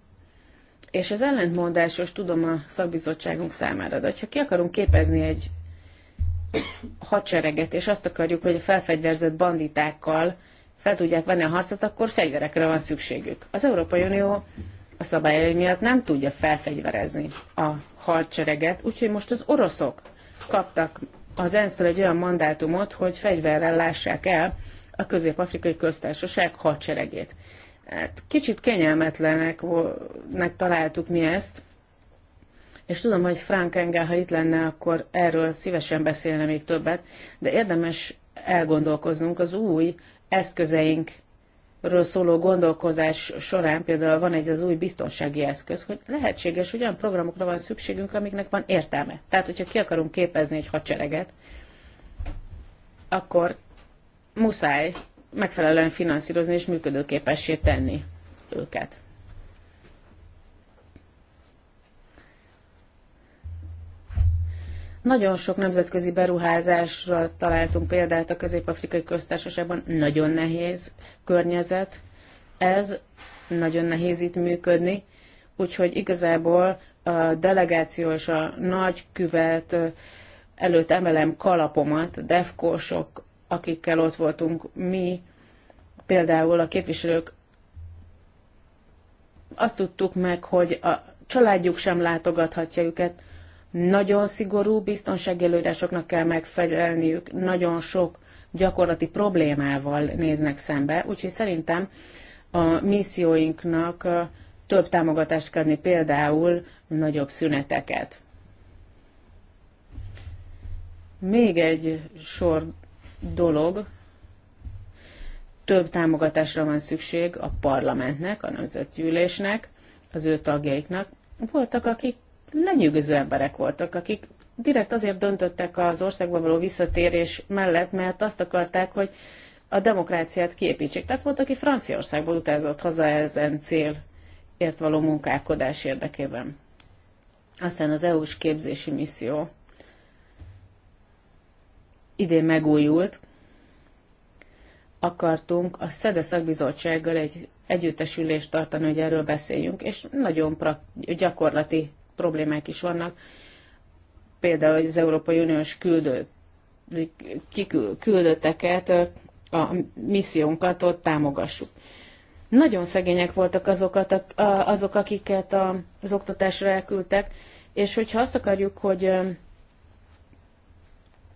És az ellentmondásos tudom a szakbizottságunk számára, de ha ki akarunk képezni egy hadsereget, és azt akarjuk, hogy a felfegyverzett banditákkal fel tudják venni a harcot, akkor fegyverekre van szükségük. Az Európai Unió a szabályai miatt nem tudja felfegyverezni a hadsereget, úgyhogy most az oroszok kaptak az ensz egy olyan mandátumot, hogy fegyverrel lássák el a közép-afrikai köztársaság hadseregét. Hát kicsit kenyelmetleneknek találtuk mi ezt, és tudom, hogy Frank Engel, ha itt lenne, akkor erről szívesen beszélne még többet, de érdemes elgondolkoznunk az új eszközeink ről szóló gondolkozás során például van ez az új biztonsági eszköz, hogy lehetséges, hogy olyan programokra van szükségünk, amiknek van értelme. Tehát, hogyha ki akarunk képezni egy hadsereget, akkor muszáj megfelelően finanszírozni és működőképessé tenni őket. Nagyon sok nemzetközi beruházásra találtunk példát a Közép-Afrikai Köztársaságban. Nagyon nehéz környezet. Ez nagyon nehéz itt működni, úgyhogy igazából a delegáció és a nagy küvet előtt emelem kalapomat, defkósok, akikkel ott voltunk mi, például a képviselők, azt tudtuk meg, hogy a családjuk sem látogathatja őket, nagyon szigorú biztonsági előírásoknak kell megfelelniük, nagyon sok gyakorlati problémával néznek szembe, úgyhogy szerintem a misszióinknak több támogatást kell adni, például nagyobb szüneteket. Még egy sor dolog, több támogatásra van szükség a parlamentnek, a nemzetgyűlésnek, az ő tagjaiknak. Voltak, akik lenyűgöző emberek voltak, akik direkt azért döntöttek az országba való visszatérés mellett, mert azt akarták, hogy a demokráciát kiépítsék. Tehát volt, aki Franciaországból utazott haza ezen célért való munkálkodás érdekében. Aztán az EU-s képzési misszió idén megújult. Akartunk a SZEDE szakbizottsággal egy együttesülést tartani, hogy erről beszéljünk, és nagyon gyakorlati problémák is vannak. Például az Európai Uniós küldő, kikül, küldötteket, a missziónkat ott támogassuk. Nagyon szegények voltak azokat, azok, akiket az oktatásra elküldtek, és hogyha azt akarjuk, hogy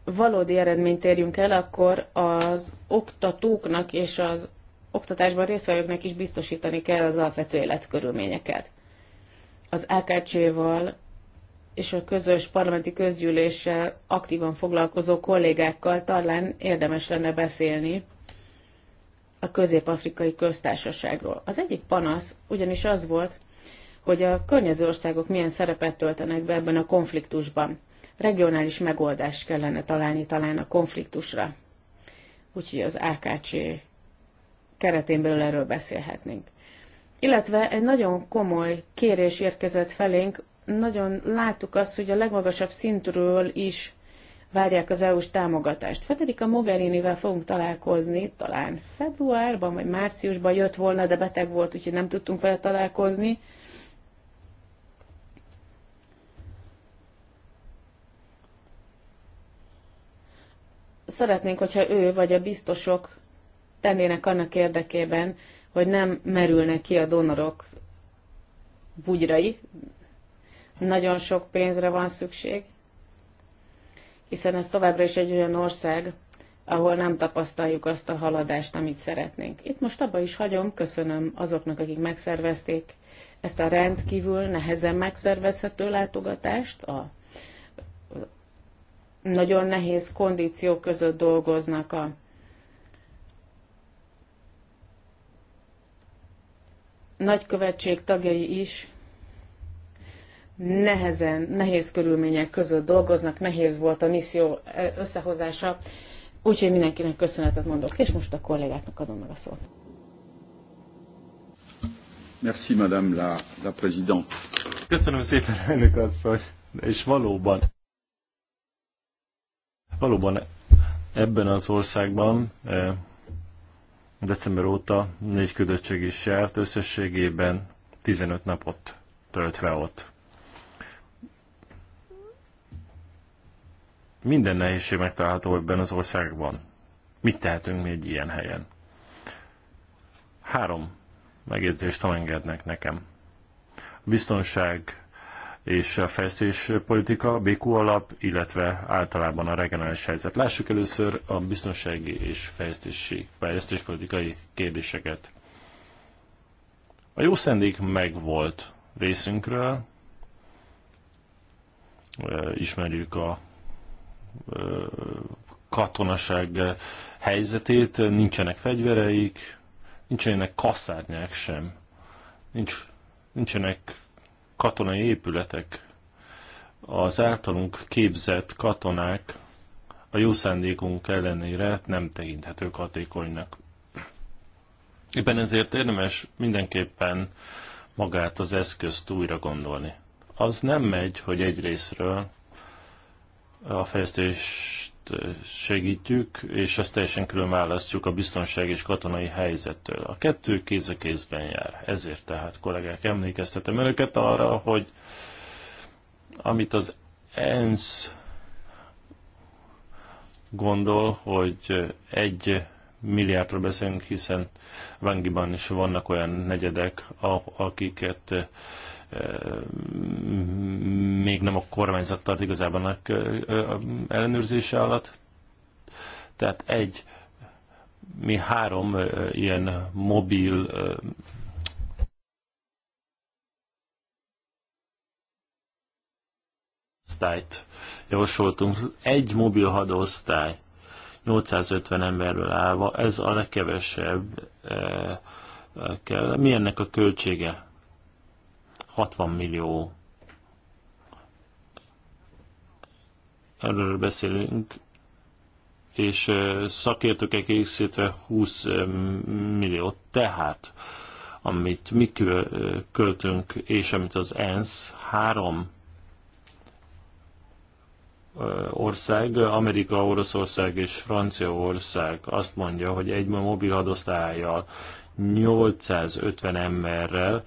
valódi eredményt érjünk el, akkor az oktatóknak és az oktatásban résztvevőknek is biztosítani kell az alapvető életkörülményeket az AKC-val és a közös parlamenti közgyűléssel aktívan foglalkozó kollégákkal talán érdemes lenne beszélni a közép-afrikai köztársaságról. Az egyik panasz ugyanis az volt, hogy a környező országok milyen szerepet töltenek be ebben a konfliktusban. Regionális megoldást kellene találni talán a konfliktusra. Úgyhogy az AKC keretén belül erről beszélhetnénk. Illetve egy nagyon komoly kérés érkezett felénk, nagyon láttuk azt, hogy a legmagasabb szintről is várják az EU-s támogatást. Federica Mogherinivel fogunk találkozni, talán februárban vagy márciusban jött volna, de beteg volt, úgyhogy nem tudtunk vele találkozni. Szeretnénk, hogyha ő vagy a biztosok tennének annak érdekében, hogy nem merülnek ki a donorok bugyrai. Nagyon sok pénzre van szükség, hiszen ez továbbra is egy olyan ország, ahol nem tapasztaljuk azt a haladást, amit szeretnénk. Itt most abba is hagyom, köszönöm azoknak, akik megszervezték ezt a rendkívül nehezen megszervezhető látogatást. A nagyon nehéz kondíciók között dolgoznak a nagykövetség tagjai is nehezen, nehéz körülmények között dolgoznak, nehéz volt a misszió eh, összehozása, úgyhogy mindenkinek köszönetet mondok, és most a kollégáknak adom meg a szót. Merci, madame la, la présidente. Köszönöm szépen, elnök asszony, és valóban, valóban ebben az országban eh, December óta négy küldöttség is járt, összességében 15 napot töltve ott. Minden nehézség megtalálható ebben az országban. Mit tehetünk mi egy ilyen helyen? Három megjegyzést, ha engednek nekem. A biztonság és a politika BQ alap, illetve általában a regionális helyzet. Lássuk először a biztonsági és fejlesztési, politikai kérdéseket. A jó szendék megvolt részünkről, ismerjük a katonaság helyzetét, nincsenek fegyvereik, nincsenek kaszárnyák sem, nincs, nincsenek katonai épületek, az általunk képzett katonák a jó szándékunk ellenére nem tekinthetők hatékonynak. Éppen ezért érdemes mindenképpen magát az eszközt újra gondolni. Az nem megy, hogy egyrésztről a fejlesztés segítjük, és ezt teljesen külön választjuk a biztonság és katonai helyzettől. A kettő kéz a kézben jár. Ezért tehát, kollégák, emlékeztetem önöket arra, hogy amit az ENSZ gondol, hogy egy milliárdról beszélünk, hiszen Vangiban is vannak olyan negyedek, akiket még nem a kormányzat tart igazából a ellenőrzése alatt. Tehát egy, mi három ilyen mobil osztályt javasoltunk. Egy mobil hadosztály 850 emberből állva, ez a legkevesebb kell. Mi ennek a költsége? 60 millió erről beszélünk, és szakértőkkel készítve 20 millió. Tehát, amit mi költünk, és amit az ENSZ három ország, Amerika, Oroszország és Franciaország azt mondja, hogy egy mobil hadosztályjal 850 emberrel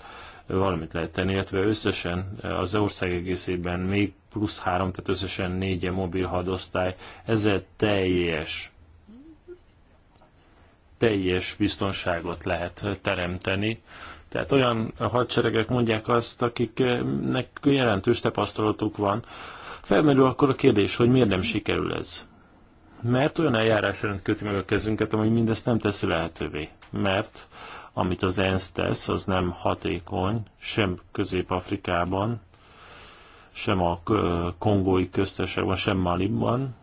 valamit lehet tenni, illetve összesen az ország egészében még plusz három, tehát összesen négy mobil hadosztály, ezzel teljes teljes biztonságot lehet teremteni. Tehát olyan hadseregek mondják azt, akiknek jelentős tapasztalatuk van. Felmerül akkor a kérdés, hogy miért nem sikerül ez? Mert olyan eljárás rend köti meg a kezünket, ami mindezt nem teszi lehetővé. Mert amit az ENSZ tesz, az nem hatékony, sem Közép-Afrikában, sem a kongói köztársaságban, sem Maliban.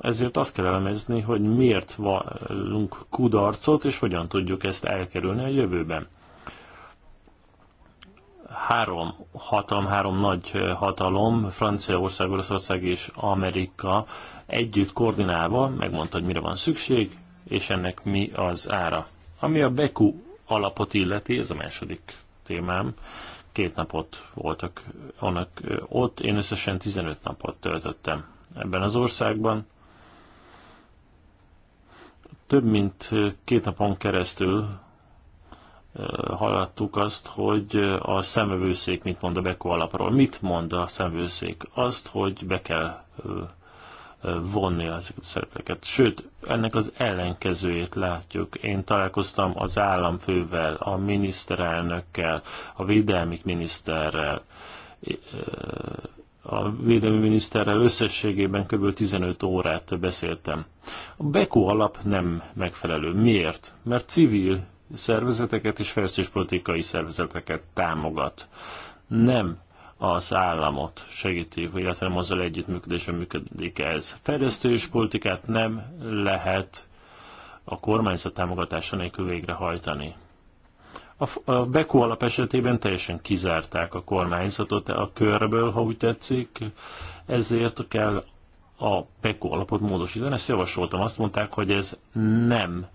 Ezért azt kell elemezni, hogy miért vallunk kudarcot, és hogyan tudjuk ezt elkerülni a jövőben három hatalom, három nagy hatalom, Franciaország, Oroszország és Amerika együtt koordinálva megmondta, hogy mire van szükség, és ennek mi az ára. Ami a Beku alapot illeti, ez a második témám, két napot voltak annak ott, én összesen 15 napot töltöttem ebben az országban. Több mint két napon keresztül hallottuk azt, hogy a szemvevőszék mit mond a Beko alapról. Mit mond a szemvevőszék? Azt, hogy be kell vonni ezeket a szerepeket. Sőt, ennek az ellenkezőjét látjuk. Én találkoztam az államfővel, a miniszterelnökkel, a védelmi miniszterrel, a védelmi miniszterrel összességében kb. 15 órát beszéltem. A Beko alap nem megfelelő. Miért? Mert civil szervezeteket és fejlesztéspolitikai szervezeteket támogat. Nem az államot segíti, illetve nem azzal együttműködésben működik ez. és politikát nem lehet a kormányzat támogatása nélkül végrehajtani. A, a alap esetében teljesen kizárták a kormányzatot a körből, ha úgy tetszik, ezért kell a Beku alapot módosítani. Ezt javasoltam, azt mondták, hogy ez nem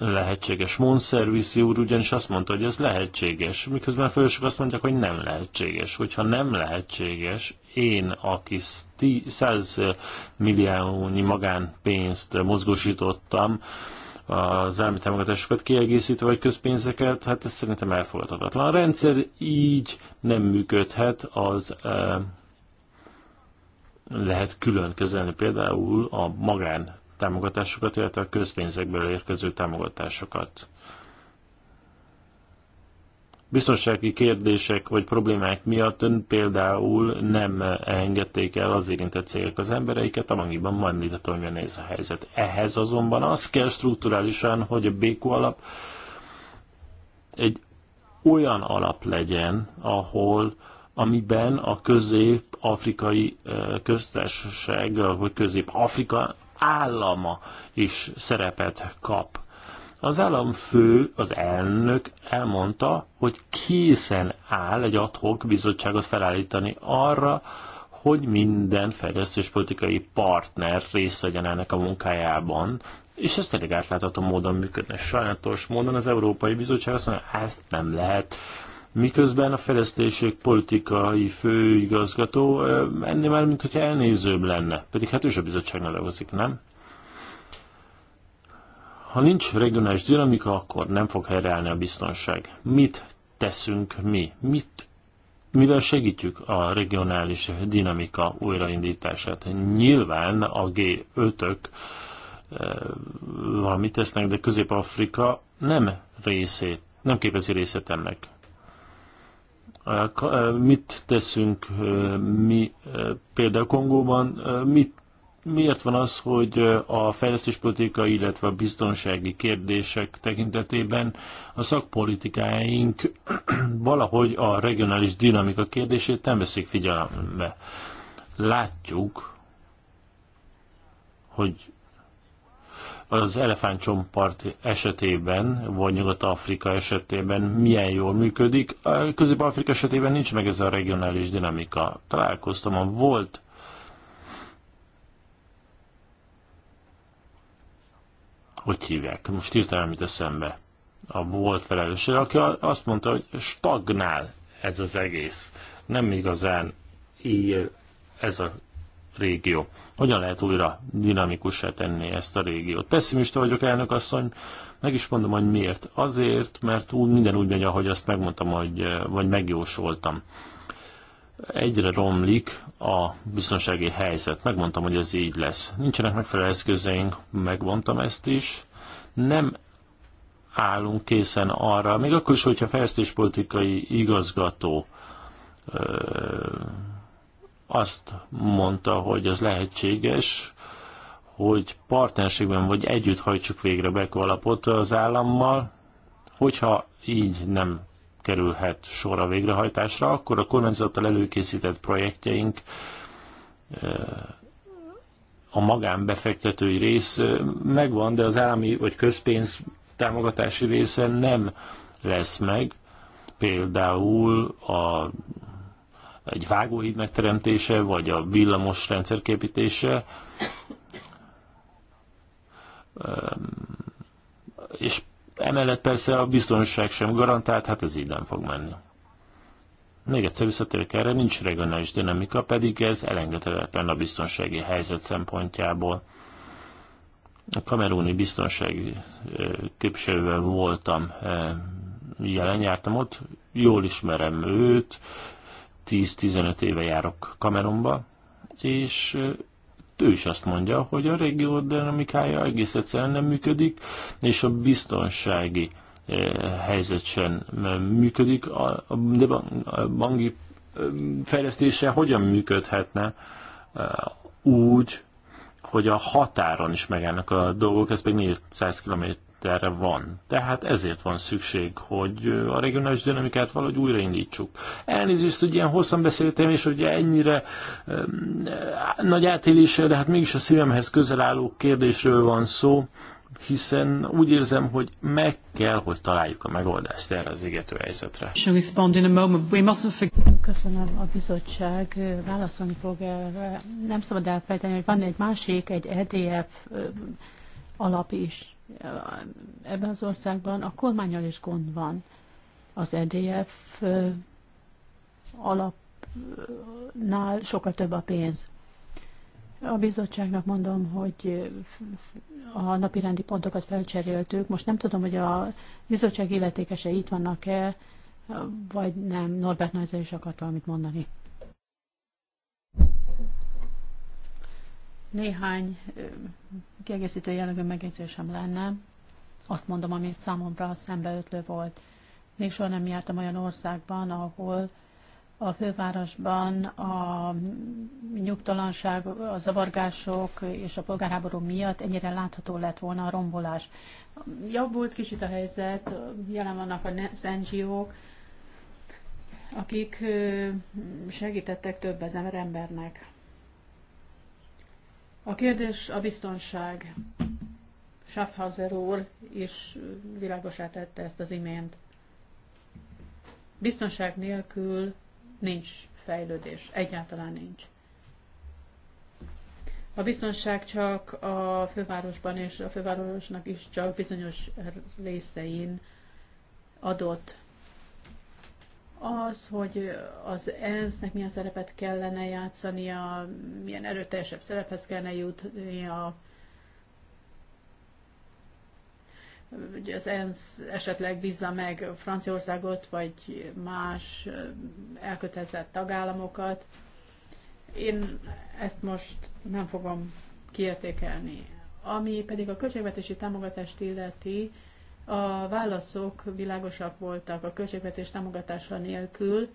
lehetséges. Monszerviszi úr ugyanis azt mondta, hogy ez lehetséges, miközben a fősök azt mondják, hogy nem lehetséges. Hogyha nem lehetséges, én, aki 100 milliónyi magánpénzt mozgósítottam, az állami támogatásokat kiegészítve, vagy közpénzeket, hát ez szerintem elfogadhatatlan. A rendszer így nem működhet, az eh, lehet külön kezelni például a magán támogatásokat, illetve a közpénzekből érkező támogatásokat. Biztonsági kérdések vagy problémák miatt ön például nem engedték el az érintett cégek az embereiket, amennyiben majd említettem, hogy néz a helyzet. Ehhez azonban az kell strukturálisan, hogy a BQ alap egy olyan alap legyen, ahol amiben a közép-afrikai eh, köztársaság, vagy közép-afrika állama is szerepet kap. Az államfő, az elnök elmondta, hogy készen áll egy adhok bizottságot felállítani arra, hogy minden fejlesztés politikai partner részt vegyen ennek a munkájában, és ez pedig átlátható módon működne. Sajnálatos módon az Európai Bizottság azt mondja, ezt hát nem lehet miközben a fejlesztések politikai főigazgató ennél már, mint hogyha elnézőbb lenne. Pedig hát ő is a bizottságnál dolgozik, nem? Ha nincs regionális dinamika, akkor nem fog helyreállni a biztonság. Mit teszünk mi? Mit, mivel segítjük a regionális dinamika újraindítását? Nyilván a G5-ök valamit tesznek, de Közép-Afrika nem részét, nem képezi részét ennek. Mit teszünk mi például Kongóban? Mit, miért van az, hogy a fejlesztéspolitika, illetve a biztonsági kérdések tekintetében a szakpolitikáink valahogy a regionális dinamika kérdését nem veszik figyelembe? Látjuk, hogy az elefántcsompart esetében, vagy Nyugat-Afrika esetében milyen jól működik. Közép-Afrika esetében nincs meg ez a regionális dinamika. Találkoztam a volt hogy hívják, most írtam amit eszembe a volt felelősség, aki azt mondta, hogy stagnál ez az egész. Nem igazán így ez a régió. Hogyan lehet újra dinamikussá tenni ezt a régiót? Pessimista vagyok, elnök asszony, meg is mondom, hogy miért. Azért, mert úgy, minden úgy megy, ahogy azt megmondtam, hogy, vagy megjósoltam. Egyre romlik a biztonsági helyzet. Megmondtam, hogy ez így lesz. Nincsenek megfelelő eszközeink, megmondtam ezt is. Nem állunk készen arra, még akkor is, hogyha fejlesztéspolitikai igazgató azt mondta, hogy az lehetséges, hogy partnerségben vagy együtt hajtsuk végre Beko alapot az állammal, hogyha így nem kerülhet sor a végrehajtásra, akkor a kormányzattal előkészített projektjeink eh, a magánbefektetői rész eh, megvan, de az állami vagy közpénz támogatási része nem lesz meg. Például a egy vágóhíd megteremtése, vagy a villamos rendszer képítése, és emellett persze a biztonság sem garantált, hát ez így nem fog menni. Még egyszer visszatérek erre, nincs regionális dinamika, pedig ez elengedhetetlen a biztonsági helyzet szempontjából. A kamerúni biztonsági képviselővel voltam jelen, jártam ott, jól ismerem őt, 10-15 éve járok Kameromba, és ő is azt mondja, hogy a régió dinamikája egész egyszerűen nem működik, és a biztonsági helyzet sem működik, de a bangi fejlesztése hogyan működhetne úgy, hogy a határon is megállnak a dolgok, ez pedig 400 km erre van. Tehát ezért van szükség, hogy a regionális dinamikát valahogy újraindítsuk. Elnézést, hogy ilyen hosszan beszéltem, és hogy ennyire e, nagy átéléssel, de hát mégis a szívemhez közel álló kérdésről van szó, hiszen úgy érzem, hogy meg kell, hogy találjuk a megoldást erre az égető helyzetre. Köszönöm a bizottság, válaszolni fog erre. Nem szabad elfejteni, hogy van egy másik, egy EDF alap is ebben az országban a kormányal is gond van. Az EDF alapnál sokkal több a pénz. A bizottságnak mondom, hogy a napirendi pontokat felcseréltük. Most nem tudom, hogy a bizottság illetékese itt vannak-e, vagy nem. Norbert Neuser is akart valamit mondani. Néhány kiegészítő jellegű megjegyzésem lenne. Azt mondom, ami számomra szembeötlő volt. Még soha nem jártam olyan országban, ahol a fővárosban a nyugtalanság, a zavargások és a polgárháború miatt ennyire látható lett volna a rombolás. volt kicsit a helyzet, jelen vannak a ngo akik segítettek több ezer embernek. A kérdés a biztonság. Schaffhauser úr is világosá tette ezt az imént. Biztonság nélkül nincs fejlődés, egyáltalán nincs. A biztonság csak a fővárosban és a fővárosnak is csak bizonyos részein adott az, hogy az ENSZ-nek milyen szerepet kellene játszania, milyen erőteljesebb szerephez kellene jutnia, hogy az ENSZ esetleg bízza meg Franciaországot, vagy más elkötelezett tagállamokat. Én ezt most nem fogom kiértékelni. Ami pedig a költségvetési támogatást illeti, a válaszok világosak voltak a költségvetés támogatása nélkül.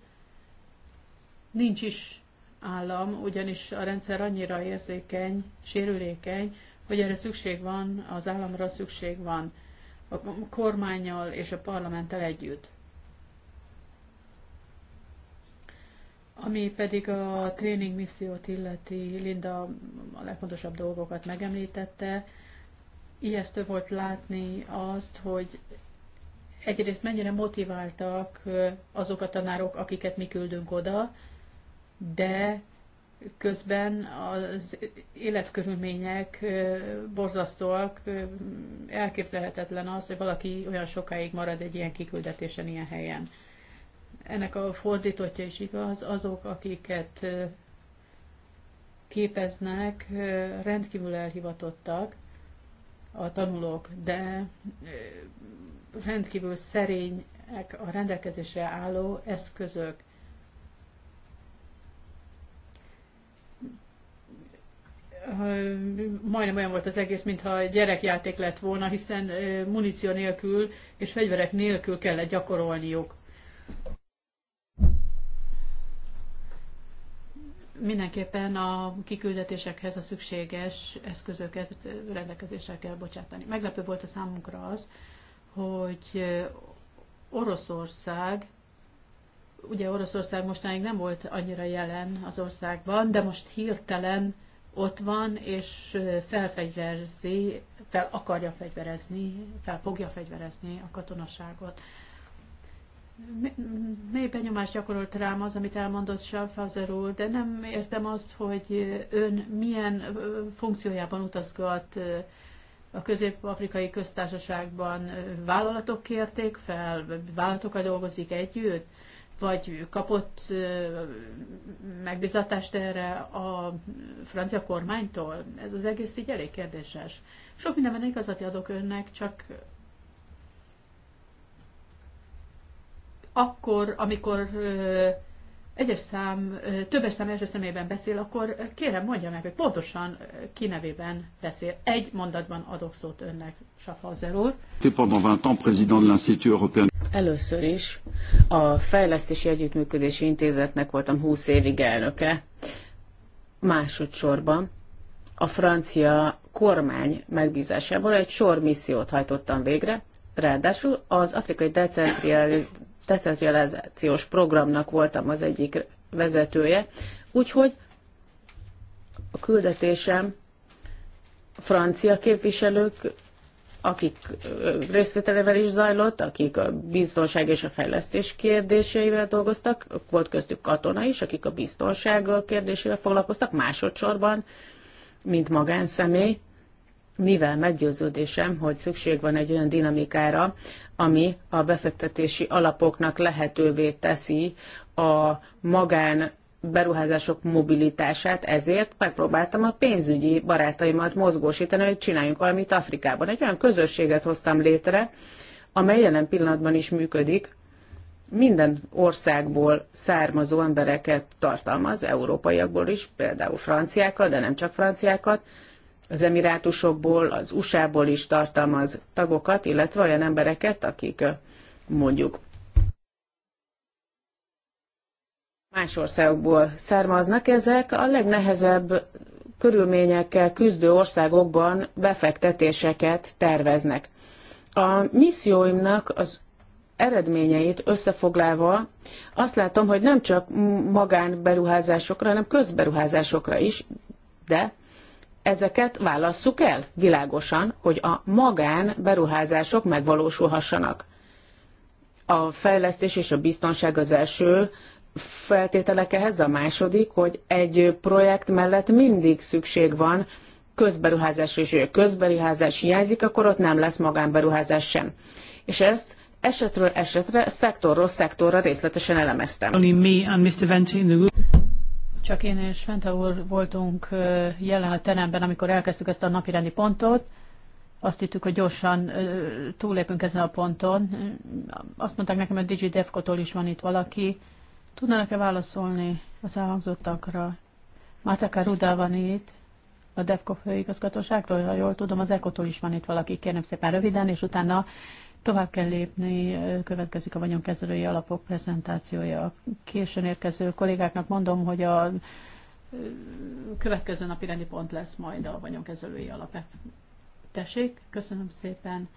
Nincs is állam, ugyanis a rendszer annyira érzékeny, sérülékeny, hogy erre szükség van, az államra szükség van a kormányjal és a parlamenttel együtt. Ami pedig a tréning missziót illeti, Linda a legfontosabb dolgokat megemlítette, ijesztő volt látni azt, hogy egyrészt mennyire motiváltak azok a tanárok, akiket mi küldünk oda, de közben az életkörülmények borzasztóak, elképzelhetetlen az, hogy valaki olyan sokáig marad egy ilyen kiküldetésen, ilyen helyen. Ennek a fordítotja is igaz, azok, akiket képeznek, rendkívül elhivatottak, a tanulók, de rendkívül szerények a rendelkezésre álló eszközök. Majdnem olyan volt az egész, mintha gyerekjáték lett volna, hiszen muníció nélkül és fegyverek nélkül kellett gyakorolniuk. mindenképpen a kiküldetésekhez a szükséges eszközöket rendelkezésre kell bocsátani. Meglepő volt a számunkra az, hogy Oroszország, ugye Oroszország mostanáig nem volt annyira jelen az országban, de most hirtelen ott van, és felfegyverzi, fel akarja fegyverezni, fel fogja fegyverezni a katonaságot mély benyomást gyakorolt rám az, amit elmondott Schaffhauser úr, de nem értem azt, hogy ön milyen funkciójában utazgat a közép-afrikai köztársaságban. Vállalatok kérték fel, vállalatokkal dolgozik együtt, vagy kapott megbizatást erre a francia kormánytól? Ez az egész így elég kérdéses. Sok mindenben igazat adok önnek, csak akkor, amikor egyes szám, többes szám első személyben beszél, akkor kérem mondja meg, hogy pontosan ki nevében beszél. Egy mondatban adok szót önnek, Schaffhauser úr. Először is a Fejlesztési Együttműködési Intézetnek voltam 20 évig elnöke. Másodszorban a francia kormány megbízásából egy sor missziót hajtottam végre, Ráadásul az afrikai decentralizációs programnak voltam az egyik vezetője, úgyhogy a küldetésem francia képviselők, akik részvételével is zajlott, akik a biztonság és a fejlesztés kérdéseivel dolgoztak, volt köztük katona is, akik a biztonság kérdésével foglalkoztak, másodszorban, mint magánszemély, mivel meggyőződésem, hogy szükség van egy olyan dinamikára, ami a befektetési alapoknak lehetővé teszi a magán beruházások mobilitását, ezért megpróbáltam a pénzügyi barátaimat mozgósítani, hogy csináljunk valamit Afrikában. Egy olyan közösséget hoztam létre, amely jelen pillanatban is működik, minden országból származó embereket tartalmaz, európaiakból is, például franciákat, de nem csak franciákat, az emirátusokból, az USA-ból is tartalmaz tagokat, illetve olyan embereket, akik mondjuk más országokból származnak. Ezek a legnehezebb körülményekkel küzdő országokban befektetéseket terveznek. A misszióimnak az eredményeit összefoglalva azt látom, hogy nem csak magánberuházásokra, hanem közberuházásokra is, de ezeket válasszuk el világosan, hogy a magán beruházások megvalósulhassanak. A fejlesztés és a biztonság az első feltételek ehhez, a második, hogy egy projekt mellett mindig szükség van közberuházásra, és hogy a közberuházás hiányzik, akkor ott nem lesz magánberuházás sem. És ezt esetről esetre, szektorról szektorra részletesen elemeztem. Csak én és Fente úr voltunk jelen a teremben, amikor elkezdtük ezt a napirendi pontot. Azt hittük, hogy gyorsan túlépünk ezen a ponton. Azt mondták nekem, hogy Digi Defkotól is van itt valaki. Tudnának-e válaszolni az elhangzottakra? Márta rudá van itt, a DEFCO főigazgatóságtól, ha jól tudom, az Ekotól is van itt valaki. Kérem szépen röviden, és utána Tovább kell lépni, következik a vagyonkezelői alapok prezentációja. A későn érkező kollégáknak mondom, hogy a következő napi rendi pont lesz majd a vagyonkezelői alap. Tessék, köszönöm szépen.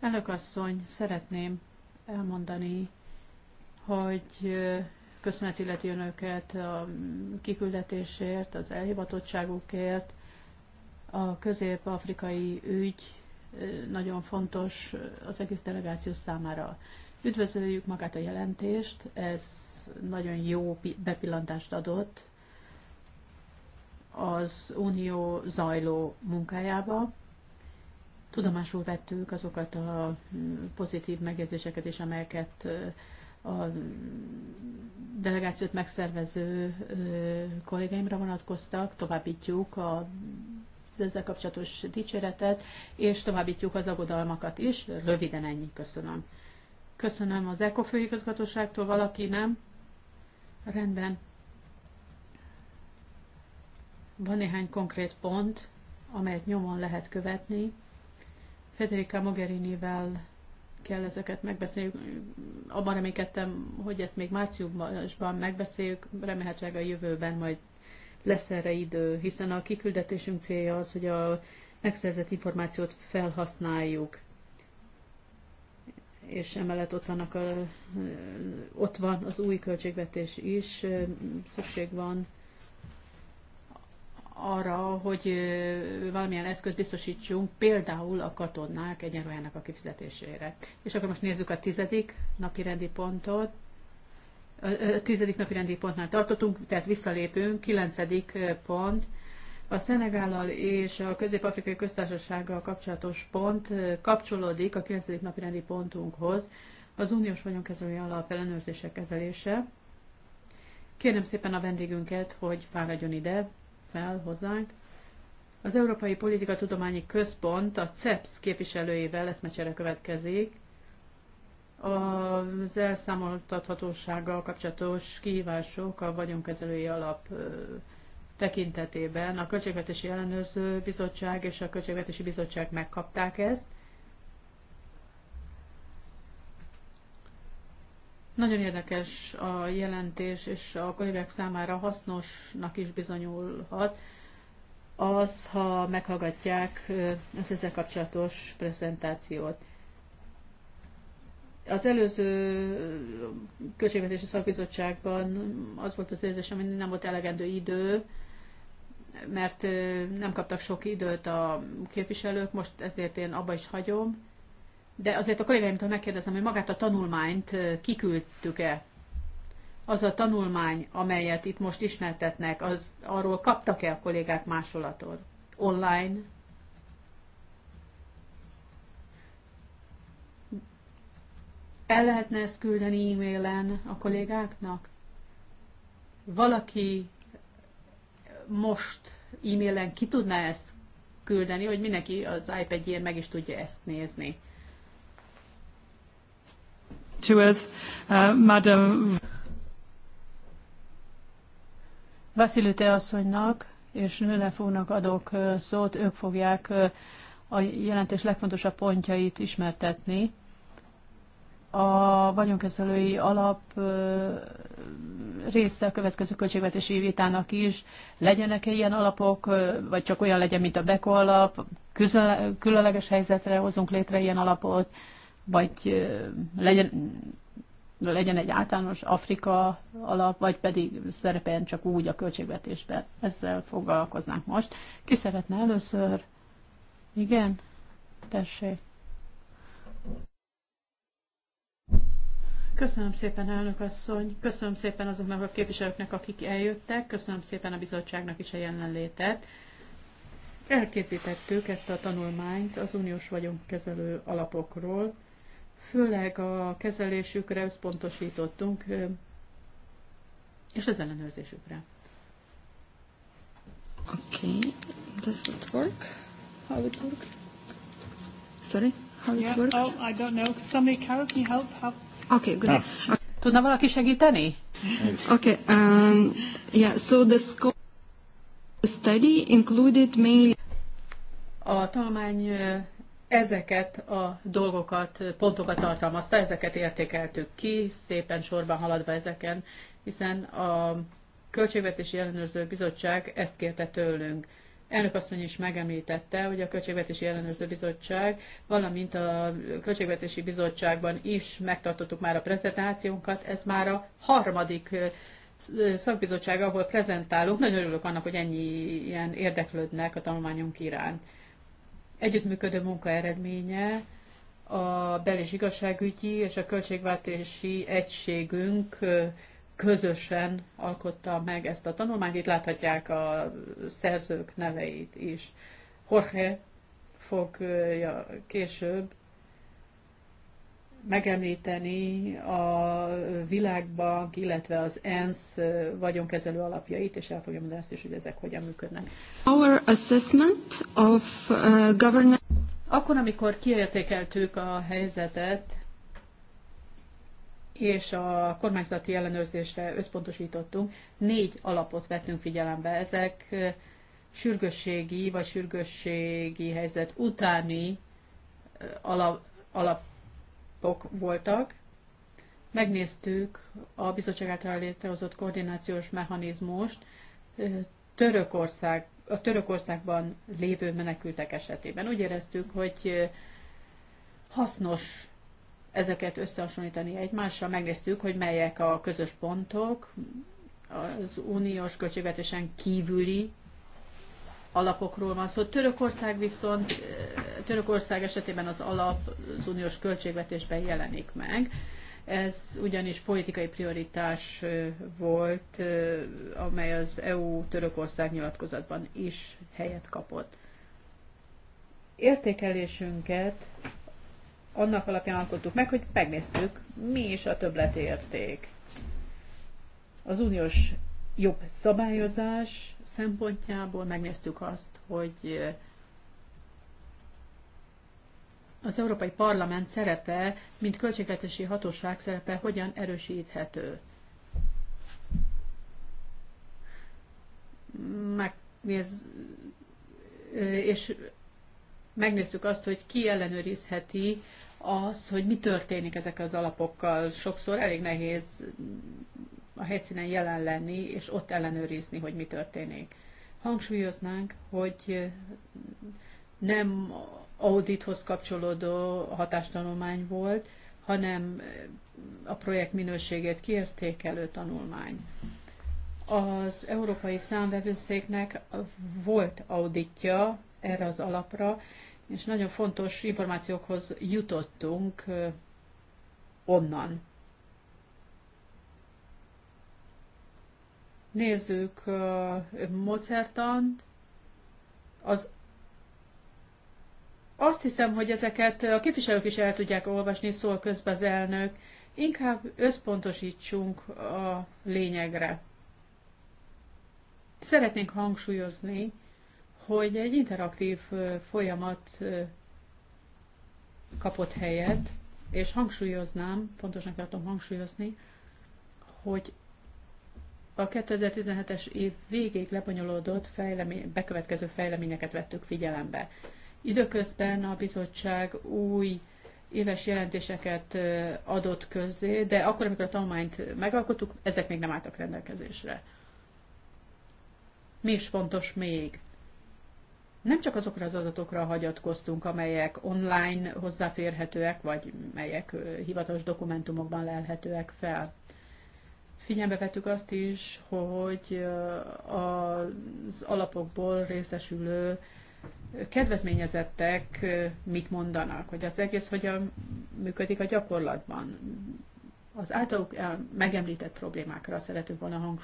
Elnök asszony, szeretném elmondani, hogy köszönet illeti önöket a kiküldetésért, az elhivatottságukért. A közép-afrikai ügy nagyon fontos az egész delegáció számára. Üdvözöljük magát a jelentést, ez nagyon jó bepillantást adott az Unió zajló munkájába. Tudomásul vettük azokat a pozitív megjegyzéseket is, amelyeket a delegációt megszervező kollégáimra vonatkoztak. Továbbítjuk a ezzel kapcsolatos dicséretet, és továbbítjuk az aggodalmakat is. Röviden ennyi, köszönöm. Köszönöm az ECO főigazgatóságtól, valaki nem? Rendben. Van néhány konkrét pont, amelyet nyomon lehet követni. Federica Mogherinivel kell ezeket megbeszéljük. Abban reménykedtem, hogy ezt még márciusban megbeszéljük, remélhetőleg a jövőben majd lesz erre idő, hiszen a kiküldetésünk célja az, hogy a megszerzett információt felhasználjuk. És emellett ott, vannak a, ott van az új költségvetés is, szükség van arra, hogy valamilyen eszközt biztosítsunk, például a katonák egyenruhának a kifizetésére. És akkor most nézzük a tizedik napi rendi pontot a tizedik napi rendi pontnál tartottunk, tehát visszalépünk, kilencedik pont, a Szenegállal és a Közép-Afrikai Köztársasággal kapcsolatos pont kapcsolódik a kilencedik napi rendi pontunkhoz, az uniós vagyonkezelői alap ellenőrzése kezelése. Kérem szépen a vendégünket, hogy fáradjon ide fel hozzánk. Az Európai Politika Tudományi Központ a CEPS képviselőjével eszmecsere következik az elszámoltathatósággal kapcsolatos kihívások a vagyonkezelői alap tekintetében. A Költségvetési Ellenőrző Bizottság és a Költségvetési Bizottság megkapták ezt. Nagyon érdekes a jelentés, és a kollégák számára hasznosnak is bizonyulhat az, ha meghallgatják az ezzel kapcsolatos prezentációt. Az előző költségvetési szakbizottságban az volt az érzésem, hogy nem volt elegendő idő, mert nem kaptak sok időt a képviselők, most ezért én abba is hagyom. De azért a kollégáimtól megkérdezem, hogy magát a tanulmányt kiküldtük-e? Az a tanulmány, amelyet itt most ismertetnek, az arról kaptak-e a kollégák másolatot? Online? El lehetne ezt küldeni e-mailen a kollégáknak? Valaki most e-mailen ki tudná ezt küldeni, hogy mindenki az iPad-jén meg is tudja ezt nézni. To us, uh, Madam Vasilüte asszonynak és Nőnefónak adok uh, szót, ők fogják uh, a jelentés legfontosabb pontjait ismertetni a vagyonkezelői alap része a következő költségvetési vitának is. Legyenek-e ilyen alapok, vagy csak olyan legyen, mint a BECO alap? Különleges helyzetre hozunk létre ilyen alapot, vagy legyen, legyen egy általános Afrika alap, vagy pedig szerepeljen csak úgy a költségvetésben. Ezzel foglalkoznánk most. Ki szeretne először? Igen? Tessék. Köszönöm szépen, elnök asszony. Köszönöm szépen azoknak a képviselőknek, akik eljöttek. Köszönöm szépen a bizottságnak is a jelenlétet. Elkészítettük ezt a tanulmányt az uniós vagyonkezelő alapokról. Főleg a kezelésükre összpontosítottunk, és az ellenőrzésükre. Okay, does it work? How it works? Sorry, how it yeah, works? Oh, I don't know. Somebody, can you help? help? good. okay, ah. Tudna valaki segíteni? Oké, okay, um, yeah, so the scope study included mainly... A talmány ezeket a dolgokat, pontokat tartalmazta, ezeket értékeltük ki, szépen sorban haladva ezeken, hiszen a Költségvetési Ellenőrző Bizottság ezt kérte tőlünk. Elnök asszony is megemlítette, hogy a Költségvetési Ellenőrző Bizottság, valamint a Költségvetési Bizottságban is megtartottuk már a prezentációnkat, ez már a harmadik szakbizottság, ahol prezentálunk. Nagyon örülök annak, hogy ennyi ilyen érdeklődnek a tanulmányunk iránt. Együttműködő munka eredménye a bel- és igazságügyi és a költségvetési egységünk közösen alkotta meg ezt a tanulmányt. Itt láthatják a szerzők neveit is. Jorge fogja később megemlíteni a világbank, illetve az ENSZ vagyonkezelő alapjait, és el fogja mondani azt is, hogy ezek hogyan működnek. Our assessment of uh, governance... Akkor, amikor kiértékeltük a helyzetet, és a kormányzati ellenőrzésre összpontosítottunk, négy alapot vettünk figyelembe. Ezek sürgősségi vagy sürgősségi helyzet utáni alap, alapok voltak. Megnéztük a bizottság által létrehozott koordinációs mechanizmust Törökország, a Törökországban lévő menekültek esetében. Úgy éreztük, hogy hasznos ezeket összehasonlítani egymással. Megnéztük, hogy melyek a közös pontok az uniós költségvetésen kívüli alapokról van szó. Szóval Törökország viszont, Törökország esetében az alap az uniós költségvetésben jelenik meg. Ez ugyanis politikai prioritás volt, amely az EU-Törökország nyilatkozatban is helyet kapott. Értékelésünket annak alapján alkottuk meg, hogy megnéztük, mi is a többletérték. Az uniós jobb szabályozás szempontjából megnéztük azt, hogy eh, az Európai Parlament szerepe, mint költségvetési hatóság szerepe hogyan erősíthető. Megnéz, eh, és megnéztük azt, hogy ki ellenőrizheti azt, hogy mi történik ezek az alapokkal. Sokszor elég nehéz a helyszínen jelen lenni, és ott ellenőrizni, hogy mi történik. Hangsúlyoznánk, hogy nem audithoz kapcsolódó hatástanulmány volt, hanem a projekt minőségét kiértékelő tanulmány. Az Európai Számvevőszéknek volt auditja erre az alapra, és nagyon fontos információkhoz jutottunk onnan. Nézzük Mozertant. Az azt hiszem, hogy ezeket a képviselők is el tudják olvasni, szól közben az elnök. Inkább összpontosítsunk a lényegre. Szeretnénk hangsúlyozni, hogy egy interaktív folyamat kapott helyet, és hangsúlyoznám, fontosnak tartom hangsúlyozni, hogy a 2017-es év végéig lebonyolódott fejlemény, bekövetkező fejleményeket vettük figyelembe. Időközben a bizottság új éves jelentéseket adott közzé, de akkor, amikor a tanulmányt megalkottuk, ezek még nem álltak rendelkezésre. Mi is fontos még? nem csak azokra az adatokra hagyatkoztunk, amelyek online hozzáférhetőek, vagy melyek hivatalos dokumentumokban lelhetőek fel. Figyelme vettük azt is, hogy az alapokból részesülő kedvezményezettek mit mondanak, hogy az egész hogyan működik a gyakorlatban. Az általuk megemlített problémákra szeretünk volna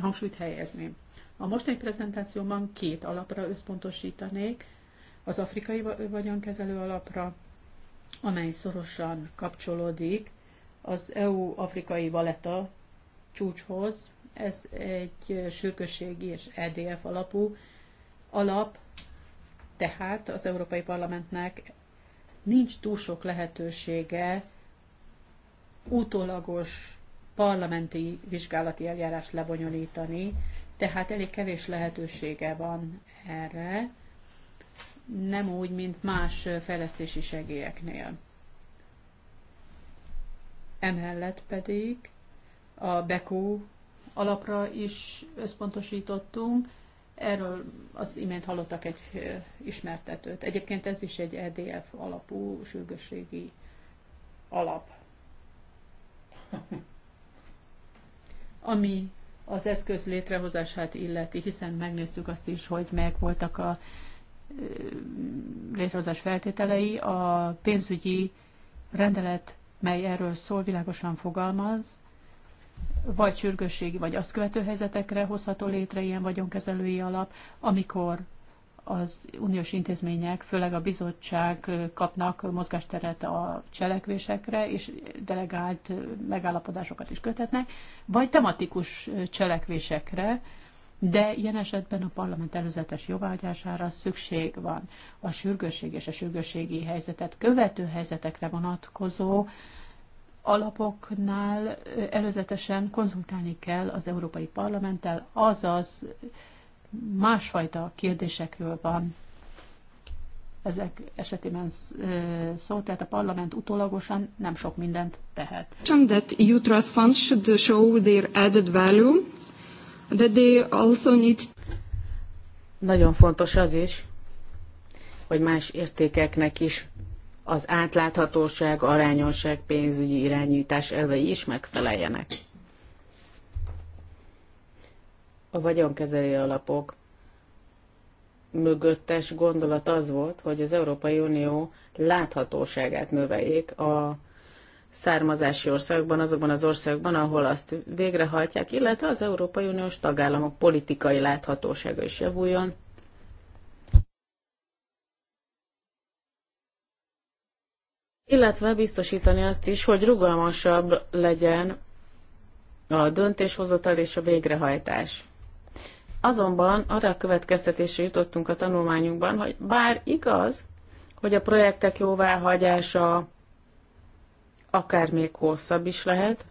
hangsúlyt helyezni. A mostani prezentációban két alapra összpontosítanék, az afrikai vagyonkezelő alapra, amely szorosan kapcsolódik az EU-afrikai valeta csúcshoz. Ez egy sürgősségi és EDF alapú alap, tehát az Európai Parlamentnek nincs túl sok lehetősége utólagos parlamenti vizsgálati eljárást lebonyolítani tehát elég kevés lehetősége van erre, nem úgy, mint más fejlesztési segélyeknél. Emellett pedig a BECO alapra is összpontosítottunk, erről az imént hallottak egy ismertetőt. Egyébként ez is egy EDF alapú sürgősségi alap. Ami az eszköz létrehozását illeti, hiszen megnéztük azt is, hogy melyek voltak a létrehozás feltételei. A pénzügyi rendelet, mely erről szól, világosan fogalmaz, vagy sürgősségi, vagy azt követő helyzetekre hozható létre ilyen vagyonkezelői alap, amikor az uniós intézmények, főleg a bizottság kapnak mozgásteret a cselekvésekre, és delegált megállapodásokat is köthetnek, vagy tematikus cselekvésekre, de ilyen esetben a parlament előzetes jogágyására szükség van. A sürgősség és a sürgősségi helyzetet követő helyzetekre vonatkozó alapoknál előzetesen konzultálni kell az Európai Parlamenttel, azaz másfajta kérdésekről van ezek esetében szó, tehát a parlament utólagosan nem sok mindent tehet. That EU trust funds should show their added value, that they also need... Nagyon fontos az is, hogy más értékeknek is az átláthatóság, arányosság, pénzügyi irányítás elvei is megfeleljenek a vagyonkezelő alapok mögöttes gondolat az volt, hogy az Európai Unió láthatóságát növeljék a származási országban, azokban az országokban, ahol azt végrehajtják, illetve az Európai Uniós tagállamok politikai láthatósága is javuljon. Illetve biztosítani azt is, hogy rugalmasabb legyen a döntéshozatal és a végrehajtás. Azonban arra a következtetésre jutottunk a tanulmányunkban, hogy bár igaz, hogy a projektek jóváhagyása akár még hosszabb is lehet,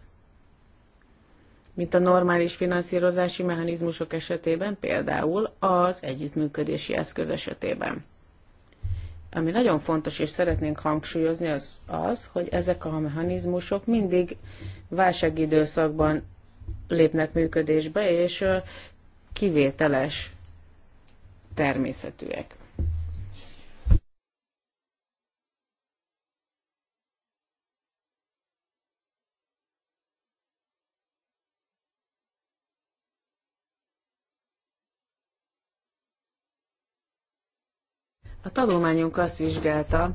mint a normális finanszírozási mechanizmusok esetében, például az együttműködési eszköz esetében. Ami nagyon fontos, és szeretnénk hangsúlyozni, az az, hogy ezek a mechanizmusok mindig válságidőszakban lépnek működésbe, és kivételes természetűek. A tanulmányunk azt vizsgálta,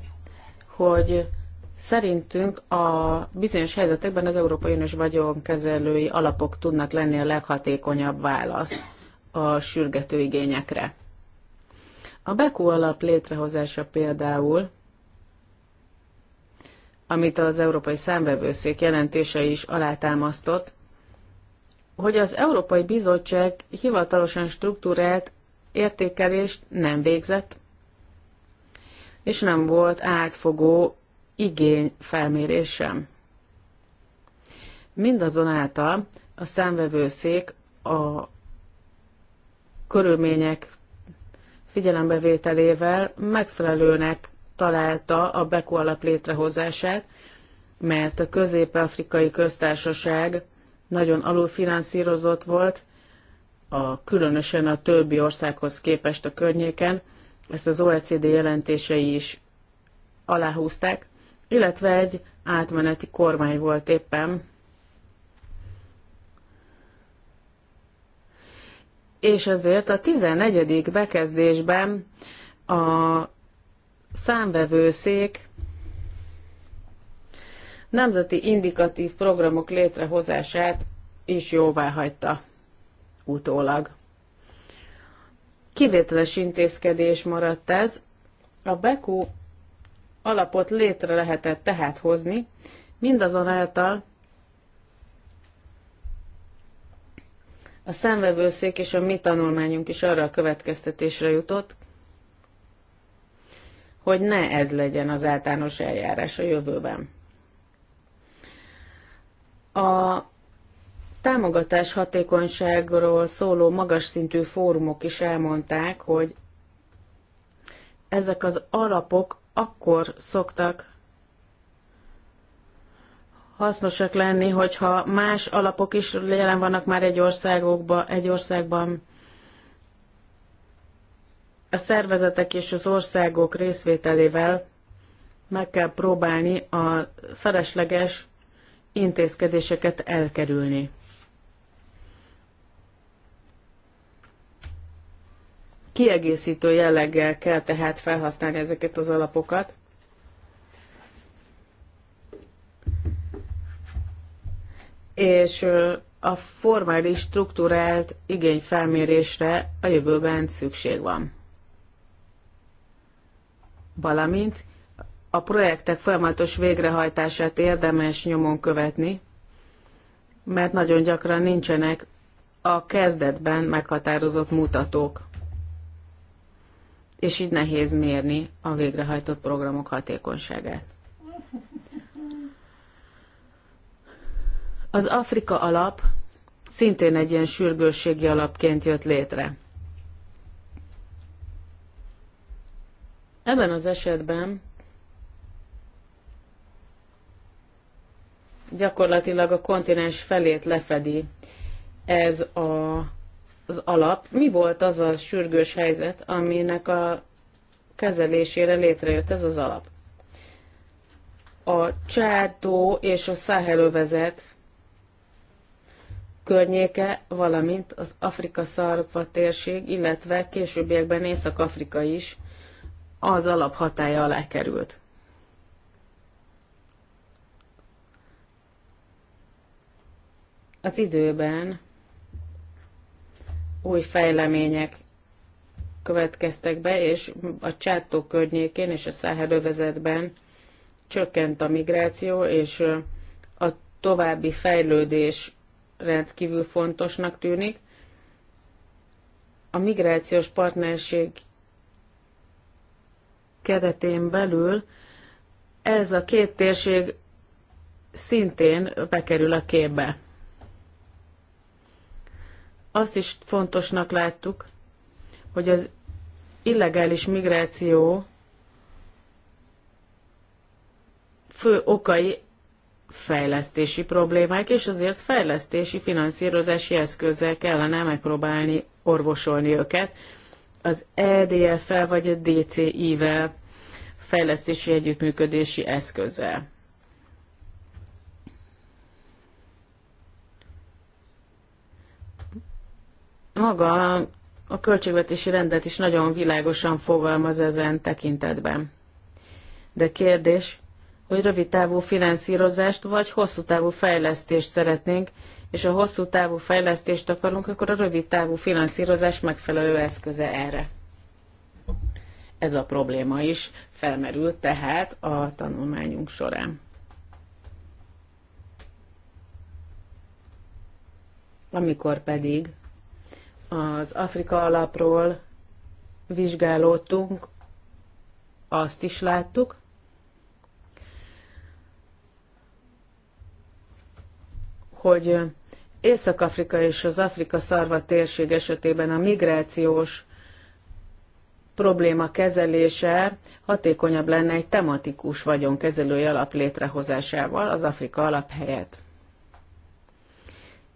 hogy szerintünk a bizonyos helyzetekben az Európai Uniós vagyonkezelői alapok tudnak lenni a leghatékonyabb válasz a sürgető igényekre. A Beko alap létrehozása például, amit az Európai Számbevőszék jelentése is alátámasztott, hogy az Európai Bizottság hivatalosan struktúrált értékelést nem végzett, és nem volt átfogó igény felmérésem. Mindazonáltal a számvevőszék a körülmények figyelembevételével megfelelőnek találta a Beko alap létrehozását, mert a közép-afrikai köztársaság nagyon alulfinanszírozott volt, a, különösen a többi országhoz képest a környéken, ezt az OECD jelentései is aláhúzták, illetve egy átmeneti kormány volt éppen, és ezért a 14. bekezdésben a számvevőszék nemzeti indikatív programok létrehozását is jóvá hagyta utólag. Kivételes intézkedés maradt ez, a BEKU alapot létre lehetett tehát hozni, mindazonáltal A számvevőszék és a mi tanulmányunk is arra a következtetésre jutott, hogy ne ez legyen az általános eljárás a jövőben. A támogatás hatékonyságról szóló magas szintű fórumok is elmondták, hogy ezek az alapok akkor szoktak hasznosak lenni, hogyha más alapok is jelen vannak már egy, országokba, egy országban. A szervezetek és az országok részvételével meg kell próbálni a felesleges intézkedéseket elkerülni. Kiegészítő jelleggel kell tehát felhasználni ezeket az alapokat, és a formális struktúrált igényfelmérésre a jövőben szükség van. Valamint a projektek folyamatos végrehajtását érdemes nyomon követni, mert nagyon gyakran nincsenek a kezdetben meghatározott mutatók, és így nehéz mérni a végrehajtott programok hatékonyságát. Az Afrika alap szintén egy ilyen sürgősségi alapként jött létre. Ebben az esetben gyakorlatilag a kontinens felét lefedi ez a, az alap. Mi volt az a sürgős helyzet, aminek a kezelésére létrejött ez az alap? A Csátó és a Száhelövezet környéke, valamint az Afrika szarva térség, illetve későbbiekben Észak-Afrika is az alaphatája alá került. Az időben új fejlemények következtek be, és a csátó környékén és a száhelövezetben csökkent a migráció, és a további fejlődés rendkívül fontosnak tűnik. A migrációs partnerség keretén belül ez a két térség szintén bekerül a képbe. Azt is fontosnak láttuk, hogy az illegális migráció fő okai fejlesztési problémák, és azért fejlesztési finanszírozási eszközzel kellene megpróbálni orvosolni őket. Az EDF-fel vagy a DCI-vel fejlesztési együttműködési eszközzel. Maga a költségvetési rendet is nagyon világosan fogalmaz ezen tekintetben. De kérdés, hogy rövid távú finanszírozást vagy hosszú távú fejlesztést szeretnénk, és ha hosszú távú fejlesztést akarunk, akkor a rövid távú finanszírozás megfelelő eszköze erre. Ez a probléma is felmerült tehát a tanulmányunk során. Amikor pedig az Afrika alapról vizsgálódtunk, azt is láttuk, hogy Észak-Afrika és az Afrika szarva térség esetében a migrációs probléma kezelése hatékonyabb lenne egy tematikus vagyonkezelői alap létrehozásával az Afrika alap helyett.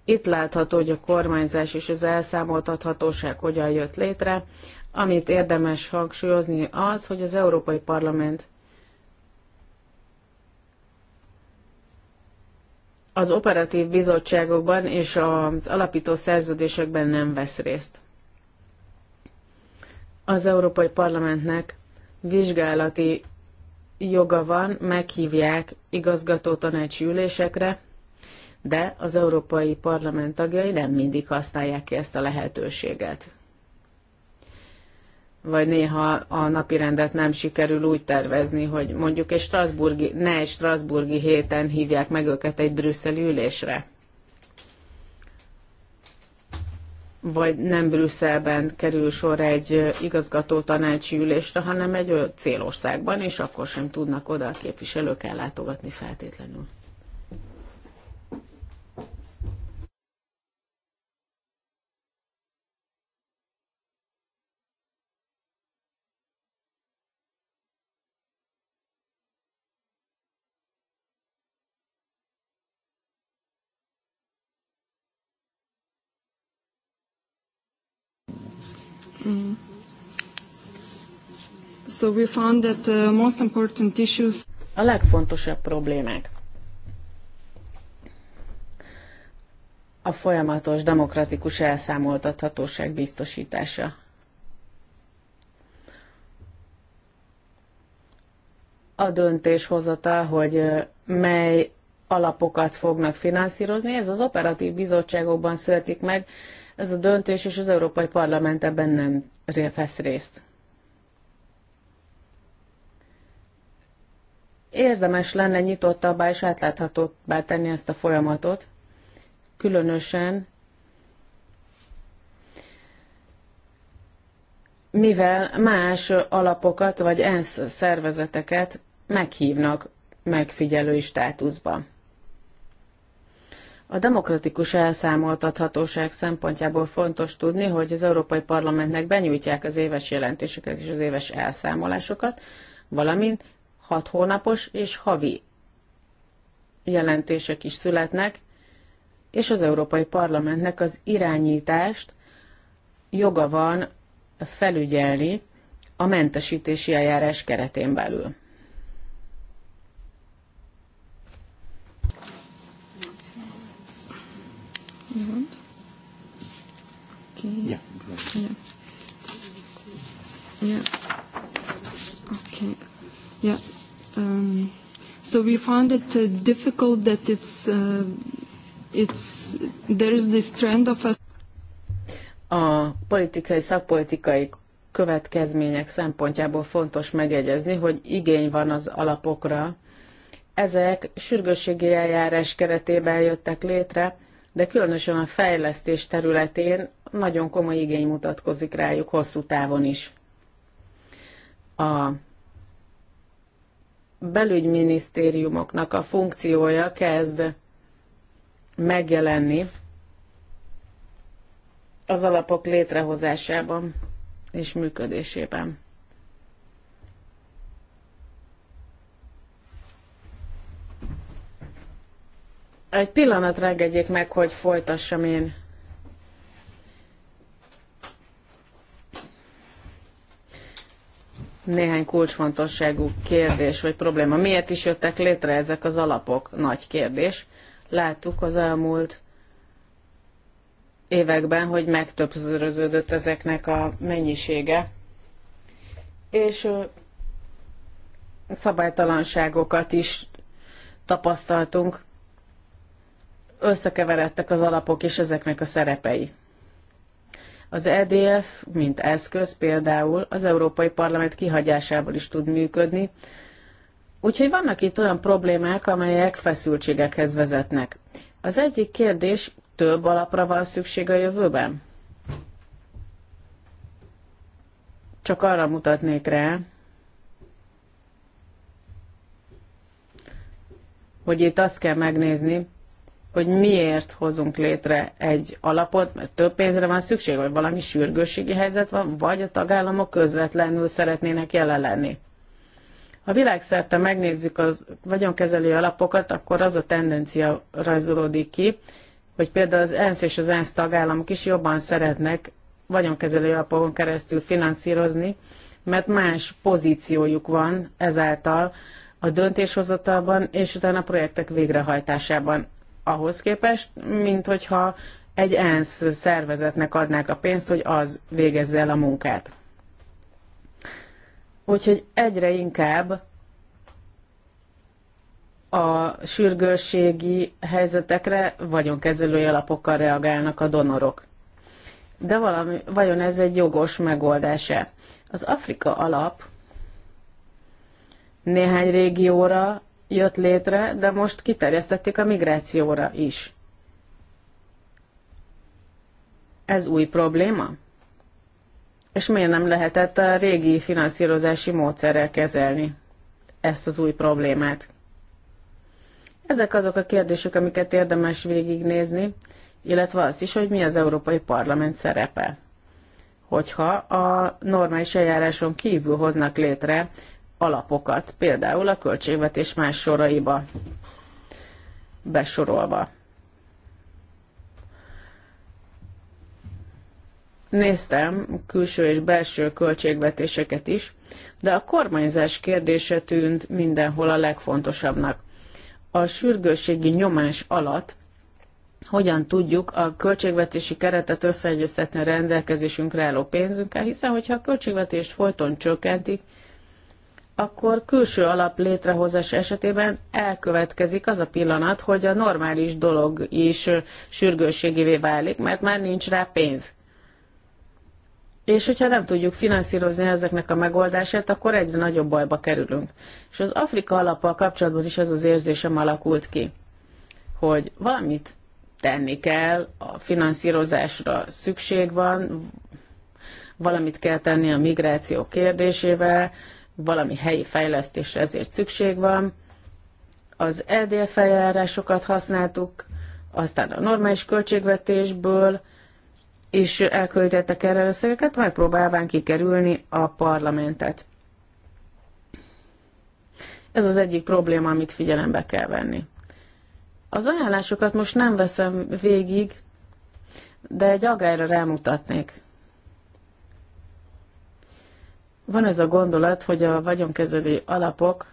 Itt látható, hogy a kormányzás és az elszámoltathatóság hogyan jött létre. Amit érdemes hangsúlyozni az, hogy az Európai Parlament az operatív bizottságokban és az alapító szerződésekben nem vesz részt. Az Európai Parlamentnek vizsgálati joga van, meghívják igazgató tanácsi ülésekre, de az Európai Parlament tagjai nem mindig használják ki ezt a lehetőséget vagy néha a napi rendet nem sikerül úgy tervezni, hogy mondjuk egy Strasburgi, ne egy Strasburgi héten hívják meg őket egy brüsszeli ülésre. Vagy nem Brüsszelben kerül sor egy igazgató tanácsi ülésre, hanem egy célországban, és akkor sem tudnak oda a képviselők ellátogatni feltétlenül. Mm. So we found that the most important issues a legfontosabb problémák. A folyamatos demokratikus elszámoltathatóság biztosítása. A döntéshozata, hogy mely alapokat fognak finanszírozni, ez az operatív bizottságokban születik meg, ez a döntés, és az Európai Parlament ebben nem vesz részt. Érdemes lenne nyitottabbá és átláthatóbbá tenni ezt a folyamatot, különösen mivel más alapokat vagy ENSZ szervezeteket meghívnak megfigyelői státuszba. A demokratikus elszámoltathatóság szempontjából fontos tudni, hogy az Európai Parlamentnek benyújtják az éves jelentéseket és az éves elszámolásokat, valamint hat hónapos és havi jelentések is születnek, és az Európai Parlamentnek az irányítást joga van felügyelni a mentesítési eljárás keretén belül. you Okay. Yeah. Yeah. Yeah. Okay. Yeah. Um, so we found it uh, difficult that it's uh, it's there is this trend of a a politikai, szakpolitikai következmények szempontjából fontos megjegyezni, hogy igény van az alapokra. Ezek sürgősségi eljárás keretében jöttek létre, de különösen a fejlesztés területén nagyon komoly igény mutatkozik rájuk hosszú távon is. A belügyminisztériumoknak a funkciója kezd megjelenni az alapok létrehozásában és működésében. Egy pillanatra engedjék meg, hogy folytassam én. Néhány kulcsfontosságú kérdés vagy probléma. Miért is jöttek létre ezek az alapok? Nagy kérdés. Láttuk az elmúlt években, hogy megtöbbszöröződött ezeknek a mennyisége. És szabálytalanságokat is tapasztaltunk összekeveredtek az alapok és ezeknek a szerepei. Az EDF, mint eszköz például az Európai Parlament kihagyásából is tud működni, úgyhogy vannak itt olyan problémák, amelyek feszültségekhez vezetnek. Az egyik kérdés, több alapra van szükség a jövőben? Csak arra mutatnék rá, hogy itt azt kell megnézni, hogy miért hozunk létre egy alapot, mert több pénzre van szükség, vagy valami sürgősségi helyzet van, vagy a tagállamok közvetlenül szeretnének jelen lenni. Ha világszerte megnézzük az vagyonkezelő alapokat, akkor az a tendencia rajzolódik ki, hogy például az ENSZ és az ENSZ tagállamok is jobban szeretnek vagyonkezelő alapokon keresztül finanszírozni, mert más pozíciójuk van ezáltal a döntéshozatalban és utána a projektek végrehajtásában ahhoz képest, mint hogyha egy ENSZ szervezetnek adnák a pénzt, hogy az végezze el a munkát. Úgyhogy egyre inkább a sürgősségi helyzetekre vagyonkezelői alapokkal reagálnak a donorok. De valami, vajon ez egy jogos megoldása? Az Afrika alap néhány régióra jött létre, de most kiterjesztették a migrációra is. Ez új probléma? És miért nem lehetett a régi finanszírozási módszerrel kezelni ezt az új problémát? Ezek azok a kérdések, amiket érdemes végignézni, illetve az is, hogy mi az Európai Parlament szerepe. Hogyha a normális eljáráson kívül hoznak létre alapokat, például a költségvetés más soraiba besorolva. Néztem külső és belső költségvetéseket is, de a kormányzás kérdése tűnt mindenhol a legfontosabbnak. A sürgősségi nyomás alatt hogyan tudjuk a költségvetési keretet összeegyeztetni a rendelkezésünkre álló pénzünkkel, hiszen hogyha a költségvetést folyton csökkentik, akkor külső alap létrehozás esetében elkövetkezik az a pillanat, hogy a normális dolog is sürgősségévé válik, mert már nincs rá pénz. És hogyha nem tudjuk finanszírozni ezeknek a megoldását, akkor egyre nagyobb bajba kerülünk. És az Afrika alappal kapcsolatban is ez az érzésem alakult ki, hogy valamit tenni kell, a finanszírozásra szükség van, valamit kell tenni a migráció kérdésével, valami helyi fejlesztésre ezért szükség van. Az EDL feljárásokat használtuk, aztán a normális költségvetésből is elköltettek erre összegeket, megpróbálván kikerülni a parlamentet. Ez az egyik probléma, amit figyelembe kell venni. Az ajánlásokat most nem veszem végig, de egy agályra rámutatnék. Van ez a gondolat, hogy a vagyonkezelő alapok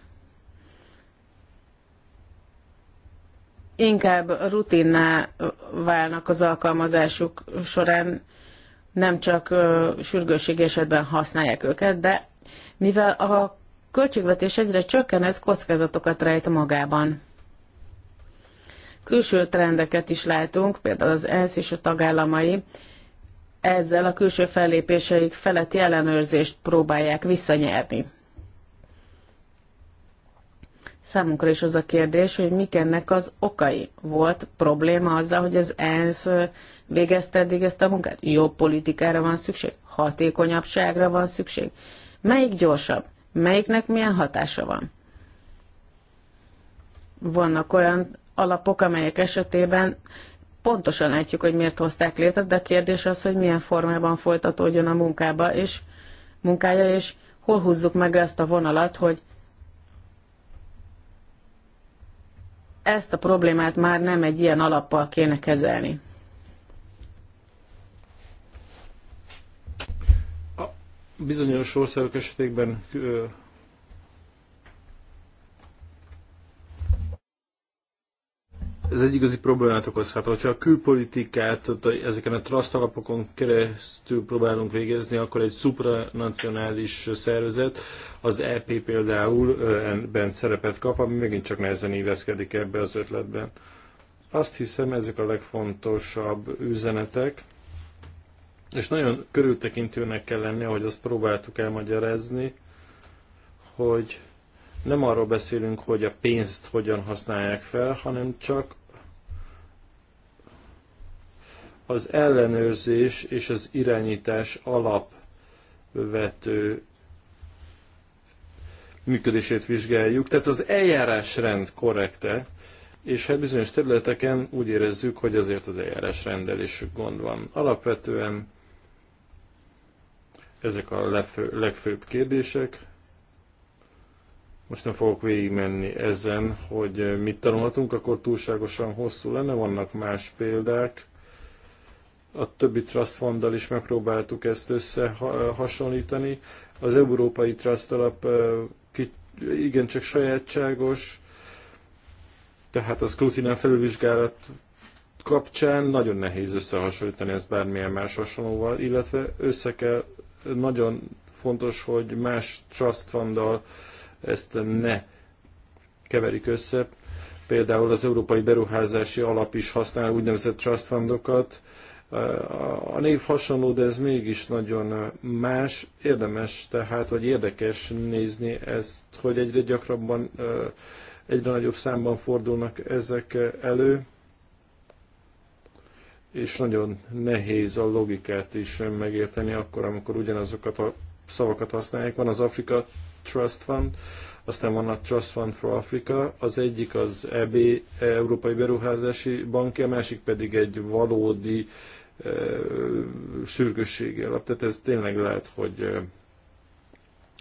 inkább rutinná válnak az alkalmazásuk során, nem csak sürgősség esetben használják őket, de mivel a költségvetés egyre csökken, ez kockázatokat rejt magában. Külső trendeket is látunk, például az ENSZ és a tagállamai ezzel a külső fellépéseik feletti ellenőrzést próbálják visszanyerni. Számunkra is az a kérdés, hogy mik ennek az okai. Volt probléma azzal, hogy az ENSZ végezte eddig ezt a munkát? Jobb politikára van szükség? Hatékonyabbságra van szükség? Melyik gyorsabb? Melyiknek milyen hatása van? Vannak olyan alapok, amelyek esetében pontosan látjuk, hogy miért hozták létre, de a kérdés az, hogy milyen formában folytatódjon a munkába, és munkája, és hol húzzuk meg ezt a vonalat, hogy ezt a problémát már nem egy ilyen alappal kéne kezelni. A bizonyos országok esetében ez egy igazi problémát okozhat. Hogyha a külpolitikát ezeken a trust alapokon keresztül próbálunk végezni, akkor egy supranacionális szervezet, az EP például ebben szerepet kap, ami megint csak nehezen éveszkedik ebbe az ötletben. Azt hiszem, ezek a legfontosabb üzenetek, és nagyon körültekintőnek kell lenni, ahogy azt próbáltuk elmagyarázni, hogy nem arról beszélünk, hogy a pénzt hogyan használják fel, hanem csak az ellenőrzés és az irányítás alapvető működését vizsgáljuk. Tehát az eljárásrend korrekte, és hát bizonyos területeken úgy érezzük, hogy azért az eljárásrendel is gond van. Alapvetően ezek a lefő, legfőbb kérdések. Most nem fogok végigmenni ezen, hogy mit tanulhatunk, akkor túlságosan hosszú lenne, vannak más példák a többi trust fonddal is megpróbáltuk ezt összehasonlítani. Az Európai Trust alap igencsak sajátságos, tehát a scrutinál felülvizsgálat kapcsán nagyon nehéz összehasonlítani ezt bármilyen más hasonlóval, illetve össze kell, nagyon fontos, hogy más trust fonddal ezt ne keverik össze. Például az Európai Beruházási Alap is használ úgynevezett trust fundokat, a név hasonló, de ez mégis nagyon más, érdemes tehát, vagy érdekes nézni ezt, hogy egyre gyakrabban, egyre nagyobb számban fordulnak ezek elő, és nagyon nehéz a logikát is megérteni akkor, amikor ugyanazokat a szavakat használják. Van az Africa Trust Fund, aztán van a Trust Fund for Africa, az egyik az EB, e, Európai Beruházási Bank a másik pedig egy valódi e, sürgősségi alap. Tehát ez tényleg lehet, hogy e,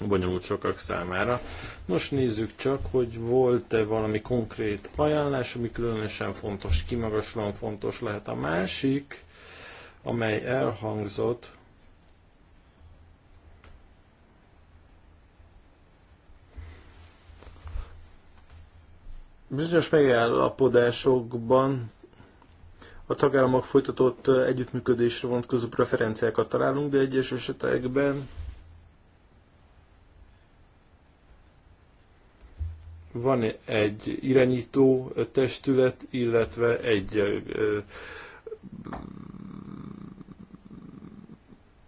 bonyolult sokak számára. Most nézzük csak, hogy volt-e valami konkrét ajánlás, ami különösen fontos, kimagaslan fontos lehet. A másik, amely elhangzott, Bizonyos megállapodásokban a tagállamok folytatott együttműködésre vonatkozó preferenciákat találunk, de egyes esetekben van egy irányító testület, illetve egy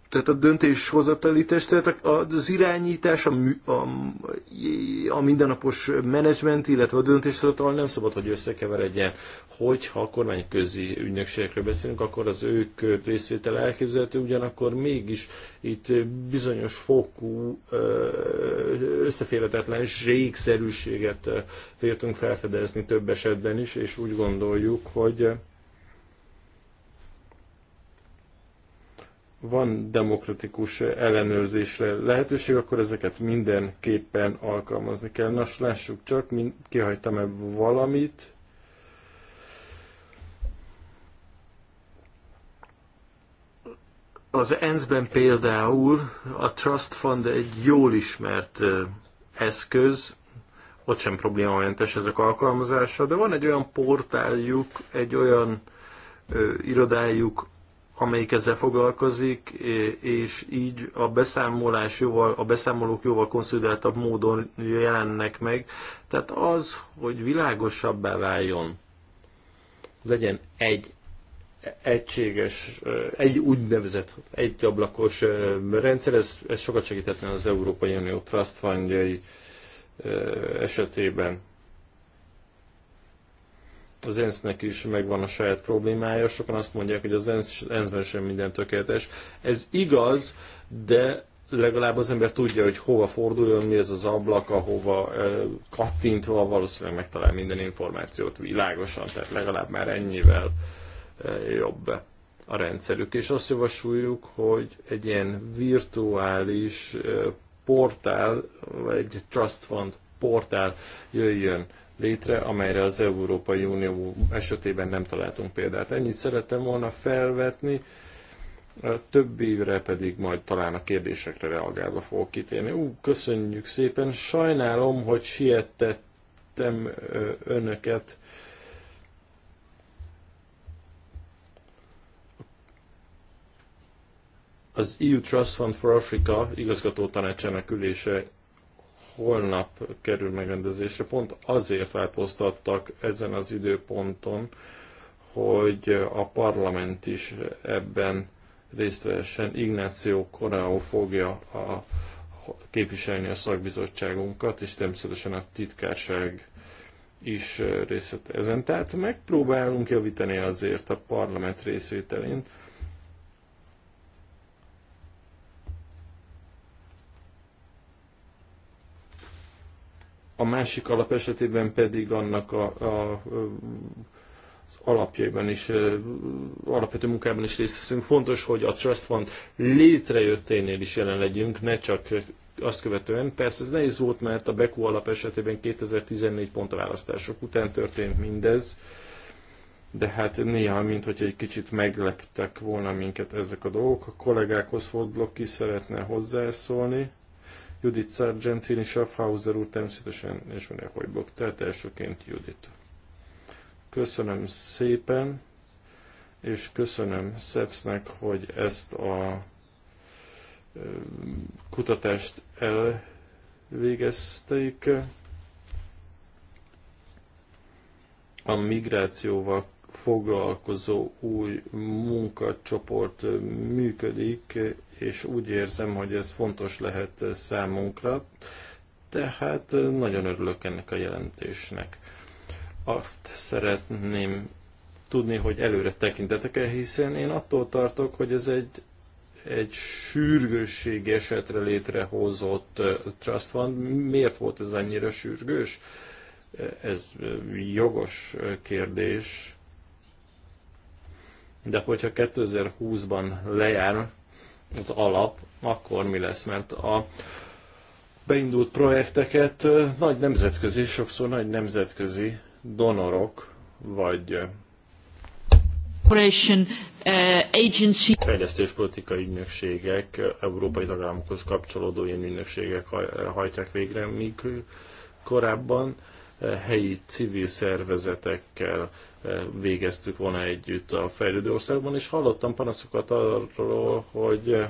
tehát a döntéshozatali testületek, az irányítás, a, a, a mindennapos menedzsment, illetve a döntéshozatal nem szabad, hogy összekeveredjen. Hogyha a kormányközi ügynökségekről beszélünk, akkor az ők részvétel elképzelhető, ugyanakkor mégis itt bizonyos fokú összeférhetetlen zsékszerűséget vértünk felfedezni több esetben is, és úgy gondoljuk, hogy van demokratikus ellenőrzésre lehetőség, akkor ezeket mindenképpen alkalmazni kell. Nos, lássuk csak, mind, kihagytam-e valamit. Az ENSZ-ben például a Trust Fund egy jól ismert eszköz, ott sem problémamentes ezek alkalmazása, de van egy olyan portáljuk, egy olyan ö, irodájuk, amelyik ezzel foglalkozik, és így a beszámolás jóval, a beszámolók jóval konszolidáltabb módon jelennek meg. Tehát az, hogy világosabbá váljon, legyen egy egységes, egy úgynevezett egy ablakos rendszer, ez, ez sokat segíthetne az Európai Unió Trust fundjai esetében az ensz is megvan a saját problémája. Sokan azt mondják, hogy az ENSZ, ben sem minden tökéletes. Ez igaz, de legalább az ember tudja, hogy hova forduljon, mi ez az ablak, ahova kattintva valószínűleg megtalál minden információt világosan, tehát legalább már ennyivel jobb a rendszerük. És azt javasoljuk, hogy egy ilyen virtuális portál, vagy egy trust fund portál jöjjön létre, amelyre az Európai Unió esetében nem találtunk példát. Ennyit szerettem volna felvetni, a többire pedig majd talán a kérdésekre reagálva fogok kitérni. Ú, köszönjük szépen, sajnálom, hogy sietettem önöket. Az EU Trust Fund for Africa igazgató tanácsának ülése holnap kerül megrendezésre. Pont azért változtattak ezen az időponton, hogy a parlament is ebben részt vehessen. Ignáció Koreó fogja a, képviselni a szakbizottságunkat, és természetesen a titkárság is részt ezen. Tehát megpróbálunk javítani azért a parlament részvételén, a másik alap esetében pedig annak a, a az alapjaiban is, alapvető munkában is részt veszünk. Fontos, hogy a Trust Fund létrejötténél is jelen legyünk, ne csak azt követően. Persze ez nehéz volt, mert a Beku alap esetében 2014 pont a választások után történt mindez, de hát néha, mint hogy egy kicsit megleptek volna minket ezek a dolgok. A kollégákhoz fordulok, ki szeretne hozzászólni. Judith Sargentini, Schaffhauser úr természetesen, és van Hojbok, tehát elsőként Judit. Köszönöm szépen, és köszönöm Szepsznek, hogy ezt a kutatást elvégezték. A migrációval foglalkozó új munkacsoport működik, és úgy érzem, hogy ez fontos lehet számunkra, tehát nagyon örülök ennek a jelentésnek. Azt szeretném tudni, hogy előre tekintetek-e, hiszen én attól tartok, hogy ez egy, egy sürgősségi esetre létrehozott trust fund. Miért volt ez annyira sürgős? Ez jogos kérdés. De hogyha 2020-ban lejár, az alap, akkor mi lesz, mert a beindult projekteket nagy nemzetközi, sokszor nagy nemzetközi donorok, vagy fejlesztéspolitikai ügynökségek, európai tagállamokhoz kapcsolódó ilyen ügynökségek hajtják végre, míg korábban helyi civil szervezetekkel, Eh, végeztük volna együtt a fejlődő országban, és hallottam panaszokat arról, hogy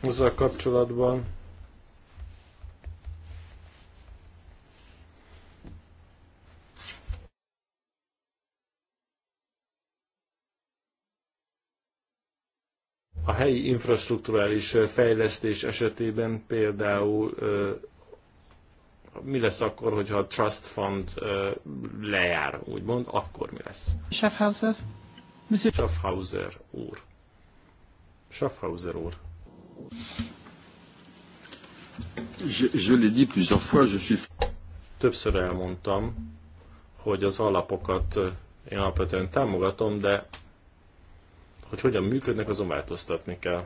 azzal eh, kapcsolatban, a helyi infrastruktúrális eh, fejlesztés esetében például mi lesz akkor, hogyha a trust fund lejár, úgymond, akkor mi lesz? Schaffhauser. Monsieur Schaffhauser úr. Schaffhauser úr. Je, je dit plusieurs fois, je suis... Többször elmondtam, hogy az alapokat én alapvetően támogatom, de hogy hogyan működnek, azon változtatni kell.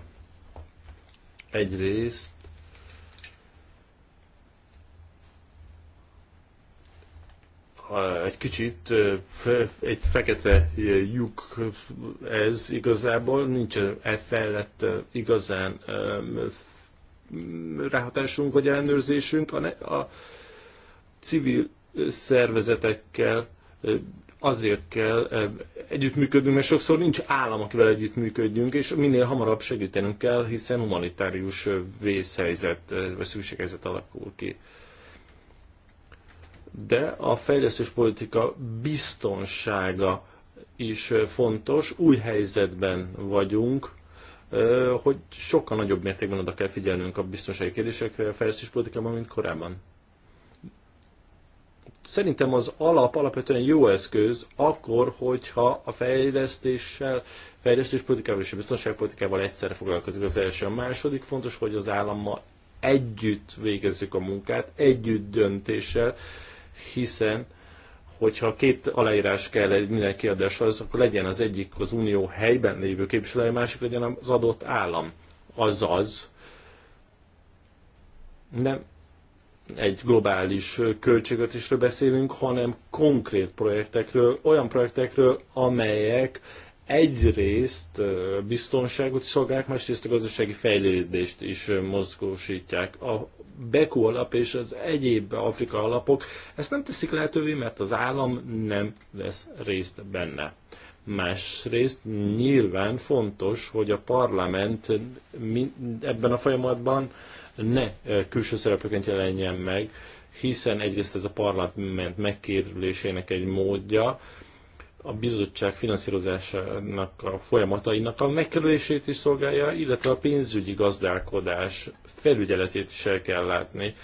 Egyrészt egy kicsit egy fekete lyuk ez igazából, nincs e felett igazán ráhatásunk vagy ellenőrzésünk. A, a civil szervezetekkel azért kell együttműködnünk, mert sokszor nincs állam, akivel együttműködjünk, és minél hamarabb segítenünk kell, hiszen humanitárius vészhelyzet vagy szükséghelyzet alakul ki de a fejlesztéspolitika biztonsága is fontos. Új helyzetben vagyunk, hogy sokkal nagyobb mértékben oda kell figyelnünk a biztonsági kérdésekre a politikában, mint korábban. Szerintem az alap alapvetően jó eszköz akkor, hogyha a fejlesztéssel, fejlesztéspolitikával és a biztonságpolitikával egyszerre foglalkozik az első. A második fontos, hogy az állammal együtt végezzük a munkát, együtt döntéssel, hiszen hogyha két aláírás kell egy minden kiadáshoz, akkor legyen az egyik az unió helyben lévő képviselője, másik legyen az adott állam. Azaz, nem egy globális költségvetésről beszélünk, hanem konkrét projektekről, olyan projektekről, amelyek egyrészt biztonságot szolgálják, másrészt a gazdasági fejlődést is mozgósítják. Beku alap és az egyéb Afrika alapok ezt nem teszik lehetővé, mert az állam nem vesz részt benne. Másrészt nyilván fontos, hogy a parlament ebben a folyamatban ne külső szereplőként jelenjen meg, hiszen egyrészt ez a parlament megkérülésének egy módja, a bizottság finanszírozásának a folyamatainak a megkerülését is szolgálja, illetve a pénzügyi gazdálkodás felügyeletét is el kell látni,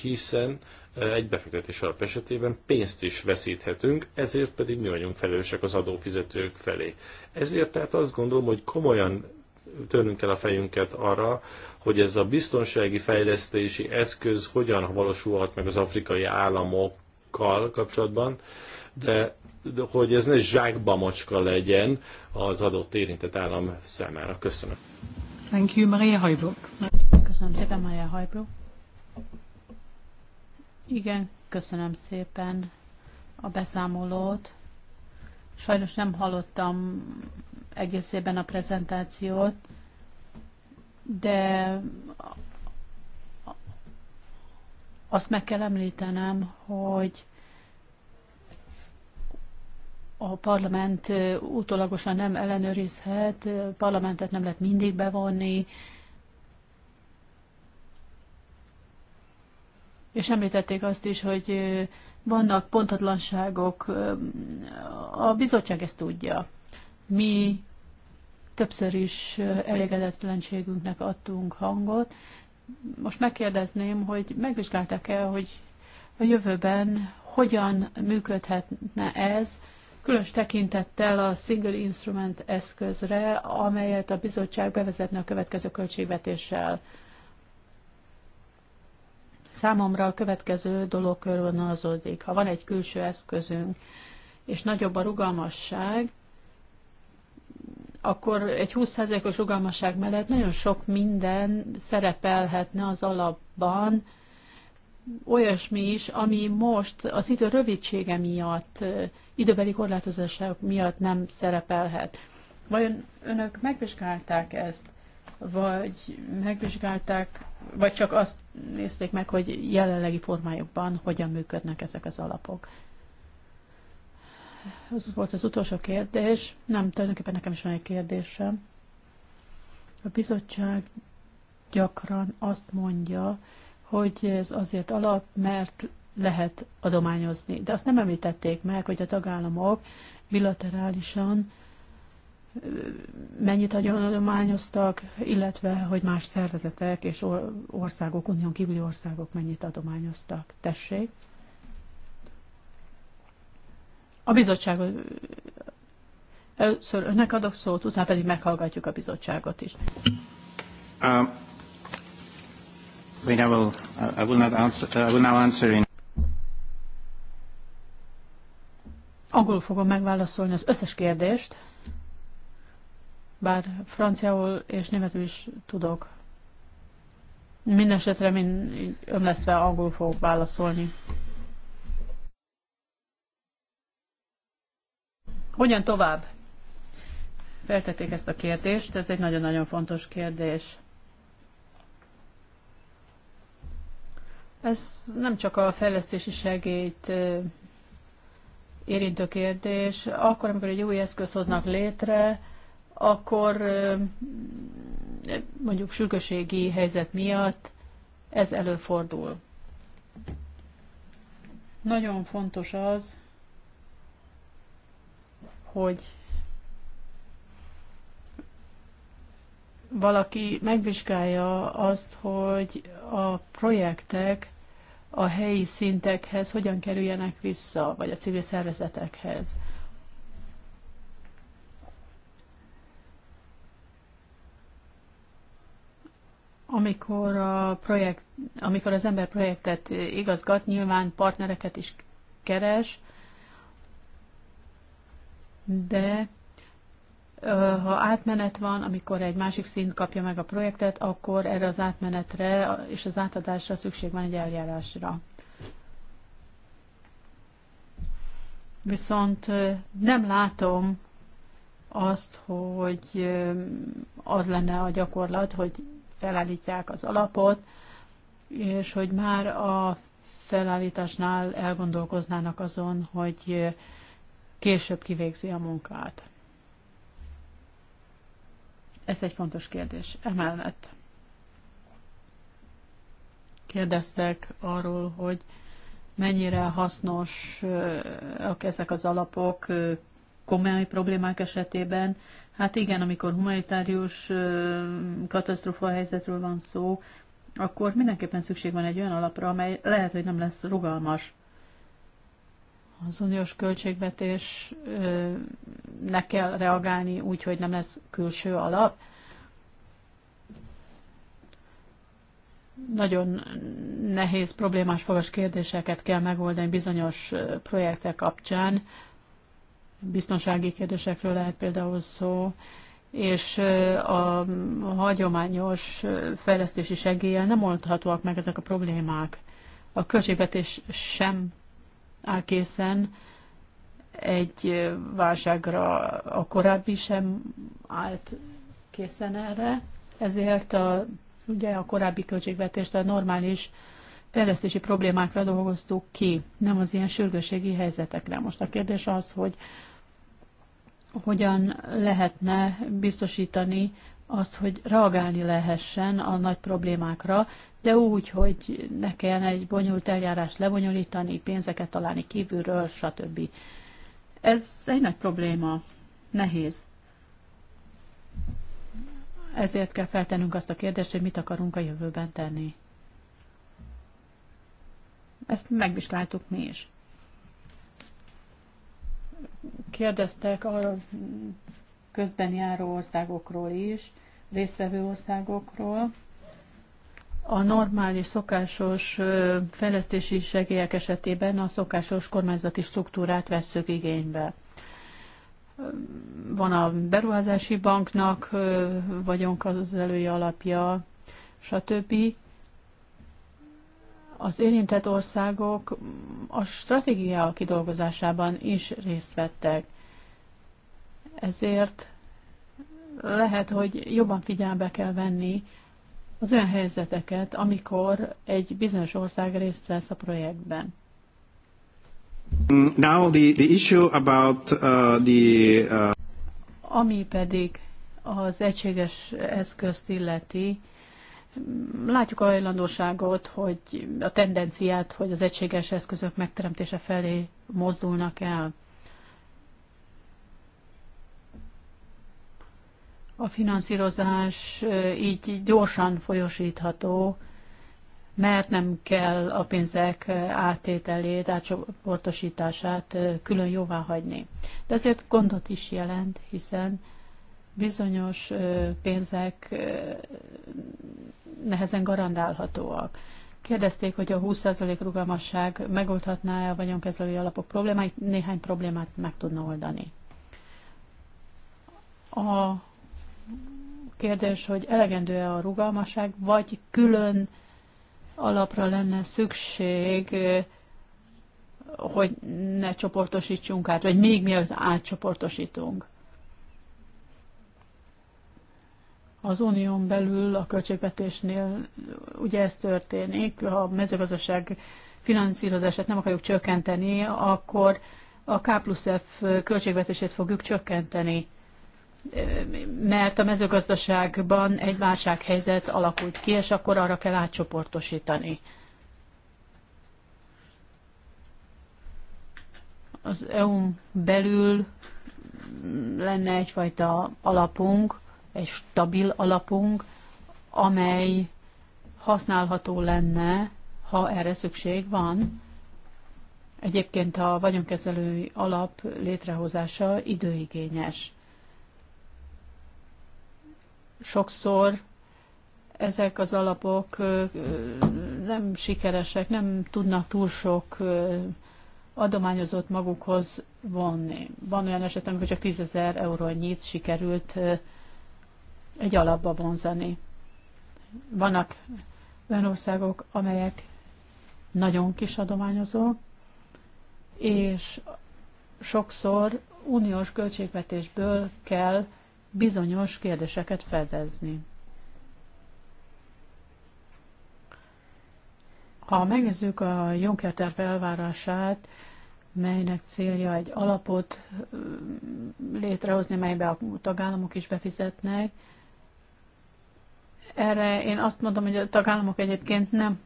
hiszen e, egy befektetés alap esetében pénzt is veszíthetünk, ezért pedig mi vagyunk felelősek az adófizetők felé. Ezért tehát azt gondolom, hogy komolyan törnünk el a fejünket arra, hogy ez a biztonsági fejlesztési eszköz hogyan valósulhat meg az afrikai államokkal kapcsolatban, de, de hogy ez ne zsákba macska legyen az adott érintett állam számára. Köszönöm. Thank you, Maria Hajbrok. Köszönöm szépen, Maria Hajbrok. Igen, köszönöm szépen a beszámolót. Sajnos nem hallottam egészében a prezentációt, de azt meg kell említenem, hogy a parlament utólagosan nem ellenőrizhet, parlamentet nem lehet mindig bevonni, és említették azt is, hogy vannak pontatlanságok, a bizottság ezt tudja. Mi többször is elégedetlenségünknek adtunk hangot. Most megkérdezném, hogy megvizsgálták-e, hogy a jövőben hogyan működhetne ez, különös tekintettel a single instrument eszközre, amelyet a bizottság bevezetne a következő költségvetéssel. Számomra a következő dolog körvonalazódik. Ha van egy külső eszközünk, és nagyobb a rugalmasság, akkor egy 20%-os rugalmasság mellett nagyon sok minden szerepelhetne az alapban, olyasmi is, ami most az idő rövidsége miatt, időbeli korlátozások miatt nem szerepelhet. Vajon önök megvizsgálták ezt, vagy megvizsgálták, vagy csak azt nézték meg, hogy jelenlegi formájukban hogyan működnek ezek az alapok? Ez volt az utolsó kérdés. Nem, tulajdonképpen nekem is van egy kérdésem. A bizottság gyakran azt mondja, hogy ez azért alap, mert lehet adományozni. De azt nem említették meg, hogy a tagállamok bilaterálisan mennyit adományoztak, illetve hogy más szervezetek és országok, unión kívüli országok mennyit adományoztak. Tessék. A bizottság először önnek adok szót, utána pedig meghallgatjuk a bizottságot is. Um. Angol I will, I will not answer, uh, I will now answer in... Angolul fogom megválaszolni az összes kérdést, bár franciául és németül is tudok. Mindenesetre mind ömlesztve angolul fogok válaszolni. Hogyan tovább? Feltették ezt a kérdést, ez egy nagyon-nagyon fontos kérdés. Ez nem csak a fejlesztési segélyt érintő kérdés. Akkor, amikor egy új eszköz hoznak létre, akkor mondjuk sürgőségi helyzet miatt ez előfordul. Nagyon fontos az, hogy valaki megvizsgálja azt, hogy a projektek a helyi szintekhez hogyan kerüljenek vissza, vagy a civil szervezetekhez. Amikor, a projekt, amikor az ember projektet igazgat, nyilván partnereket is keres, de ha átmenet van, amikor egy másik szint kapja meg a projektet, akkor erre az átmenetre és az átadásra szükség van egy eljárásra. Viszont nem látom azt, hogy az lenne a gyakorlat, hogy felállítják az alapot, és hogy már a felállításnál elgondolkoznának azon, hogy később kivégzi a munkát. Ez egy fontos kérdés. Emellett kérdeztek arról, hogy mennyire hasznosak ezek az alapok komoly problémák esetében. Hát igen, amikor humanitárius katasztrófa helyzetről van szó, akkor mindenképpen szükség van egy olyan alapra, amely lehet, hogy nem lesz rugalmas az uniós költségvetésnek kell reagálni úgy, hogy nem lesz külső alap. Nagyon nehéz, problémás fogas kérdéseket kell megoldani bizonyos projektek kapcsán. Biztonsági kérdésekről lehet például szó, és a hagyományos fejlesztési segéllyel nem oldhatóak meg ezek a problémák. A költségvetés sem áll készen, egy válságra a korábbi sem állt készen erre, ezért a, ugye a korábbi költségvetést a normális fejlesztési problémákra dolgoztuk ki, nem az ilyen sürgőségi helyzetekre. Most a kérdés az, hogy hogyan lehetne biztosítani azt, hogy reagálni lehessen a nagy problémákra, de úgy, hogy ne kelljen egy bonyolult eljárás, lebonyolítani, pénzeket találni kívülről, stb. Ez egy nagy probléma, nehéz. Ezért kell feltennünk azt a kérdést, hogy mit akarunk a jövőben tenni. Ezt megvizsgáltuk mi is. Kérdeztek a közben járó országokról is, résztvevő országokról, a normális, szokásos fejlesztési segélyek esetében a szokásos kormányzati struktúrát veszük igénybe. Van a beruházási banknak vagyunk az elői alapja, stb. Az érintett országok a stratégia kidolgozásában is részt vettek. Ezért lehet, hogy jobban figyelbe kell venni az olyan helyzeteket, amikor egy bizonyos ország részt vesz a projektben. Now the, the issue about uh, the, uh... Ami pedig az egységes eszközt illeti, látjuk a hajlandóságot, hogy a tendenciát, hogy az egységes eszközök megteremtése felé mozdulnak el. a finanszírozás így gyorsan folyosítható, mert nem kell a pénzek áttételét, átcsoportosítását külön jóvá hagyni. De ezért gondot is jelent, hiszen bizonyos pénzek nehezen garandálhatóak. Kérdezték, hogy a 20% rugalmasság megoldhatná-e a vagyonkezelői alapok problémáit, néhány problémát meg tudna oldani. A kérdés, hogy elegendő-e a rugalmaság, vagy külön alapra lenne szükség, hogy ne csoportosítsunk át, vagy még mielőtt átcsoportosítunk. Az unión belül a költségvetésnél ugye ez történik, ha a mezőgazdaság finanszírozását nem akarjuk csökkenteni, akkor a K plusz F költségvetését fogjuk csökkenteni mert a mezőgazdaságban egy válsághelyzet alakult ki, és akkor arra kell átcsoportosítani. Az eu belül lenne egyfajta alapunk, egy stabil alapunk, amely használható lenne, ha erre szükség van. Egyébként a vagyonkezelői alap létrehozása időigényes sokszor ezek az alapok nem sikeresek, nem tudnak túl sok adományozót magukhoz vonni. Van olyan eset, amikor csak 10 ezer eurónyit sikerült egy alapba vonzani. Vannak olyan országok, amelyek nagyon kis adományozó, és sokszor uniós költségvetésből kell bizonyos kérdéseket fedezni. Ha megnézzük a Juncker terv elvárását, melynek célja egy alapot létrehozni, melybe a tagállamok is befizetnek, erre én azt mondom, hogy a tagállamok egyébként nem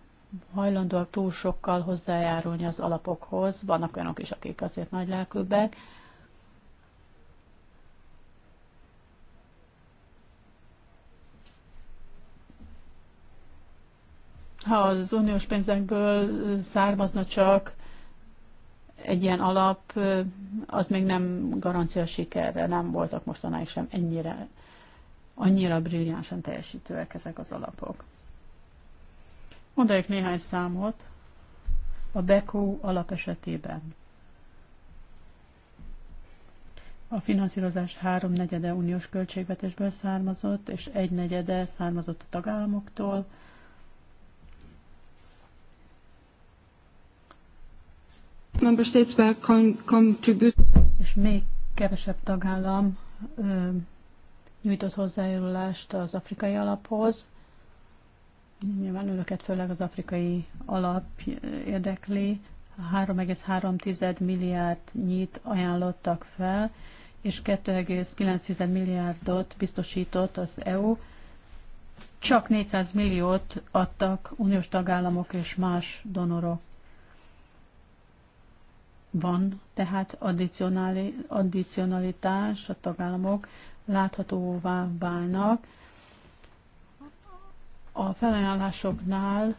hajlandóak túl sokkal hozzájárulni az alapokhoz. Vannak olyanok is, akik azért nagy lelkűbbek, ha az uniós pénzekből származna csak egy ilyen alap, az még nem garancia sikerre, nem voltak mostanáig sem ennyire, annyira brilliánsan teljesítőek ezek az alapok. Mondanék néhány számot a BECO alap esetében. A finanszírozás háromnegyede uniós költségvetésből származott, és egynegyede származott a tagállamoktól, Member states will contribute. És még kevesebb tagállam ö, nyújtott hozzájárulást az afrikai alaphoz. Nyilván önöket főleg az afrikai alap érdekli. 3,3 milliárd nyit ajánlottak fel, és 2,9 milliárdot biztosított az EU. Csak 400 milliót adtak uniós tagállamok és más donorok. Van tehát addicionalitás, a tagállamok láthatóvá válnak. A felajánlásoknál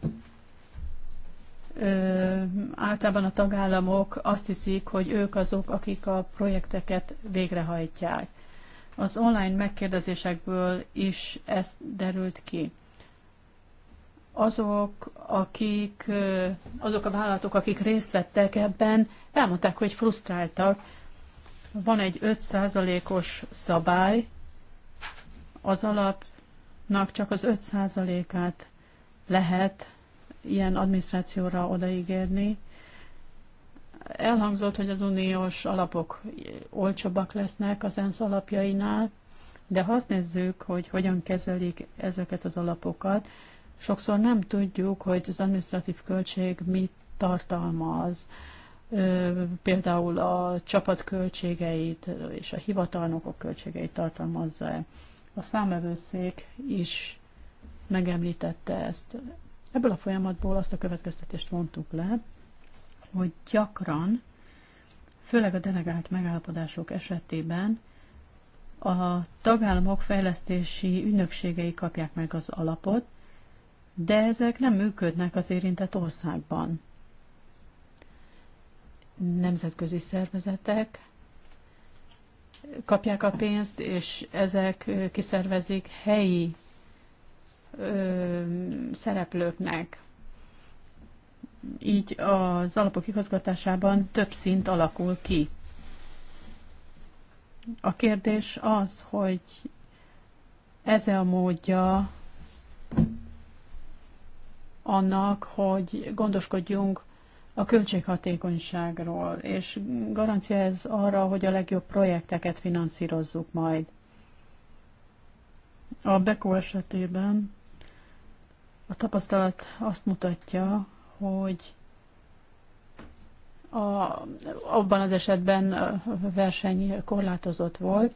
ö, általában a tagállamok azt hiszik, hogy ők azok, akik a projekteket végrehajtják. Az online megkérdezésekből is ez derült ki azok, akik, azok a vállalatok, akik részt vettek ebben, elmondták, hogy frusztráltak. Van egy 5%-os szabály, az alapnak csak az 5%-át lehet ilyen adminisztrációra odaígérni. Elhangzott, hogy az uniós alapok olcsóbbak lesznek az ENSZ alapjainál, de ha azt nézzük, hogy hogyan kezelik ezeket az alapokat, Sokszor nem tudjuk, hogy az administratív költség mit tartalmaz, például a csapat költségeit és a hivatalnokok költségeit tartalmazza-e. A számevőszék is megemlítette ezt. Ebből a folyamatból azt a következtetést vontuk le, hogy gyakran, főleg a delegált megállapodások esetében a tagállamok fejlesztési ügynökségei kapják meg az alapot, de ezek nem működnek az érintett országban. Nemzetközi szervezetek kapják a pénzt, és ezek kiszervezik helyi ö, szereplőknek. Így az alapok igazgatásában több szint alakul ki. A kérdés az, hogy ez -e a módja annak, hogy gondoskodjunk a költséghatékonyságról, és garancia ez arra, hogy a legjobb projekteket finanszírozzuk majd. A Beko esetében a tapasztalat azt mutatja, hogy a, abban az esetben a verseny korlátozott volt,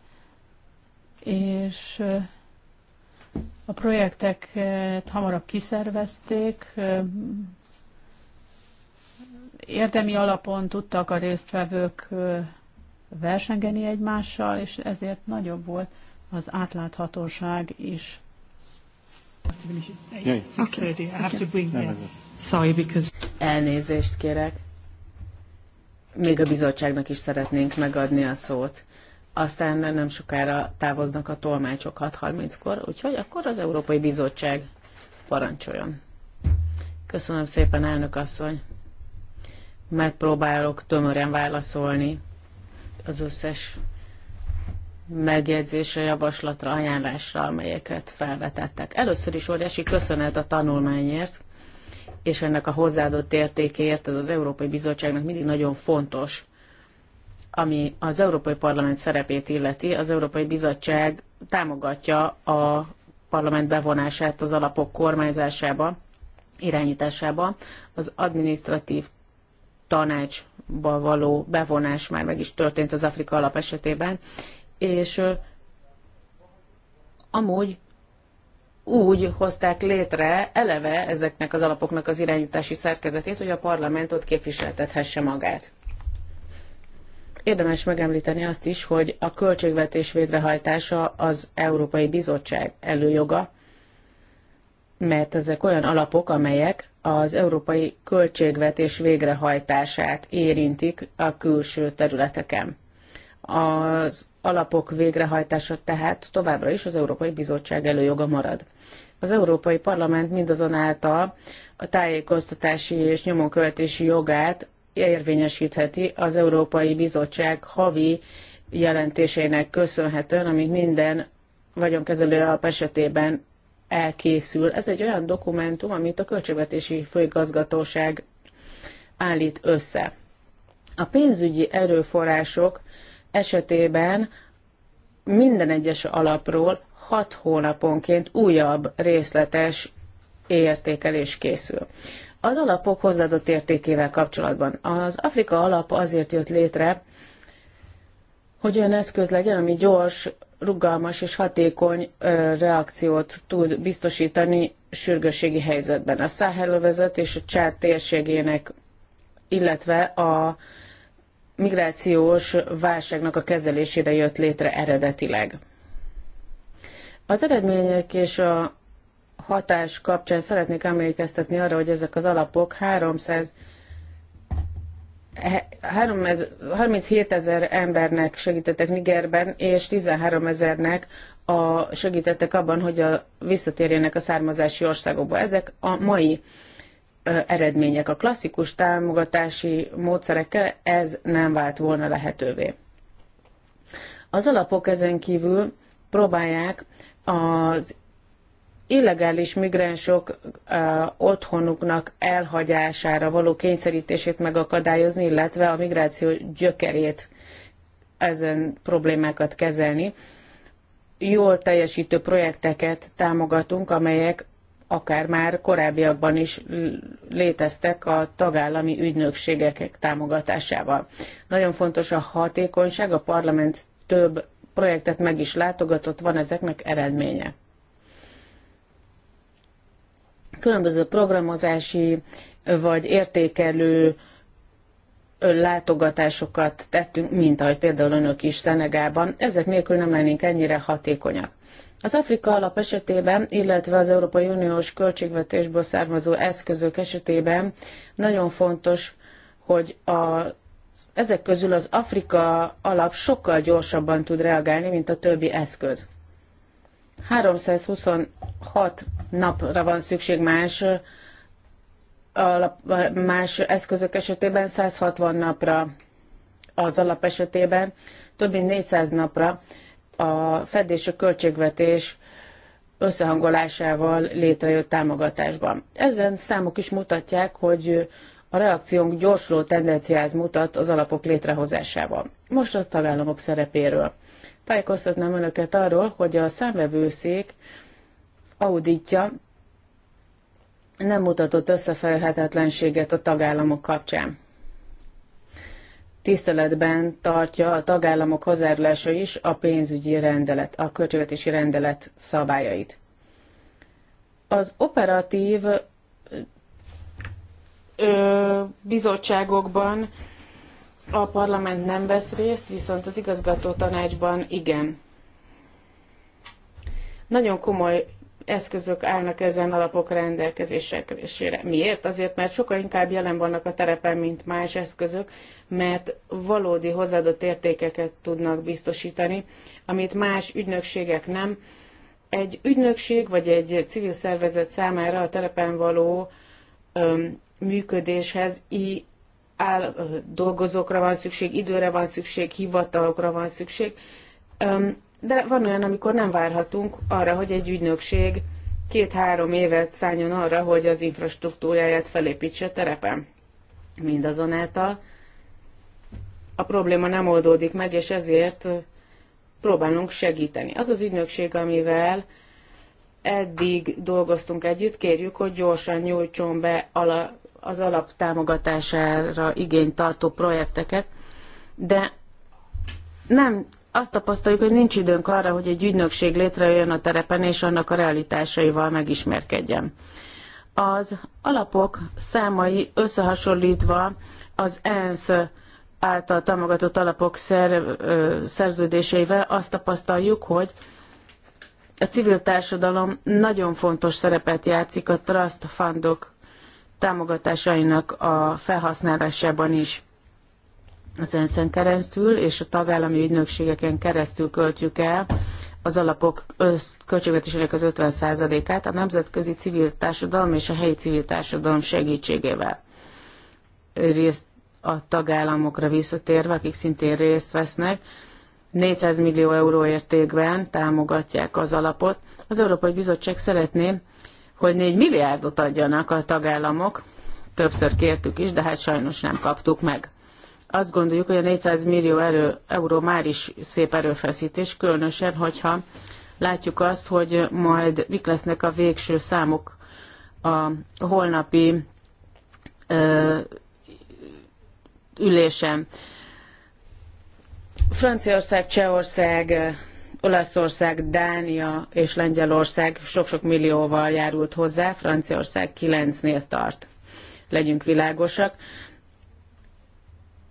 és a projekteket eh, hamarabb kiszervezték, eh, érdemi alapon tudtak a résztvevők eh, versengeni egymással, és ezért nagyobb volt az átláthatóság is. Elnézést kérek. Még a bizottságnak is szeretnénk megadni a szót aztán nem sokára távoznak a tolmácsok 6.30-kor, úgyhogy akkor az Európai Bizottság parancsoljon. Köszönöm szépen, elnök asszony. Megpróbálok tömören válaszolni az összes megjegyzésre, javaslatra, ajánlásra, amelyeket felvetettek. Először is óriási köszönet a tanulmányért, és ennek a hozzáadott értékért, ez az Európai Bizottságnak mindig nagyon fontos, ami az Európai Parlament szerepét illeti, az Európai Bizottság támogatja a parlament bevonását az alapok kormányzásába, irányításába, az administratív tanácsba való bevonás már meg is történt az Afrika alap esetében, és amúgy úgy hozták létre eleve ezeknek az alapoknak az irányítási szerkezetét, hogy a parlament ott képviseltethesse magát. Érdemes megemlíteni azt is, hogy a költségvetés végrehajtása az Európai Bizottság előjoga, mert ezek olyan alapok, amelyek az európai költségvetés végrehajtását érintik a külső területeken. Az alapok végrehajtása tehát továbbra is az Európai Bizottság előjoga marad. Az Európai Parlament mindazonáltal a tájékoztatási és nyomonkövetési jogát érvényesítheti az Európai Bizottság havi jelentésének köszönhetően, amit minden vagyonkezelő alap esetében elkészül. Ez egy olyan dokumentum, amit a Költségvetési Főigazgatóság állít össze. A pénzügyi erőforrások esetében minden egyes alapról hat hónaponként újabb részletes értékelés készül. Az alapok hozzáadott értékével kapcsolatban. Az Afrika alap azért jött létre, hogy olyan eszköz legyen, ami gyors, rugalmas és hatékony reakciót tud biztosítani sürgősségi helyzetben. A Száhelövezet és a Csát térségének, illetve a migrációs válságnak a kezelésére jött létre eredetileg. Az eredmények és a hatás kapcsán szeretnék emlékeztetni arra, hogy ezek az alapok 300 37 ezer embernek segítettek Nigerben, és 13 ezernek a, segítettek abban, hogy a, visszatérjenek a származási országokba. Ezek a mai ö, eredmények. A klasszikus támogatási módszerekkel ez nem vált volna lehetővé. Az alapok ezen kívül próbálják az illegális migránsok otthonuknak elhagyására való kényszerítését megakadályozni, illetve a migráció gyökerét ezen problémákat kezelni. Jól teljesítő projekteket támogatunk, amelyek akár már korábbiakban is léteztek a tagállami ügynökségek támogatásával. Nagyon fontos a hatékonyság, a parlament több projektet meg is látogatott, van ezeknek eredménye különböző programozási vagy értékelő látogatásokat tettünk, mint ahogy például önök is Szenegában, ezek nélkül nem lennénk ennyire hatékonyak. Az Afrika alap esetében, illetve az Európai Uniós költségvetésből származó eszközök esetében nagyon fontos, hogy a, ezek közül az Afrika alap sokkal gyorsabban tud reagálni, mint a többi eszköz. 326 napra van szükség más, más eszközök esetében 160 napra az alap esetében, több mint 400 napra a fedés a költségvetés összehangolásával létrejött támogatásban. Ezen számok is mutatják, hogy a reakciónk gyorsuló tendenciát mutat az alapok létrehozásával. Most a tagállamok szerepéről. Tájékoztatnám önöket arról, hogy a számvevőszék auditja nem mutatott összeférhetetlenséget a tagállamok kapcsán. Tiszteletben tartja a tagállamok hozzájárulása is a pénzügyi rendelet, a költségvetési rendelet szabályait. Az operatív ö, bizottságokban a parlament nem vesz részt, viszont az igazgató tanácsban igen. Nagyon komoly eszközök állnak ezen alapok rendelkezésére. Miért? Azért, mert sokkal inkább jelen vannak a terepen, mint más eszközök, mert valódi hozzáadott értékeket tudnak biztosítani, amit más ügynökségek nem. Egy ügynökség vagy egy civil szervezet számára a terepen való öm, működéshez i áll, dolgozókra van szükség, időre van szükség, hivatalokra van szükség. Öm, de van olyan, amikor nem várhatunk arra, hogy egy ügynökség két-három évet szálljon arra, hogy az infrastruktúráját felépítse terepen. Mindazonáltal a probléma nem oldódik meg, és ezért próbálunk segíteni. Az az ügynökség, amivel eddig dolgoztunk együtt, kérjük, hogy gyorsan nyújtson be az alaptámogatására igényt tartó projekteket, de nem azt tapasztaljuk, hogy nincs időnk arra, hogy egy ügynökség létrejöjjön a terepen, és annak a realitásaival megismerkedjen. Az alapok számai összehasonlítva az ENSZ által támogatott alapok szer, szerződéseivel azt tapasztaljuk, hogy a civil társadalom nagyon fontos szerepet játszik a trust fundok támogatásainak a felhasználásában is az ensz keresztül és a tagállami ügynökségeken keresztül költjük el az alapok költségvetésének az 50%-át a nemzetközi civil társadalom és a helyi civil társadalom segítségével. Részt a tagállamokra visszatérve, akik szintén részt vesznek, 400 millió euró értékben támogatják az alapot. Az Európai Bizottság szeretné, hogy 4 milliárdot adjanak a tagállamok, többször kértük is, de hát sajnos nem kaptuk meg. Azt gondoljuk, hogy a 400 millió erő, euró már is szép erőfeszítés, különösen, hogyha látjuk azt, hogy majd mik lesznek a végső számok a holnapi ö, ülésen. Franciaország, Csehország, Olaszország, Dánia és Lengyelország sok-sok millióval járult hozzá, Franciaország 9-nél tart. Legyünk világosak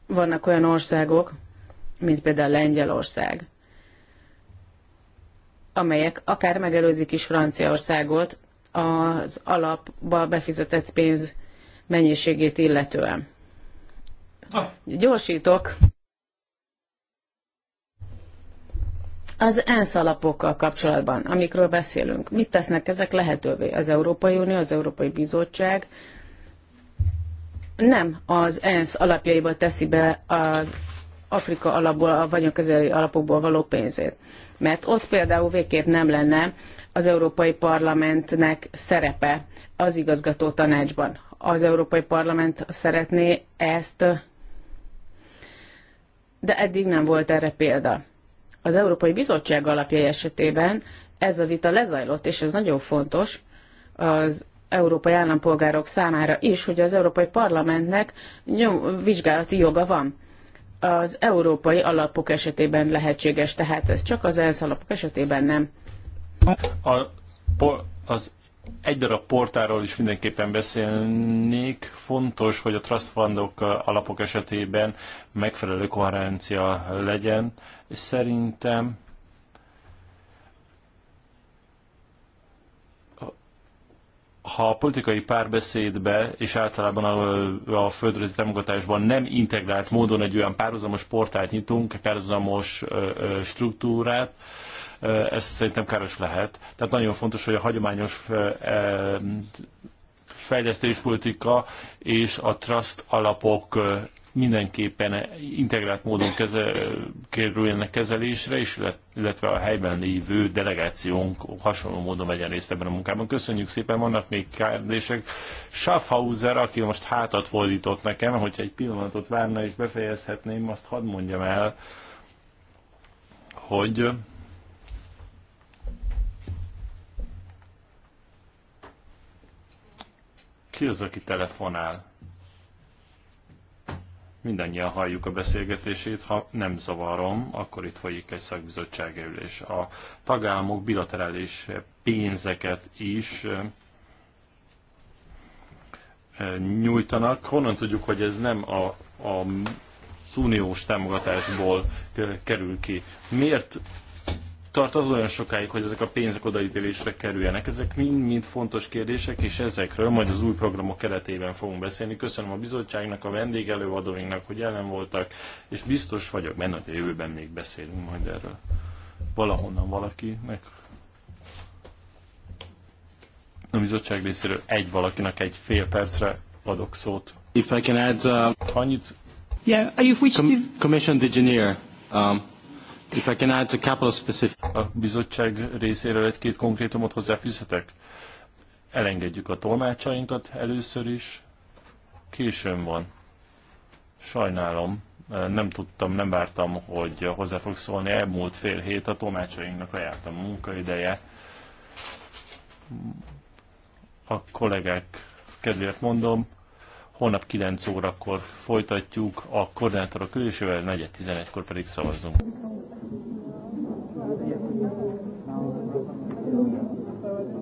vannak olyan országok, mint például Lengyelország, amelyek akár megelőzik is Franciaországot az alapba befizetett pénz mennyiségét illetően. Gyorsítok. Az ENSZ alapokkal kapcsolatban, amikről beszélünk, mit tesznek ezek lehetővé? Az Európai Unió, az Európai Bizottság, nem az ENSZ alapjaiba teszi be az Afrika alapból, a vagyonközeli alapokból való pénzét. Mert ott például végképp nem lenne az Európai Parlamentnek szerepe az igazgató tanácsban. Az Európai Parlament szeretné ezt, de eddig nem volt erre példa. Az Európai Bizottság alapjai esetében ez a vita lezajlott, és ez nagyon fontos, az európai állampolgárok számára is, hogy az Európai Parlamentnek nyom, vizsgálati joga van. Az európai alapok esetében lehetséges, tehát ez csak az ENSZ alapok esetében nem. A, az egy darab portáról is mindenképpen beszélnék. Fontos, hogy a trust fundok alapok esetében megfelelő koherencia legyen. szerintem ha a politikai párbeszédbe és általában a, a földrajzi támogatásban nem integrált módon egy olyan párhuzamos portált nyitunk, párhuzamos struktúrát, ez szerintem káros lehet. Tehát nagyon fontos, hogy a hagyományos fejlesztéspolitika és a trust alapok mindenképpen integrált módon kezel, kerüljenek kezelésre, és illetve a helyben lévő delegációnk hasonló módon vegyen részt ebben a munkában. Köszönjük szépen, vannak még kérdések. Schaffhauser, aki most hátat fordított nekem, hogyha egy pillanatot várna és befejezhetném, azt hadd mondjam el, hogy ki az, aki telefonál? Mindannyian halljuk a beszélgetését, ha nem zavarom, akkor itt folyik egy szakbizottsági ülés. A tagállamok bilaterális pénzeket is nyújtanak. Honnan tudjuk, hogy ez nem a, a uniós támogatásból kerül ki? Miért tart az olyan sokáig, hogy ezek a pénzek odaítélésre kerüljenek. Ezek mind-mind fontos kérdések, és ezekről majd az új programok keretében fogunk beszélni. Köszönöm a bizottságnak, a vendégelőadóinknak, hogy jelen voltak, és biztos vagyok benne, hogy a jövőben még beszélünk majd erről. Valahonnan valakinek a bizottság részéről egy valakinek egy fél percre adok szót. If I can add, uh, Annyit? Yeah, if we com- Commission engineer. Um, If I can add a couple of specific... A bizottság részéről egy-két konkrétumot hozzáfűzhetek? Elengedjük a tolmácsainkat először is. Későn van. Sajnálom, nem tudtam, nem vártam, hogy hozzá fog szólni. Elmúlt fél hét a tolmácsainknak ajánlott a munkaideje. A kollégák kedvéért mondom, holnap 9 órakor folytatjuk, a koordinátorok ülésével, 4.11-kor pedig szavazzunk.